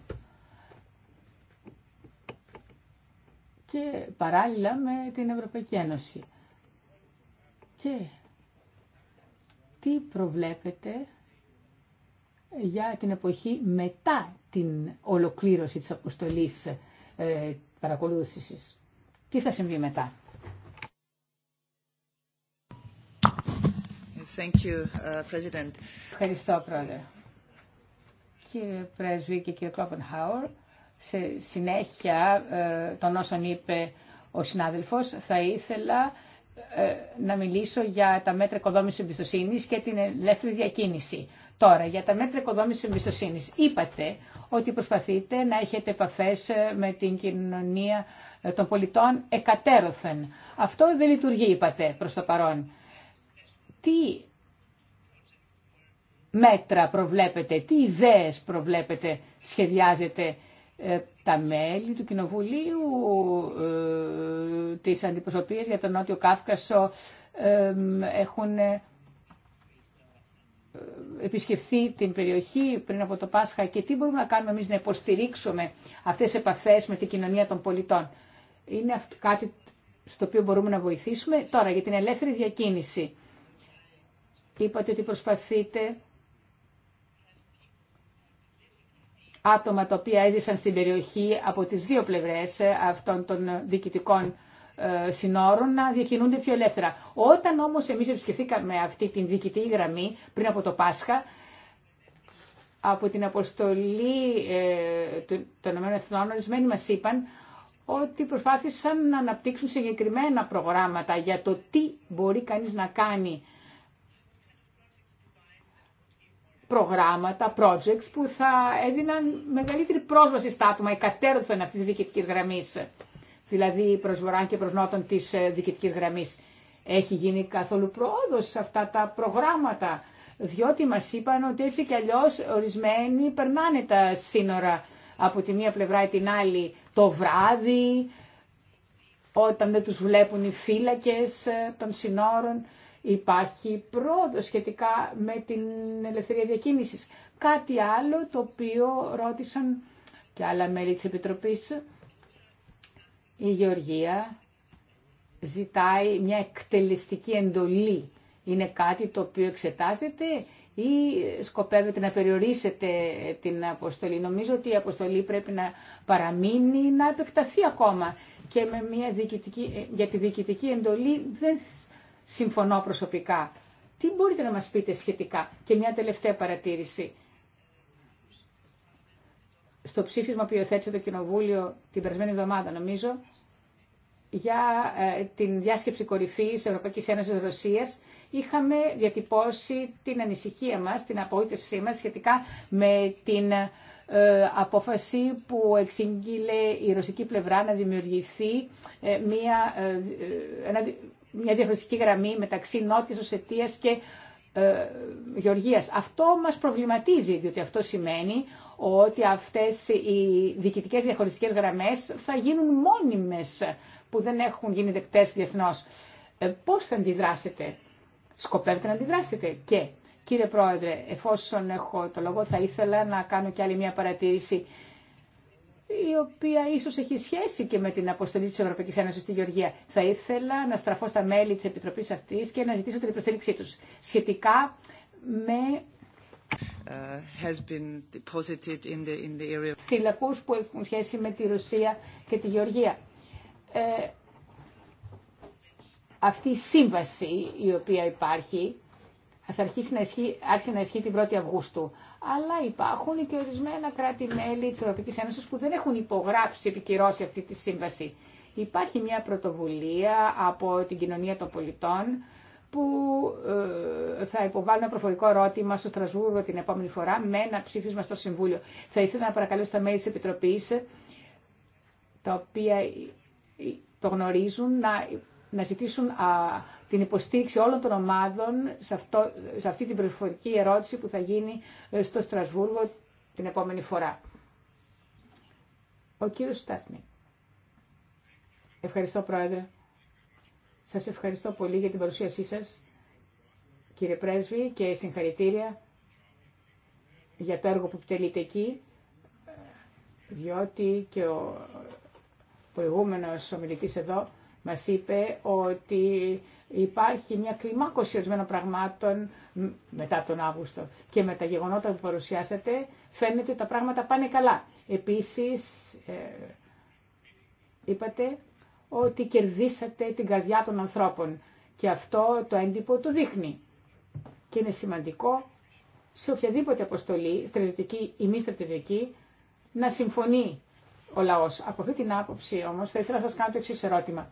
και παράλληλα με την Ευρωπαϊκή Ένωση. Και τι προβλέπετε για την εποχή μετά την ολοκλήρωση της αποστολής ε, παρακολούθησης. Τι θα συμβεί μετά. Thank you, uh, President. Ευχαριστώ, Πρόεδρε. Κύριε Πρέσβη και κύριε Κόπενχάουρ, σε συνέχεια ε, των όσων είπε ο συνάδελφος, θα ήθελα ε, να μιλήσω για τα μέτρα οικοδόμησης εμπιστοσύνη και την ελεύθερη διακίνηση. Τώρα, για τα μέτρα οικοδόμησης εμπιστοσύνη, Είπατε ότι προσπαθείτε να έχετε επαφές ε, με την κοινωνία των πολιτών εκατέρωθεν. Αυτό δεν λειτουργεί, είπατε, προς το παρόν. Τι μέτρα προβλέπετε, τι ιδέες προβλέπετε, σχεδιάζετε ε, τα μέλη του Κοινοβουλίου ε, της για τον Νότιο Κάφκασο ε, έχουν ε, επισκεφθεί την περιοχή πριν από το Πάσχα και τι μπορούμε να κάνουμε εμείς να υποστηρίξουμε αυτές τις επαφές με την κοινωνία των πολιτών. Είναι κάτι στο οποίο μπορούμε να βοηθήσουμε. Τώρα για την ελεύθερη διακίνηση. Είπατε ότι προσπαθείτε άτομα τα οποία έζησαν στην περιοχή από τις δύο πλευρές ε, αυτών των διοικητικών ε, συνόρων να διακινούνται πιο ελεύθερα. Όταν όμως εμείς επισκεφθήκαμε αυτή την διοικητή γραμμή πριν από το Πάσχα, από την αποστολή ε, των ΗΕ, ορισμένοι μας είπαν ότι προσπάθησαν να αναπτύξουν συγκεκριμένα προγράμματα για το τι μπορεί κανείς να κάνει προγράμματα, projects που θα έδιναν μεγαλύτερη πρόσβαση στα άτομα εκατέρωθεν αυτής δηλαδή, της διοικητικής γραμμής, δηλαδή προς βορρά και προς νότον της διοικητικής γραμμής. Έχει γίνει καθόλου πρόοδος σε αυτά τα προγράμματα, διότι μας είπαν ότι έτσι κι αλλιώ ορισμένοι περνάνε τα σύνορα από τη μία πλευρά ή την άλλη το βράδυ, όταν δεν τους βλέπουν οι φύλακες ε, των συνόρων. Υπάρχει πρόοδο σχετικά με την ελευθερία διακίνησης. Κάτι άλλο το οποίο ρώτησαν και άλλα μέλη της Επιτροπής. Η Γεωργία ζητάει μια εκτελεστική εντολή. Είναι κάτι το οποίο εξετάζεται ή σκοπεύετε να περιορίσετε την αποστολή. Νομίζω ότι η αποστολή πρέπει να παραμείνει, να επεκταθεί ακόμα. Και με μια διοικητική, για τη διοικητική εντολή δεν συμφωνώ προσωπικά. Τι μπορείτε να μας πείτε σχετικά. Και μια τελευταία παρατήρηση. Στο ψήφισμα που υιοθέτησε το Κοινοβούλιο την περασμένη εβδομάδα, νομίζω, για ε, την διάσκεψη κορυφής Ευρωπαϊκής Ένωσης Ρωσίας, είχαμε διατυπώσει την ανησυχία μας, την απογοήτευσή μας σχετικά με την ε, απόφαση που εξήγηλε η ρωσική πλευρά να δημιουργηθεί ε, μια, μια διαχωριστική γραμμή μεταξύ Νότιας Οσετίας και ε, Γεωργίας. Αυτό μας προβληματίζει, διότι αυτό σημαίνει ότι αυτές οι διοικητικές διαχωριστικές γραμμές θα γίνουν μόνιμες που δεν έχουν γίνει δεκτές διεθνώς. Ε, πώς θα αντιδράσετε, σκοπεύετε να αντιδράσετε και... Κύριε Πρόεδρε, εφόσον έχω το λόγο, θα ήθελα να κάνω και άλλη μια παρατήρηση η οποία ίσως έχει σχέση και με την αποστολή της Ευρωπαϊκής Ένωσης στη Γεωργία. Θα ήθελα να στραφώ στα μέλη της Επιτροπής αυτής και να ζητήσω την υποστήριξή τους σχετικά με θυλακούς ε, που έχουν σχέση με τη Ρωσία και τη Γεωργία. Ε, αυτή η σύμβαση η οποία υπάρχει θα αρχίσει να ισχύει, να ισχύει την 1η Αυγούστου αλλά υπάρχουν και ορισμένα κράτη-μέλη της Ευρωπαϊκής Ένωσης που δεν έχουν υπογράψει, επικυρώσει αυτή τη σύμβαση. Υπάρχει μια πρωτοβουλία από την κοινωνία των πολιτών που ε, θα υποβάλουν ένα προφορικό ερώτημα στο Στρασβούργο την επόμενη φορά με ένα ψήφισμα στο Συμβούλιο. Θα ήθελα να παρακαλέσω τα μέλη της Επιτροπής, τα οποία ε, το γνωρίζουν, να, να ζητήσουν α, την υποστήριξη όλων των ομάδων σε, αυτό, σε αυτή την προφορική ερώτηση που θα γίνει ε, στο Στρασβούργο την επόμενη φορά. Ο κύριος Στάθμη. Ευχαριστώ, Πρόεδρε. Σας ευχαριστώ πολύ για την παρουσίασή σας, κύριε Πρέσβη, και συγχαρητήρια για το έργο που επιτελείτε εκεί, διότι και ο προηγούμενος ομιλητής εδώ μας είπε ότι υπάρχει μια κλιμάκωση ορισμένων πραγμάτων μετά τον Αύγουστο. Και με τα γεγονότα που παρουσιάσατε φαίνεται ότι τα πράγματα πάνε καλά. Επίσης, ε, είπατε ότι κερδίσατε την καρδιά των ανθρώπων. Και αυτό το έντυπο το δείχνει. Και είναι σημαντικό σε οποιαδήποτε αποστολή, στρατιωτική ή μη στρατιωτική, να συμφωνεί ο λαός. Από αυτή την άποψη όμως θα ήθελα να σας κάνω το εξή ερώτημα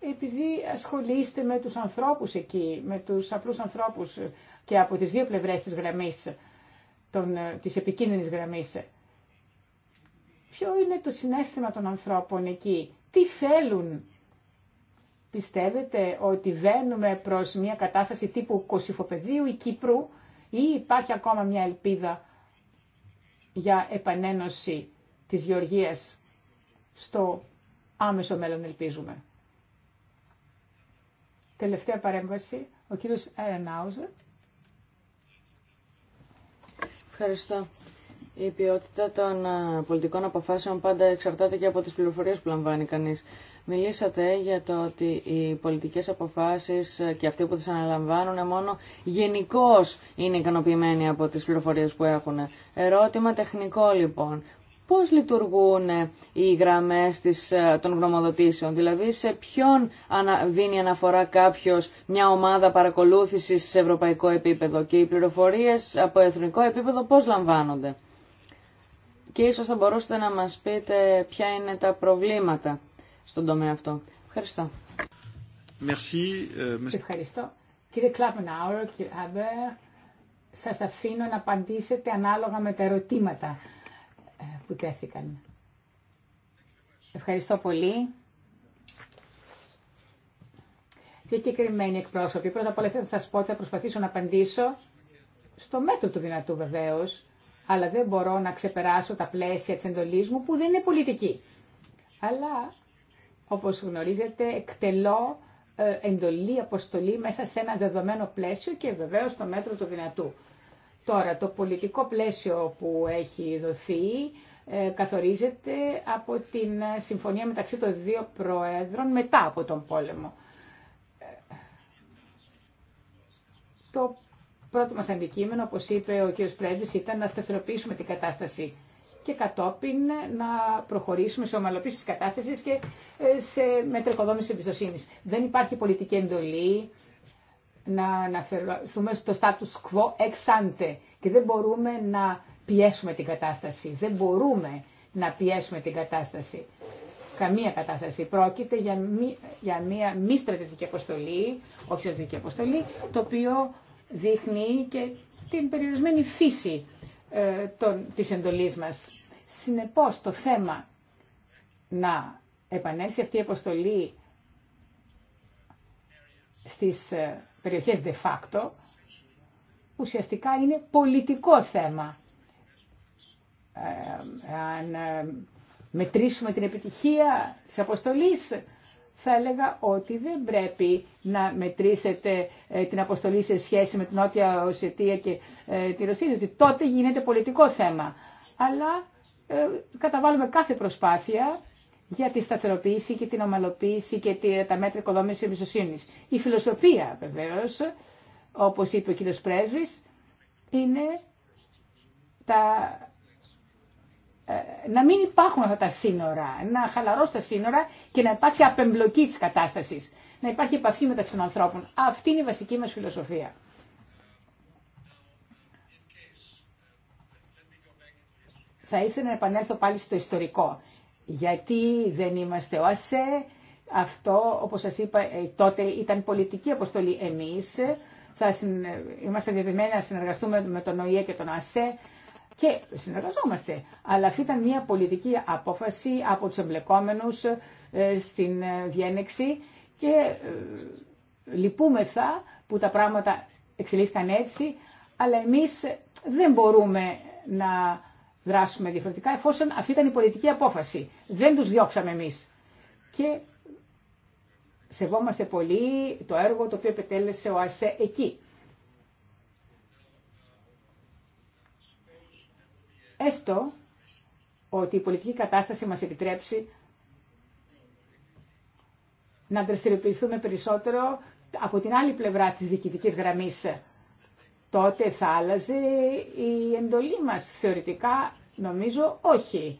επειδή ασχολείστε με τους ανθρώπους εκεί, με τους απλούς ανθρώπους και από τις δύο πλευρές της γραμμής, των, ε, της επικίνδυνης γραμμής. Ποιο είναι το συνέστημα των ανθρώπων εκεί, τι θέλουν. Πιστεύετε ότι βαίνουμε προς μια κατάσταση τύπου Κωσυφοπεδίου ή Κύπρου ή υπάρχει ακόμα μια ελπίδα για επανένωση της Γεωργίας στο άμεσο μέλλον ελπίζουμε τελευταία παρέμβαση, ο κύριος Ερενάουζερ. Ευχαριστώ. Η ποιότητα των πολιτικών αποφάσεων πάντα εξαρτάται και από τις πληροφορίες που λαμβάνει κανείς. Μιλήσατε για το ότι οι πολιτικές αποφάσεις και αυτοί που τις αναλαμβάνουν μόνο γενικώ είναι ικανοποιημένοι από τις πληροφορίες που έχουν. Ερώτημα τεχνικό λοιπόν πώς λειτουργούν οι γραμμές της, ε, των γνωμοδοτήσεων, δηλαδή σε ποιον δίνει αναφορά κάποιος μια ομάδα παρακολούθησης σε ευρωπαϊκό επίπεδο και οι πληροφορίες από εθνικό επίπεδο πώς λαμβάνονται. Και ίσως θα μπορούσατε να μας πείτε ποια είναι τα προβλήματα στον τομέα αυτό. Ευχαριστώ. Merci, ε, Ευχαριστώ. Κύριε Κλάπενάουρ, κύριε Άμπερ, σας αφήνω να απαντήσετε ανάλογα με τα ερωτήματα που τέθηκαν. Ευχαριστώ πολύ. Διακεκριμένοι εκπρόσωποι, πρώτα απ' όλα θα σας πω ότι θα προσπαθήσω να απαντήσω στο μέτρο του δυνατού βεβαίω, αλλά δεν μπορώ να ξεπεράσω τα πλαίσια της εντολής μου που δεν είναι πολιτική. Αλλά, όπως γνωρίζετε, εκτελώ ε, εντολή, αποστολή μέσα σε ένα δεδομένο πλαίσιο και βεβαίως στο μέτρο του δυνατού. Τώρα, το πολιτικό πλαίσιο που έχει δοθεί ε, καθορίζεται από την συμφωνία μεταξύ των δύο προέδρων μετά από τον πόλεμο. Ε, το πρώτο μας αντικείμενο, όπως είπε ο κ. Πρέντης, ήταν να σταθεροποιήσουμε την κατάσταση και κατόπιν να προχωρήσουμε σε ομαλοποίηση της κατάστασης και ε, σε μετρεκοδόμηση εμπιστοσύνη. Δεν υπάρχει πολιτική εντολή, να αναφερθούμε στο status quo ex ante και δεν μπορούμε να πιέσουμε την κατάσταση. Δεν μπορούμε να πιέσουμε την κατάσταση. Καμία κατάσταση. Πρόκειται για, μια μη στρατιωτική αποστολή, όχι στρατιωτική αποστολή, το οποίο δείχνει και την περιορισμένη φύση ε, των, της εντολής μας. Συνεπώς το θέμα να επανέλθει αυτή η αποστολή στις ε, περιοχές de facto, ουσιαστικά είναι πολιτικό θέμα. Ε, αν ε, μετρήσουμε την επιτυχία της αποστολής, θα έλεγα ότι δεν πρέπει να μετρήσετε ε, την αποστολή σε σχέση με την Νότια Οσετία και τη Ρωσία, διότι τότε γίνεται πολιτικό θέμα. Αλλά καταβάλουμε κάθε προσπάθεια για τη σταθεροποίηση και την ομαλοποίηση και τα μέτρα οικοδόμησης εμπιστοσύνη. Η φιλοσοφία βεβαίω, όπως είπε ο κύριος Πρέσβη, είναι τα... Ε, να μην υπάρχουν αυτά τα σύνορα, να χαλαρώσει τα σύνορα και να υπάρξει απεμπλοκή τη κατάσταση. να υπάρχει επαφή μεταξύ των ανθρώπων. Αυτή είναι η βασική μας φιλοσοφία. Θα ήθελα να επανέλθω πάλι στο ιστορικό γιατί δεν είμαστε ο ΑΣΕ. Αυτό, όπως σας είπα, ε, τότε ήταν πολιτική αποστολή εμείς. Θα ε, Είμαστε διαδεμένοι να συνεργαστούμε με τον ΟΗΕ και τον ΑΣΕ και συνεργαζόμαστε. Αλλά αυτή ήταν μια πολιτική απόφαση από τους εμπλεκόμενους ε, στην διένεξη και λυπούμεθα που τα πράγματα εξελίχθηκαν έτσι, αλλά εμείς δεν μπορούμε να δράσουμε διαφορετικά εφόσον αυτή ήταν η πολιτική απόφαση. Δεν τους διώξαμε εμείς. Και σεβόμαστε πολύ το έργο το οποίο επιτέλεσε ο ΑΣΕ εκεί. Έστω ότι η πολιτική κατάσταση μας επιτρέψει να δραστηριοποιηθούμε περισσότερο από την άλλη πλευρά της διοικητικής γραμμής τότε θα άλλαζε η εντολή μας. Θεωρητικά νομίζω όχι.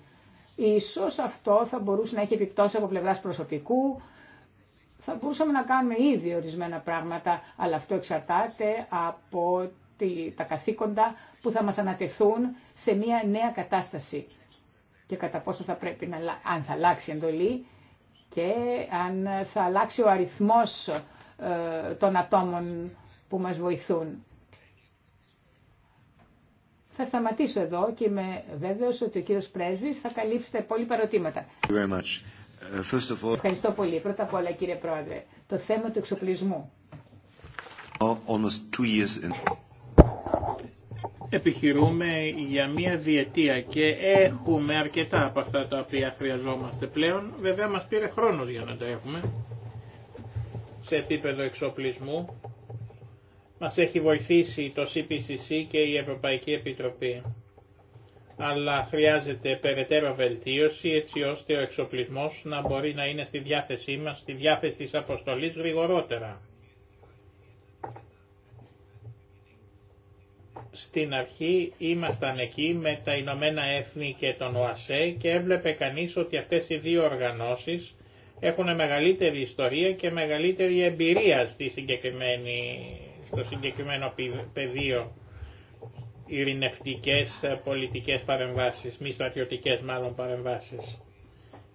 Ίσως αυτό θα μπορούσε να έχει επιπτώσει από πλευράς προσωπικού, θα μπορούσαμε να κάνουμε ήδη ορισμένα πράγματα, αλλά αυτό εξαρτάται από τα καθήκοντα που θα μας ανατεθούν σε μια νέα κατάσταση και κατά πόσο θα πρέπει να, αν θα αλλάξει εντολή και αν θα αλλάξει ο αριθμός ε, των ατόμων που μας βοηθούν. Θα σταματήσω εδώ και είμαι βέβαιο ότι ο κύριος Πρέσβης θα καλύψει τα υπόλοιπα ερωτήματα. Uh, Ευχαριστώ πολύ. Πρώτα απ' όλα κύριε Πρόεδρε, το θέμα του εξοπλισμού. Επιχειρούμε για μία διετία και έχουμε αρκετά από αυτά τα οποία χρειαζόμαστε πλέον. Βέβαια μας πήρε χρόνος για να τα έχουμε σε επίπεδο εξοπλισμού μας έχει βοηθήσει το CPCC και η Ευρωπαϊκή Επιτροπή. Αλλά χρειάζεται περαιτέρω βελτίωση έτσι ώστε ο εξοπλισμός να μπορεί να είναι στη διάθεσή μας, στη διάθεση της αποστολής γρηγορότερα. στην αρχή ήμασταν εκεί με τα Ηνωμένα Έθνη και τον ΟΑΣΕ και έβλεπε κανείς ότι αυτές οι δύο οργανώσεις έχουν μεγαλύτερη ιστορία και μεγαλύτερη εμπειρία στη συγκεκριμένη στο συγκεκριμένο πεδίο ειρηνευτικές ε, πολιτικές παρεμβάσεις, μη στρατιωτικές μάλλον παρεμβάσεις.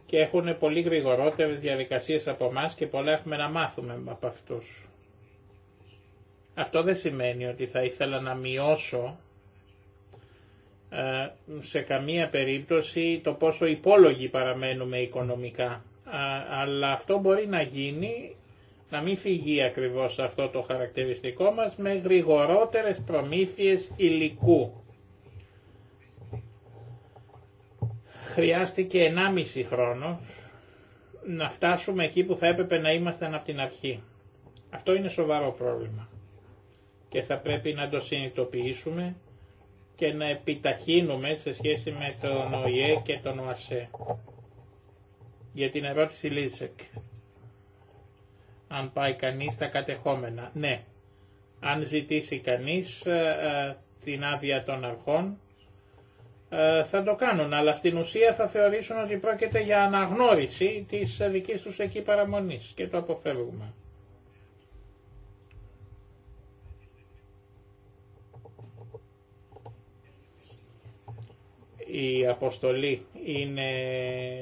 Και έχουν πολύ γρηγορότερες διαδικασίες από εμά και πολλά έχουμε να μάθουμε από αυτούς. Αυτό δεν σημαίνει ότι θα ήθελα να μειώσω ε, σε καμία περίπτωση το πόσο υπόλογοι παραμένουμε οικονομικά. Αλλά αυτό μπορεί να γίνει να μην φύγει ακριβώς αυτό το χαρακτηριστικό μας με γρηγορότερες προμήθειες υλικού. Χρειάστηκε 1,5 χρόνο να φτάσουμε εκεί που θα έπρεπε να ήμασταν από την αρχή. Αυτό είναι σοβαρό πρόβλημα και θα πρέπει να το συνειδητοποιήσουμε και να επιταχύνουμε σε σχέση με τον ΟΙΕ και τον ΟΑΣΕ. Για την ερώτηση Λίζεκ αν πάει κανείς τα κατεχόμενα. Ναι, αν ζητήσει κανείς ε, ε, την άδεια των αρχών ε, θα το κάνουν, αλλά στην ουσία θα θεωρήσουν ότι πρόκειται για αναγνώριση της δικής τους εκεί παραμονής και το αποφεύγουμε. η αποστολή είναι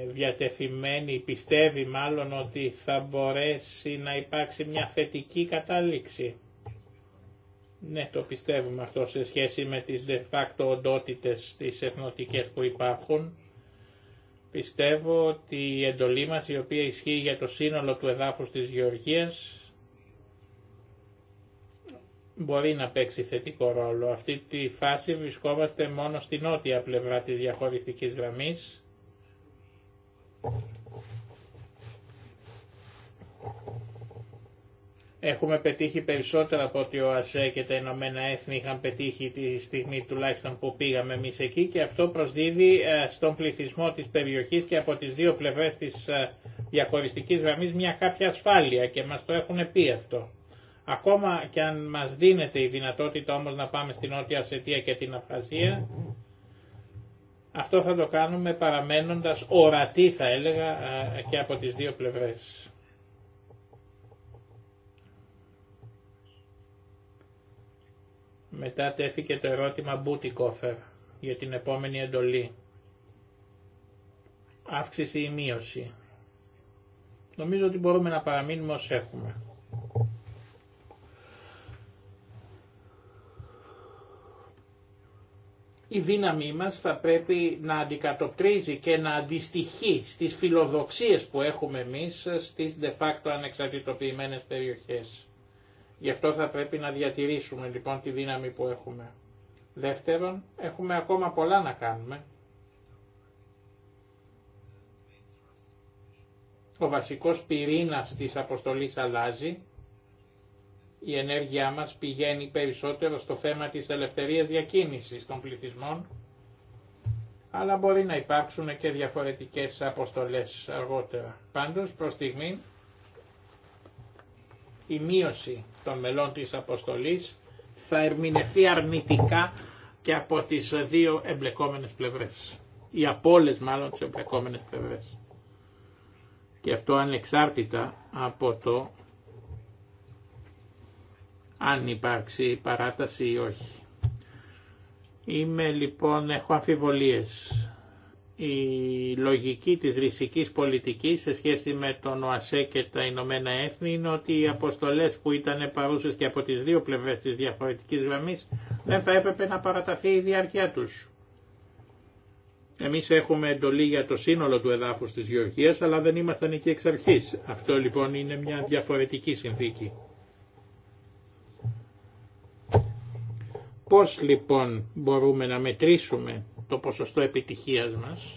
διατεθειμένη, πιστεύει μάλλον ότι θα μπορέσει να υπάρξει μια θετική κατάληξη. Ναι, το πιστεύουμε αυτό σε σχέση με τις de facto οντότητες τις εθνοτικές που υπάρχουν. Πιστεύω ότι η εντολή μας η οποία ισχύει για το σύνολο του εδάφους της Γεωργίας μπορεί να παίξει θετικό ρόλο. Αυτή τη φάση βρισκόμαστε μόνο στην νότια πλευρά της διαχωριστικής γραμμής. Έχουμε πετύχει περισσότερα από ότι ο ΑΣΕ και τα Ηνωμένα Έθνη είχαν πετύχει τη στιγμή τουλάχιστον που πήγαμε εμεί εκεί και αυτό προσδίδει ε, στον πληθυσμό της περιοχής και από τις δύο πλευρές της ε, διαχωριστικής γραμμής μια κάποια ασφάλεια και μας το έχουν πει αυτό. Ακόμα και αν μας δίνεται η δυνατότητα όμως να πάμε στην Νότια Ασετία και την Απχασία, αυτό θα το κάνουμε παραμένοντας ορατή θα έλεγα και από τις δύο πλευρές. Μετά τέθηκε το ερώτημα Κόφερ για την επόμενη εντολή. Αύξηση ή μείωση. Νομίζω ότι μπορούμε να παραμείνουμε ως έχουμε. η δύναμή μας θα πρέπει να αντικατοπτρίζει και να αντιστοιχεί στις φιλοδοξίες που έχουμε εμείς στις de facto ανεξαρτητοποιημένες περιοχές. Γι' αυτό θα πρέπει να διατηρήσουμε λοιπόν τη δύναμη που έχουμε. Δεύτερον, έχουμε ακόμα πολλά να κάνουμε. Ο βασικός πυρήνας της αποστολής αλλάζει η ενέργειά μας πηγαίνει περισσότερο στο θέμα της ελευθερίας διακίνησης των πληθυσμών, αλλά μπορεί να υπάρξουν και διαφορετικές αποστολές αργότερα. Πάντως, προς στιγμή, η μείωση των μελών της αποστολής θα ερμηνευτεί αρνητικά και από τις δύο εμπλεκόμενες πλευρές, ή από όλες μάλλον τις εμπλεκόμενες πλευρές. Και αυτό ανεξάρτητα από το αν υπάρξει παράταση ή όχι. Είμαι λοιπόν, έχω αμφιβολίες. Η λογική της ρησικής πολιτικής σε σχέση με τον ΟΑΣΕ και τα Ηνωμένα Έθνη είναι ότι οι αποστολές που ήταν παρούσες και από τις δύο πλευρές της διαφορετικής γραμμής δεν θα έπρεπε να παραταθεί η διάρκεια τους. Εμείς έχουμε εντολή για το σύνολο του εδάφους της Γεωργίας, αλλά δεν ήμασταν εκεί εξ αρχής. Αυτό λοιπόν είναι μια διαφορετική συνθήκη. Πώς λοιπόν μπορούμε να μετρήσουμε το ποσοστό επιτυχίας μας.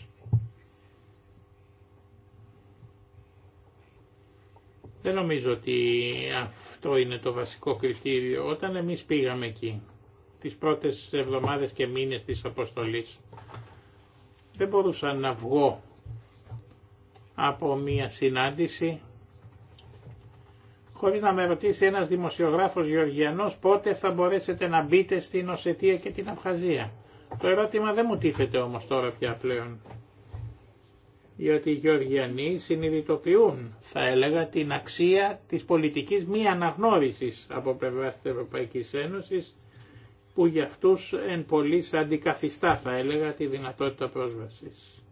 Δεν νομίζω ότι αυτό είναι το βασικό κριτήριο. Όταν εμείς πήγαμε εκεί, τις πρώτες εβδομάδες και μήνες της αποστολής, δεν μπορούσα να βγω από μία συνάντηση χωρίς να με ρωτήσει ένας δημοσιογράφος γεωργιανός πότε θα μπορέσετε να μπείτε στην Οσετία και την Αφχαζία. Το ερώτημα δεν μου τίθεται όμως τώρα πια πλέον. Γιατί οι Γεωργιανοί συνειδητοποιούν, θα έλεγα, την αξία της πολιτικής μη αναγνώρισης από πλευρά της Ευρωπαϊκής Ένωσης, που για αυτούς εν πολύ αντικαθιστά, θα έλεγα, τη δυνατότητα πρόσβασης.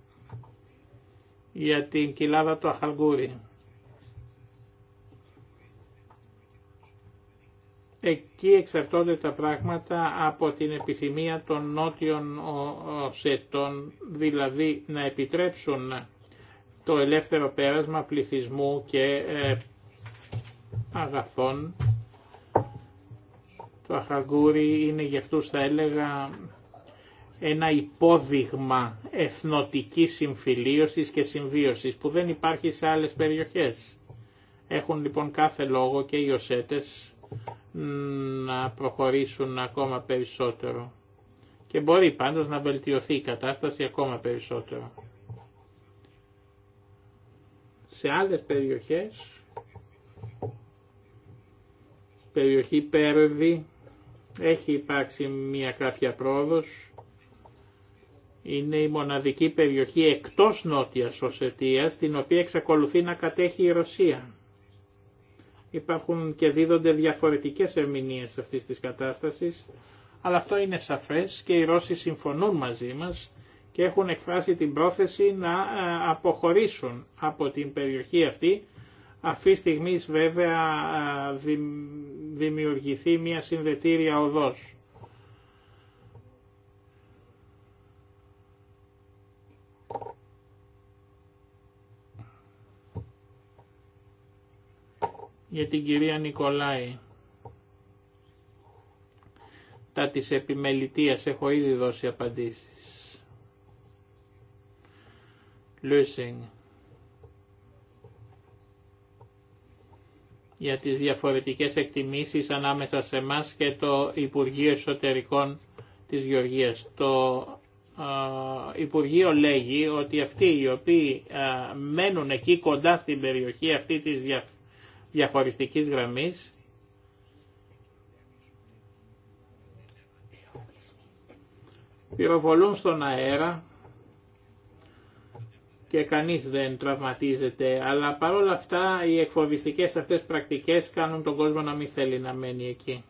Για την κοιλάδα του Αχαλγούρη. Εκεί εξαρτώνται τα πράγματα από την επιθυμία των νότιων οσετών, δηλαδή να επιτρέψουν το ελεύθερο πέρασμα πληθυσμού και ε, αγαθών. Το αχαγκούρι είναι για αυτούς θα έλεγα ένα υπόδειγμα εθνοτικής συμφιλίωσης και συμβίωσης που δεν υπάρχει σε άλλες περιοχές. Έχουν λοιπόν κάθε λόγο και οι οσέτες να προχωρήσουν ακόμα περισσότερο. Και μπορεί πάντως να βελτιωθεί η κατάσταση ακόμα περισσότερο. Σε άλλες περιοχές, περιοχή Πέρβη, έχει υπάρξει μια κάποια πρόοδος. Είναι η μοναδική περιοχή εκτός Νότιας Οσετίας, την οποία εξακολουθεί να κατέχει η Ρωσία υπάρχουν και δίδονται διαφορετικές ερμηνείες αυτής της κατάστασης, αλλά αυτό είναι σαφές και οι Ρώσοι συμφωνούν μαζί μας και έχουν εκφράσει την πρόθεση να ε, αποχωρήσουν από την περιοχή αυτή. Αυτή στιγμή βέβαια ε, δημιουργηθεί μια συνδετήρια οδός. για την κυρία Νικολάη. Τα της επιμελητίας έχω ήδη δώσει απαντήσεις. Λούσινγκ. για τις διαφορετικές εκτιμήσεις ανάμεσα σε μας και το Υπουργείο Εσωτερικών της Γεωργίας. Το Υπουργείο λέγει ότι αυτοί οι οποίοι μένουν εκεί κοντά στην περιοχή αυτή της διαφορετικής διαχωριστικής γραμμής πυροβολούν στον αέρα και κανείς δεν τραυματίζεται, αλλά παρόλα αυτά οι εκφοβιστικές αυτές πρακτικές κάνουν τον κόσμο να μην θέλει να μένει εκεί.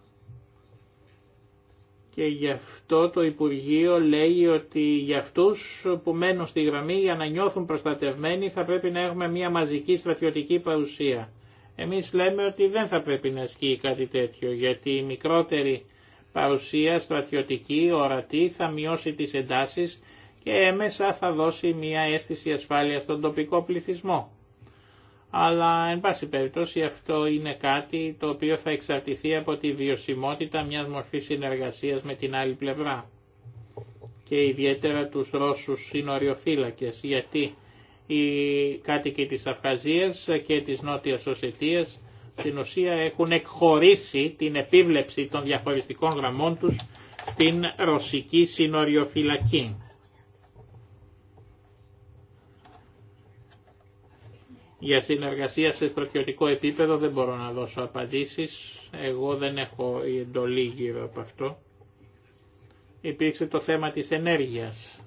Και γι' αυτό το Υπουργείο λέει ότι για αυτούς που μένουν στη γραμμή για να νιώθουν προστατευμένοι θα πρέπει να έχουμε μια μαζική στρατιωτική παρουσία. Εμείς λέμε ότι δεν θα πρέπει να ασκεί κάτι τέτοιο, γιατί η μικρότερη παρουσία στρατιωτική, ορατή, θα μειώσει τις εντάσεις και έμεσα θα δώσει μια αίσθηση ασφάλειας στον τοπικό πληθυσμό. Αλλά, εν πάση περιπτώσει, αυτό είναι κάτι το οποίο θα εξαρτηθεί από τη βιωσιμότητα μιας μορφής συνεργασίας με την άλλη πλευρά και ιδιαίτερα τους Ρώσους συνοριοφύλακες, γιατί οι κάτοικοι της Αφγαζίας και της Νότιας Οσετίας στην ουσία έχουν εκχωρήσει την επίβλεψη των διαχωριστικών γραμμών τους στην ρωσική συνοριοφυλακή. Για συνεργασία σε στρατιωτικό επίπεδο δεν μπορώ να δώσω απαντήσεις. Εγώ δεν έχω εντολή γύρω από αυτό. Υπήρξε το θέμα της ενέργειας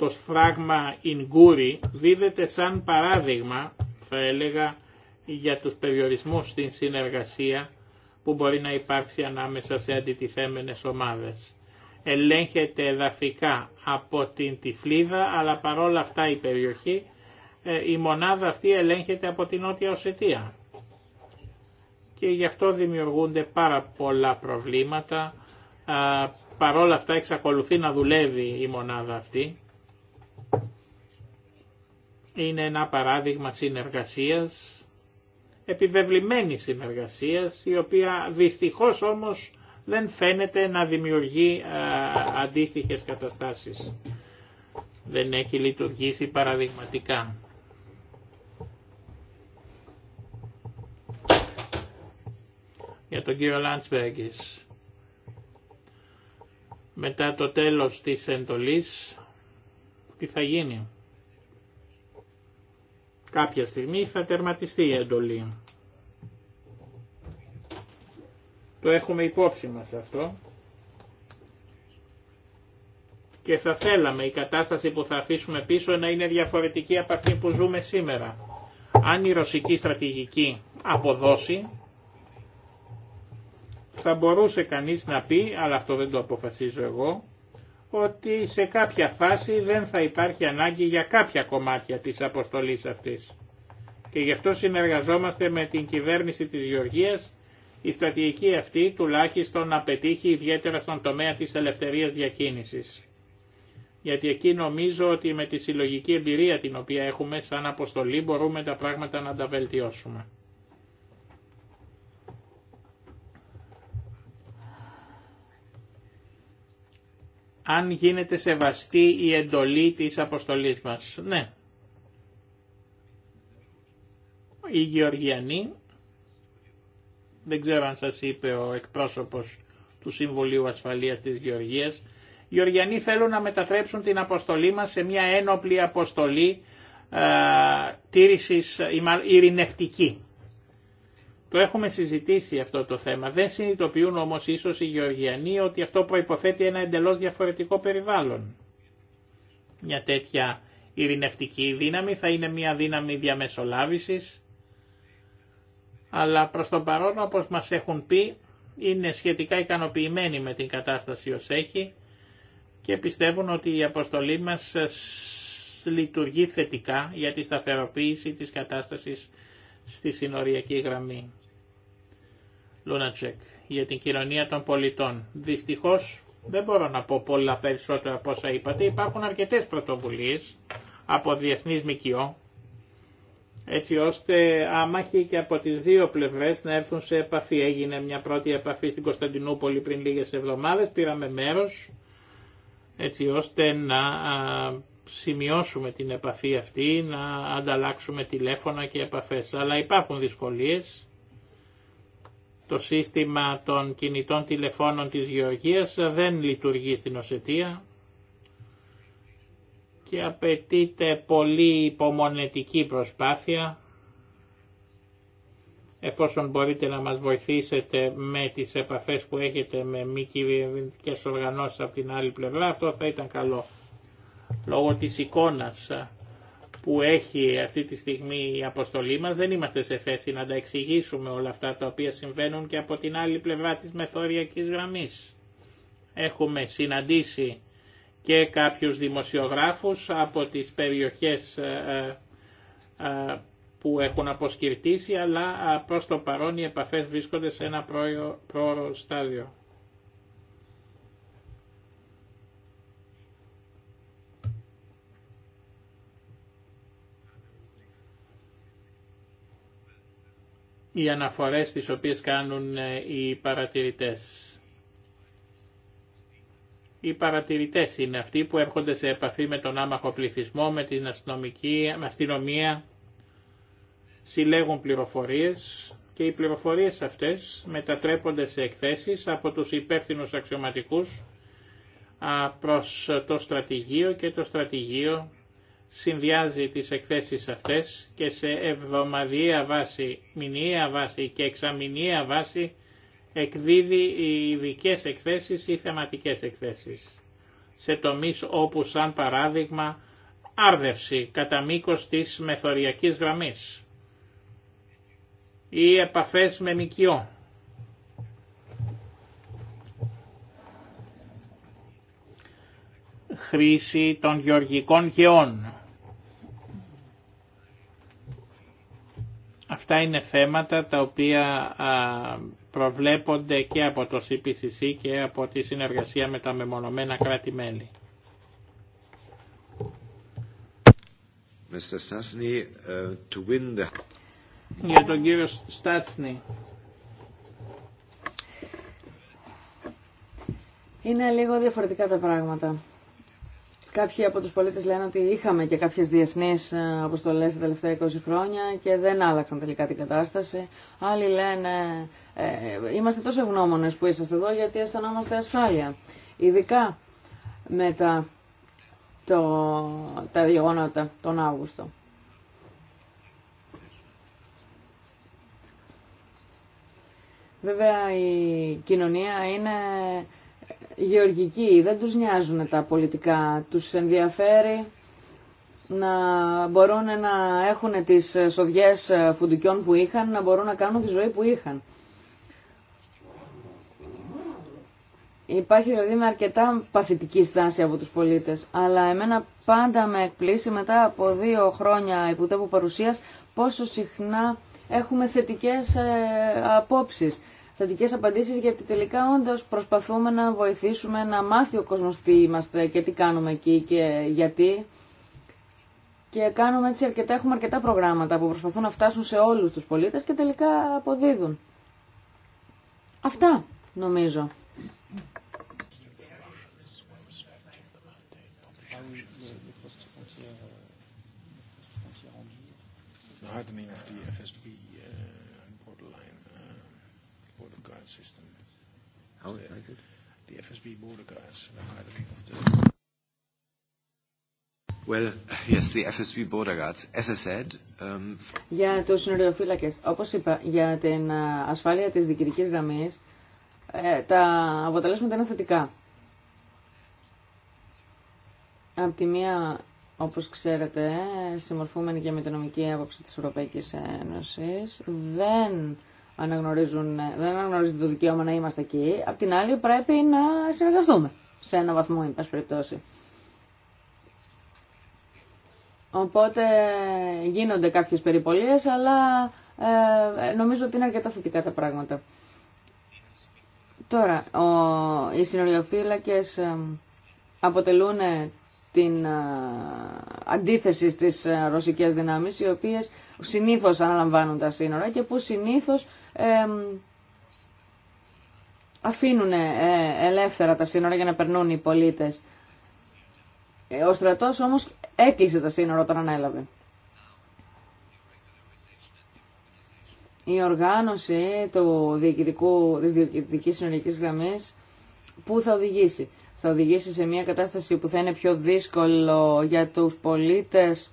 το σφράγμα Ινγκούρι δίδεται σαν παράδειγμα, θα έλεγα, για τους περιορισμούς στην συνεργασία που μπορεί να υπάρξει ανάμεσα σε αντιτιθέμενες ομάδες. Ελέγχεται εδαφικά από την Τυφλίδα, αλλά παρόλα αυτά η περιοχή, ε, η μονάδα αυτή ελέγχεται από την Νότια Οσετία. Και γι' αυτό δημιουργούνται πάρα πολλά προβλήματα. Παρόλα αυτά εξακολουθεί να δουλεύει η μονάδα αυτή είναι ένα παράδειγμα συνεργασίας, επιβεβλημένη συνεργασίας, η οποία δυστυχώς όμως δεν φαίνεται να δημιουργεί αντίστοιχες καταστάσεις. Δεν έχει λειτουργήσει παραδειγματικά. Για τον κύριο Λάντσμπεργκης. Μετά το τέλος της εντολής, τι θα γίνει. Κάποια στιγμή θα τερματιστεί η εντολή. Το έχουμε υπόψη μας αυτό. Και θα θέλαμε η κατάσταση που θα αφήσουμε πίσω να είναι διαφορετική από αυτή που ζούμε σήμερα. Αν η ρωσική στρατηγική αποδώσει, θα μπορούσε κανείς να πει, αλλά αυτό δεν το αποφασίζω εγώ, ότι σε κάποια φάση δεν θα υπάρχει ανάγκη για κάποια κομμάτια της αποστολής αυτής. Και γι' αυτό συνεργαζόμαστε με την κυβέρνηση της Γεωργίας η στρατηγική αυτή τουλάχιστον να πετύχει ιδιαίτερα στον τομέα της ελευθερίας διακίνησης. Γιατί εκεί νομίζω ότι με τη συλλογική εμπειρία την οποία έχουμε σαν αποστολή μπορούμε τα πράγματα να τα βελτιώσουμε. αν γίνεται σεβαστή η εντολή της αποστολής μας. Ναι. Οι Γεωργιανοί, δεν ξέρω αν σας είπε ο εκπρόσωπος του Συμβουλίου Ασφαλείας της Γεωργίας, οι Γεωργιανοί θέλουν να μετατρέψουν την αποστολή μας σε μια ένοπλη αποστολή α, ε, τήρησης ειρηνευτική. Το έχουμε συζητήσει αυτό το θέμα. Δεν συνειδητοποιούν όμω ίσω οι Γεωργιανοί ότι αυτό προποθέτει ένα εντελώ διαφορετικό περιβάλλον. Μια τέτοια ειρηνευτική δύναμη θα είναι μια δύναμη διαμεσολάβηση, αλλά προς τον παρόν όπως μας έχουν πει είναι σχετικά ικανοποιημένοι με την κατάσταση ως έχει και πιστεύουν ότι η αποστολή μας λειτουργεί θετικά για τη σταθεροποίηση της κατάστασης στη συνοριακή γραμμή. Λούνατσεκ για την κοινωνία των πολιτών. Δυστυχώ, δεν μπορώ να πω πολλά περισσότερα από όσα είπατε. Υπάρχουν αρκετέ πρωτοβουλίε από διεθνείς ΜΚΟ έτσι ώστε άμαχοι και από τις δύο πλευρές να έρθουν σε επαφή. Έγινε μια πρώτη επαφή στην Κωνσταντινούπολη πριν λίγες εβδομάδες, πήραμε μέρος έτσι ώστε να σημειώσουμε την επαφή αυτή, να ανταλλάξουμε τηλέφωνα και επαφές. Αλλά υπάρχουν δυσκολίες το σύστημα των κινητών τηλεφώνων της Γεωργίας δεν λειτουργεί στην Οσετία και απαιτείται πολύ υπομονετική προσπάθεια εφόσον μπορείτε να μας βοηθήσετε με τις επαφές που έχετε με μη κυβερνητικές οργανώσεις από την άλλη πλευρά, αυτό θα ήταν καλό. Λόγω της εικόνας που έχει αυτή τη στιγμή η αποστολή μας δεν είμαστε σε θέση να τα εξηγήσουμε όλα αυτά τα οποία συμβαίνουν και από την άλλη πλευρά της μεθοριακής γραμμής. Έχουμε συναντήσει και κάποιους δημοσιογράφους από τις περιοχές ε, ε, ε, που έχουν αποσκυρτήσει αλλά προς το παρόν οι επαφές βρίσκονται σε ένα πρόωρο στάδιο. οι αναφορές τις οποίες κάνουν ε, οι παρατηρητές. Οι παρατηρητές είναι αυτοί που έρχονται σε επαφή με τον άμαχο πληθυσμό, με την αστυνομική, αστυνομία, συλλέγουν πληροφορίες και οι πληροφορίες αυτές μετατρέπονται σε εκθέσεις από τους υπεύθυνου αξιωματικούς προς το στρατηγείο και το στρατηγείο συνδυάζει τις εκθέσεις αυτές και σε εβδομαδιαία βάση, μηνιαία βάση και εξαμηνιαία βάση εκδίδει ειδικέ εκθέσεις ή θεματικές εκθέσεις. Σε τομείς όπου σαν παράδειγμα άρδευση κατά μήκο της μεθοριακής γραμμής ή επαφές με μικιό. Χρήση των γεωργικών γεών Αυτά είναι θέματα τα οποία προβλέπονται και από το CPCC και από τη συνεργασία με τα μεμονωμένα κράτη-μέλη. Ε, Για τον κύριο Στάτσνη. Είναι λίγο διαφορετικά τα πράγματα. Κάποιοι από τους πολίτες λένε ότι είχαμε και κάποιες διεθνείς ε, αποστολές τα τελευταία 20 χρόνια και δεν άλλαξαν τελικά την κατάσταση. Άλλοι λένε ε, είμαστε τόσο ευγνώμονες που είσαστε εδώ γιατί αισθανόμαστε ασφάλεια. Ειδικά με τα, το, τα τον Αύγουστο. Βέβαια η κοινωνία είναι γεωργικοί, δεν τους νοιάζουν τα πολιτικά, τους ενδιαφέρει να μπορούν να έχουν τις σοδιές φουντουκιών που είχαν, να μπορούν να κάνουν τη ζωή που είχαν. Υπάρχει δηλαδή με αρκετά παθητική στάση από τους πολίτες, αλλά εμένα πάντα με εκπλήσει μετά από δύο χρόνια υποτέπου παρουσίας πόσο συχνά έχουμε θετικές ε, απόψεις. Στατικές απαντήσει γιατί τελικά όντω προσπαθούμε να βοηθήσουμε να μάθει ο κόσμος τι είμαστε και τι κάνουμε εκεί και γιατί. Και κάνουμε έτσι αρκετά, έχουμε αρκετά προγράμματα που προσπαθούν να φτάσουν σε όλου του πολίτε και τελικά αποδίδουν. Αυτά νομίζω. The FSB border guards. Well, yes, the FSB border guards. As I said, um... Για του συνοριοφύλακε. Όπω είπα, για την ασφάλεια της γραμμή, γραμμής, ε, τα αποτελέσματα είναι θετικά. Από τη μία, όπως ξέρετε, συμμορφούμενοι και με την νομική άποψη της Ευρωπαϊκής Ένωσης, δεν αναγνωρίζουν, δεν αναγνωρίζουν το δικαίωμα να είμαστε εκεί. Απ' την άλλη πρέπει να συνεργαστούμε σε ένα βαθμό, εν πάση περιπτώσει. Οπότε γίνονται κάποιες περιπολίες, αλλά ε, νομίζω ότι είναι αρκετά θετικά τα πράγματα. Τώρα, ο, οι συνοριοφύλακες ε, αποτελούν ε, την ε, αντίθεση στις ρωσικές δυνάμεις, οι οποίες συνήθως αναλαμβάνουν τα σύνορα και που συνήθως αφήνουν ε, ελεύθερα τα σύνορα για να περνούν οι πολίτες. Ε, ο στρατός όμως έκλεισε τα σύνορα όταν ανέλαβε. Η οργάνωση του διοικητικού, της διοικητικής συνολικής γραμμής που θα οδηγήσει. Θα οδηγήσει σε μια κατάσταση που θα είναι πιο δύσκολο για τους πολίτες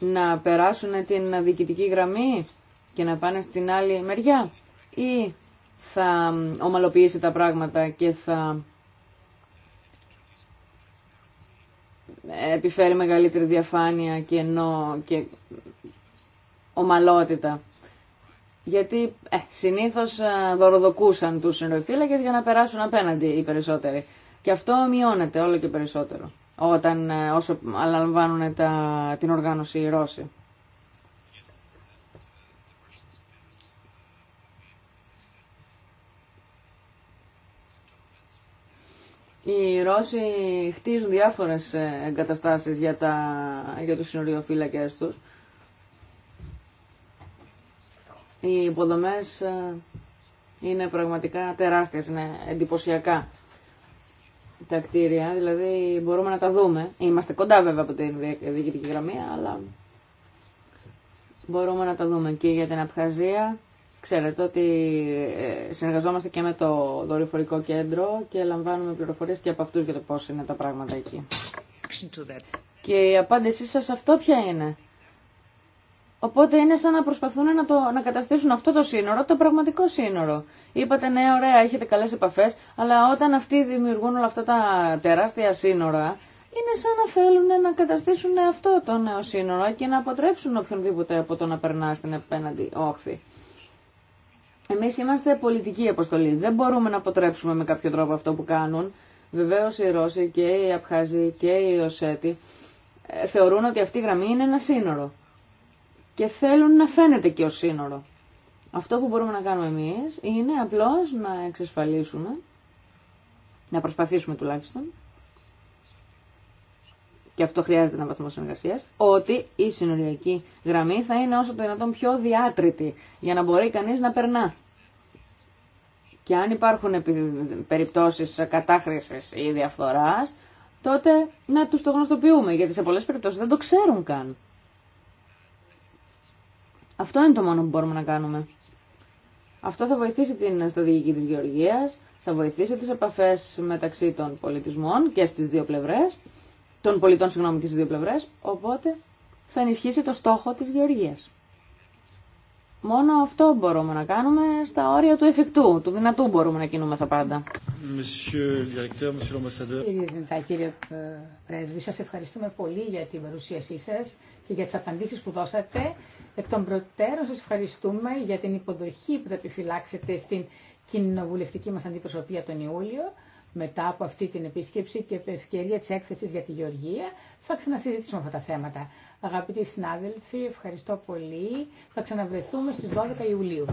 να περάσουν την διοικητική γραμμή και να πάνε στην άλλη μεριά ή θα ομαλοποιήσει τα πράγματα και θα επιφέρει μεγαλύτερη διαφάνεια και, νό και ομαλότητα. Γιατί ε, συνήθως ε, δωροδοκούσαν τους συνοφύλακες για να περάσουν απέναντι οι περισσότεροι. Και αυτό μειώνεται όλο και περισσότερο όταν, ε, όσο αναλαμβάνουν τα, την οργάνωση οι Ρώσοι. Οι Ρώσοι χτίζουν διάφορες ε, εγκαταστάσεις για, τα, για τους συνοριοφύλακες τους. Οι υποδομές ε, είναι πραγματικά τεράστιες, είναι εντυπωσιακά τα κτίρια, δηλαδή μπορούμε να τα δούμε. Είμαστε κοντά βέβαια από την διοικητική γραμμή, αλλά μπορούμε να τα δούμε. Και για την Απχαζία, ξέρετε ότι ε, συνεργαζόμαστε και με το δορυφορικό κέντρο και λαμβάνουμε πληροφορίες και από αυτούς για το πώς είναι τα πράγματα εκεί. Και η απάντησή σας αυτό ποια είναι. Οπότε είναι σαν να προσπαθούν να, να καταστήσουν αυτό το σύνορο το πραγματικό σύνορο. Είπατε ναι, ωραία, έχετε καλέ επαφέ, αλλά όταν αυτοί δημιουργούν όλα αυτά τα τεράστια σύνορα, είναι σαν να θέλουν να καταστήσουν αυτό το νέο σύνορο και να αποτρέψουν οποιονδήποτε από το να περνά στην απέναντι όχθη. Εμεί είμαστε πολιτική αποστολή. Δεν μπορούμε να αποτρέψουμε με κάποιο τρόπο αυτό που κάνουν. Βεβαίω οι Ρώσοι και οι Απχάζοι και οι Οσέτοι ε, θεωρούν ότι αυτή η γραμμή είναι ένα σύνορο και θέλουν να φαίνεται και ο σύνορο. Αυτό που μπορούμε να κάνουμε εμείς είναι απλώς να εξασφαλίσουμε, να προσπαθήσουμε τουλάχιστον, και αυτό χρειάζεται ένα βαθμό συνεργασία, ότι η συνοριακή γραμμή θα είναι όσο το δυνατόν πιο διάτρητη για να μπορεί κανείς να περνά. Και αν υπάρχουν περιπτώσεις κατάχρηση ή διαφθοράς τότε να του το γνωστοποιούμε, γιατί σε πολλέ περιπτώσεις δεν το ξέρουν καν. Αυτό είναι το μόνο που μπορούμε να κάνουμε. Αυτό θα βοηθήσει την στρατηγική της γεωργίας, θα βοηθήσει τις επαφές μεταξύ των πολιτισμών και στις δύο πλευρές, των πολιτών συγγνώμη και στις δύο πλευρές, οπότε θα ενισχύσει το στόχο της γεωργίας. Μόνο αυτό μπορούμε να κάνουμε στα όρια του εφικτού, του δυνατού μπορούμε να κινούμε τα πάντα. Κύριε κύριε ε, Πρέσβη, σας ευχαριστούμε πολύ για την παρουσίασή σας και για τις απαντήσεις που δώσατε. Εκ των προτέρων σας ευχαριστούμε για την υποδοχή που θα επιφυλάξετε στην κοινοβουλευτική μας αντιπροσωπεία τον Ιούλιο. Μετά από αυτή την επίσκεψη και ευκαιρία της έκθεσης για τη Γεωργία θα ξανασυζητήσουμε αυτά τα θέματα. Αγαπητοί συνάδελφοι, ευχαριστώ πολύ. Θα ξαναβρεθούμε στις 12 Ιουλίου.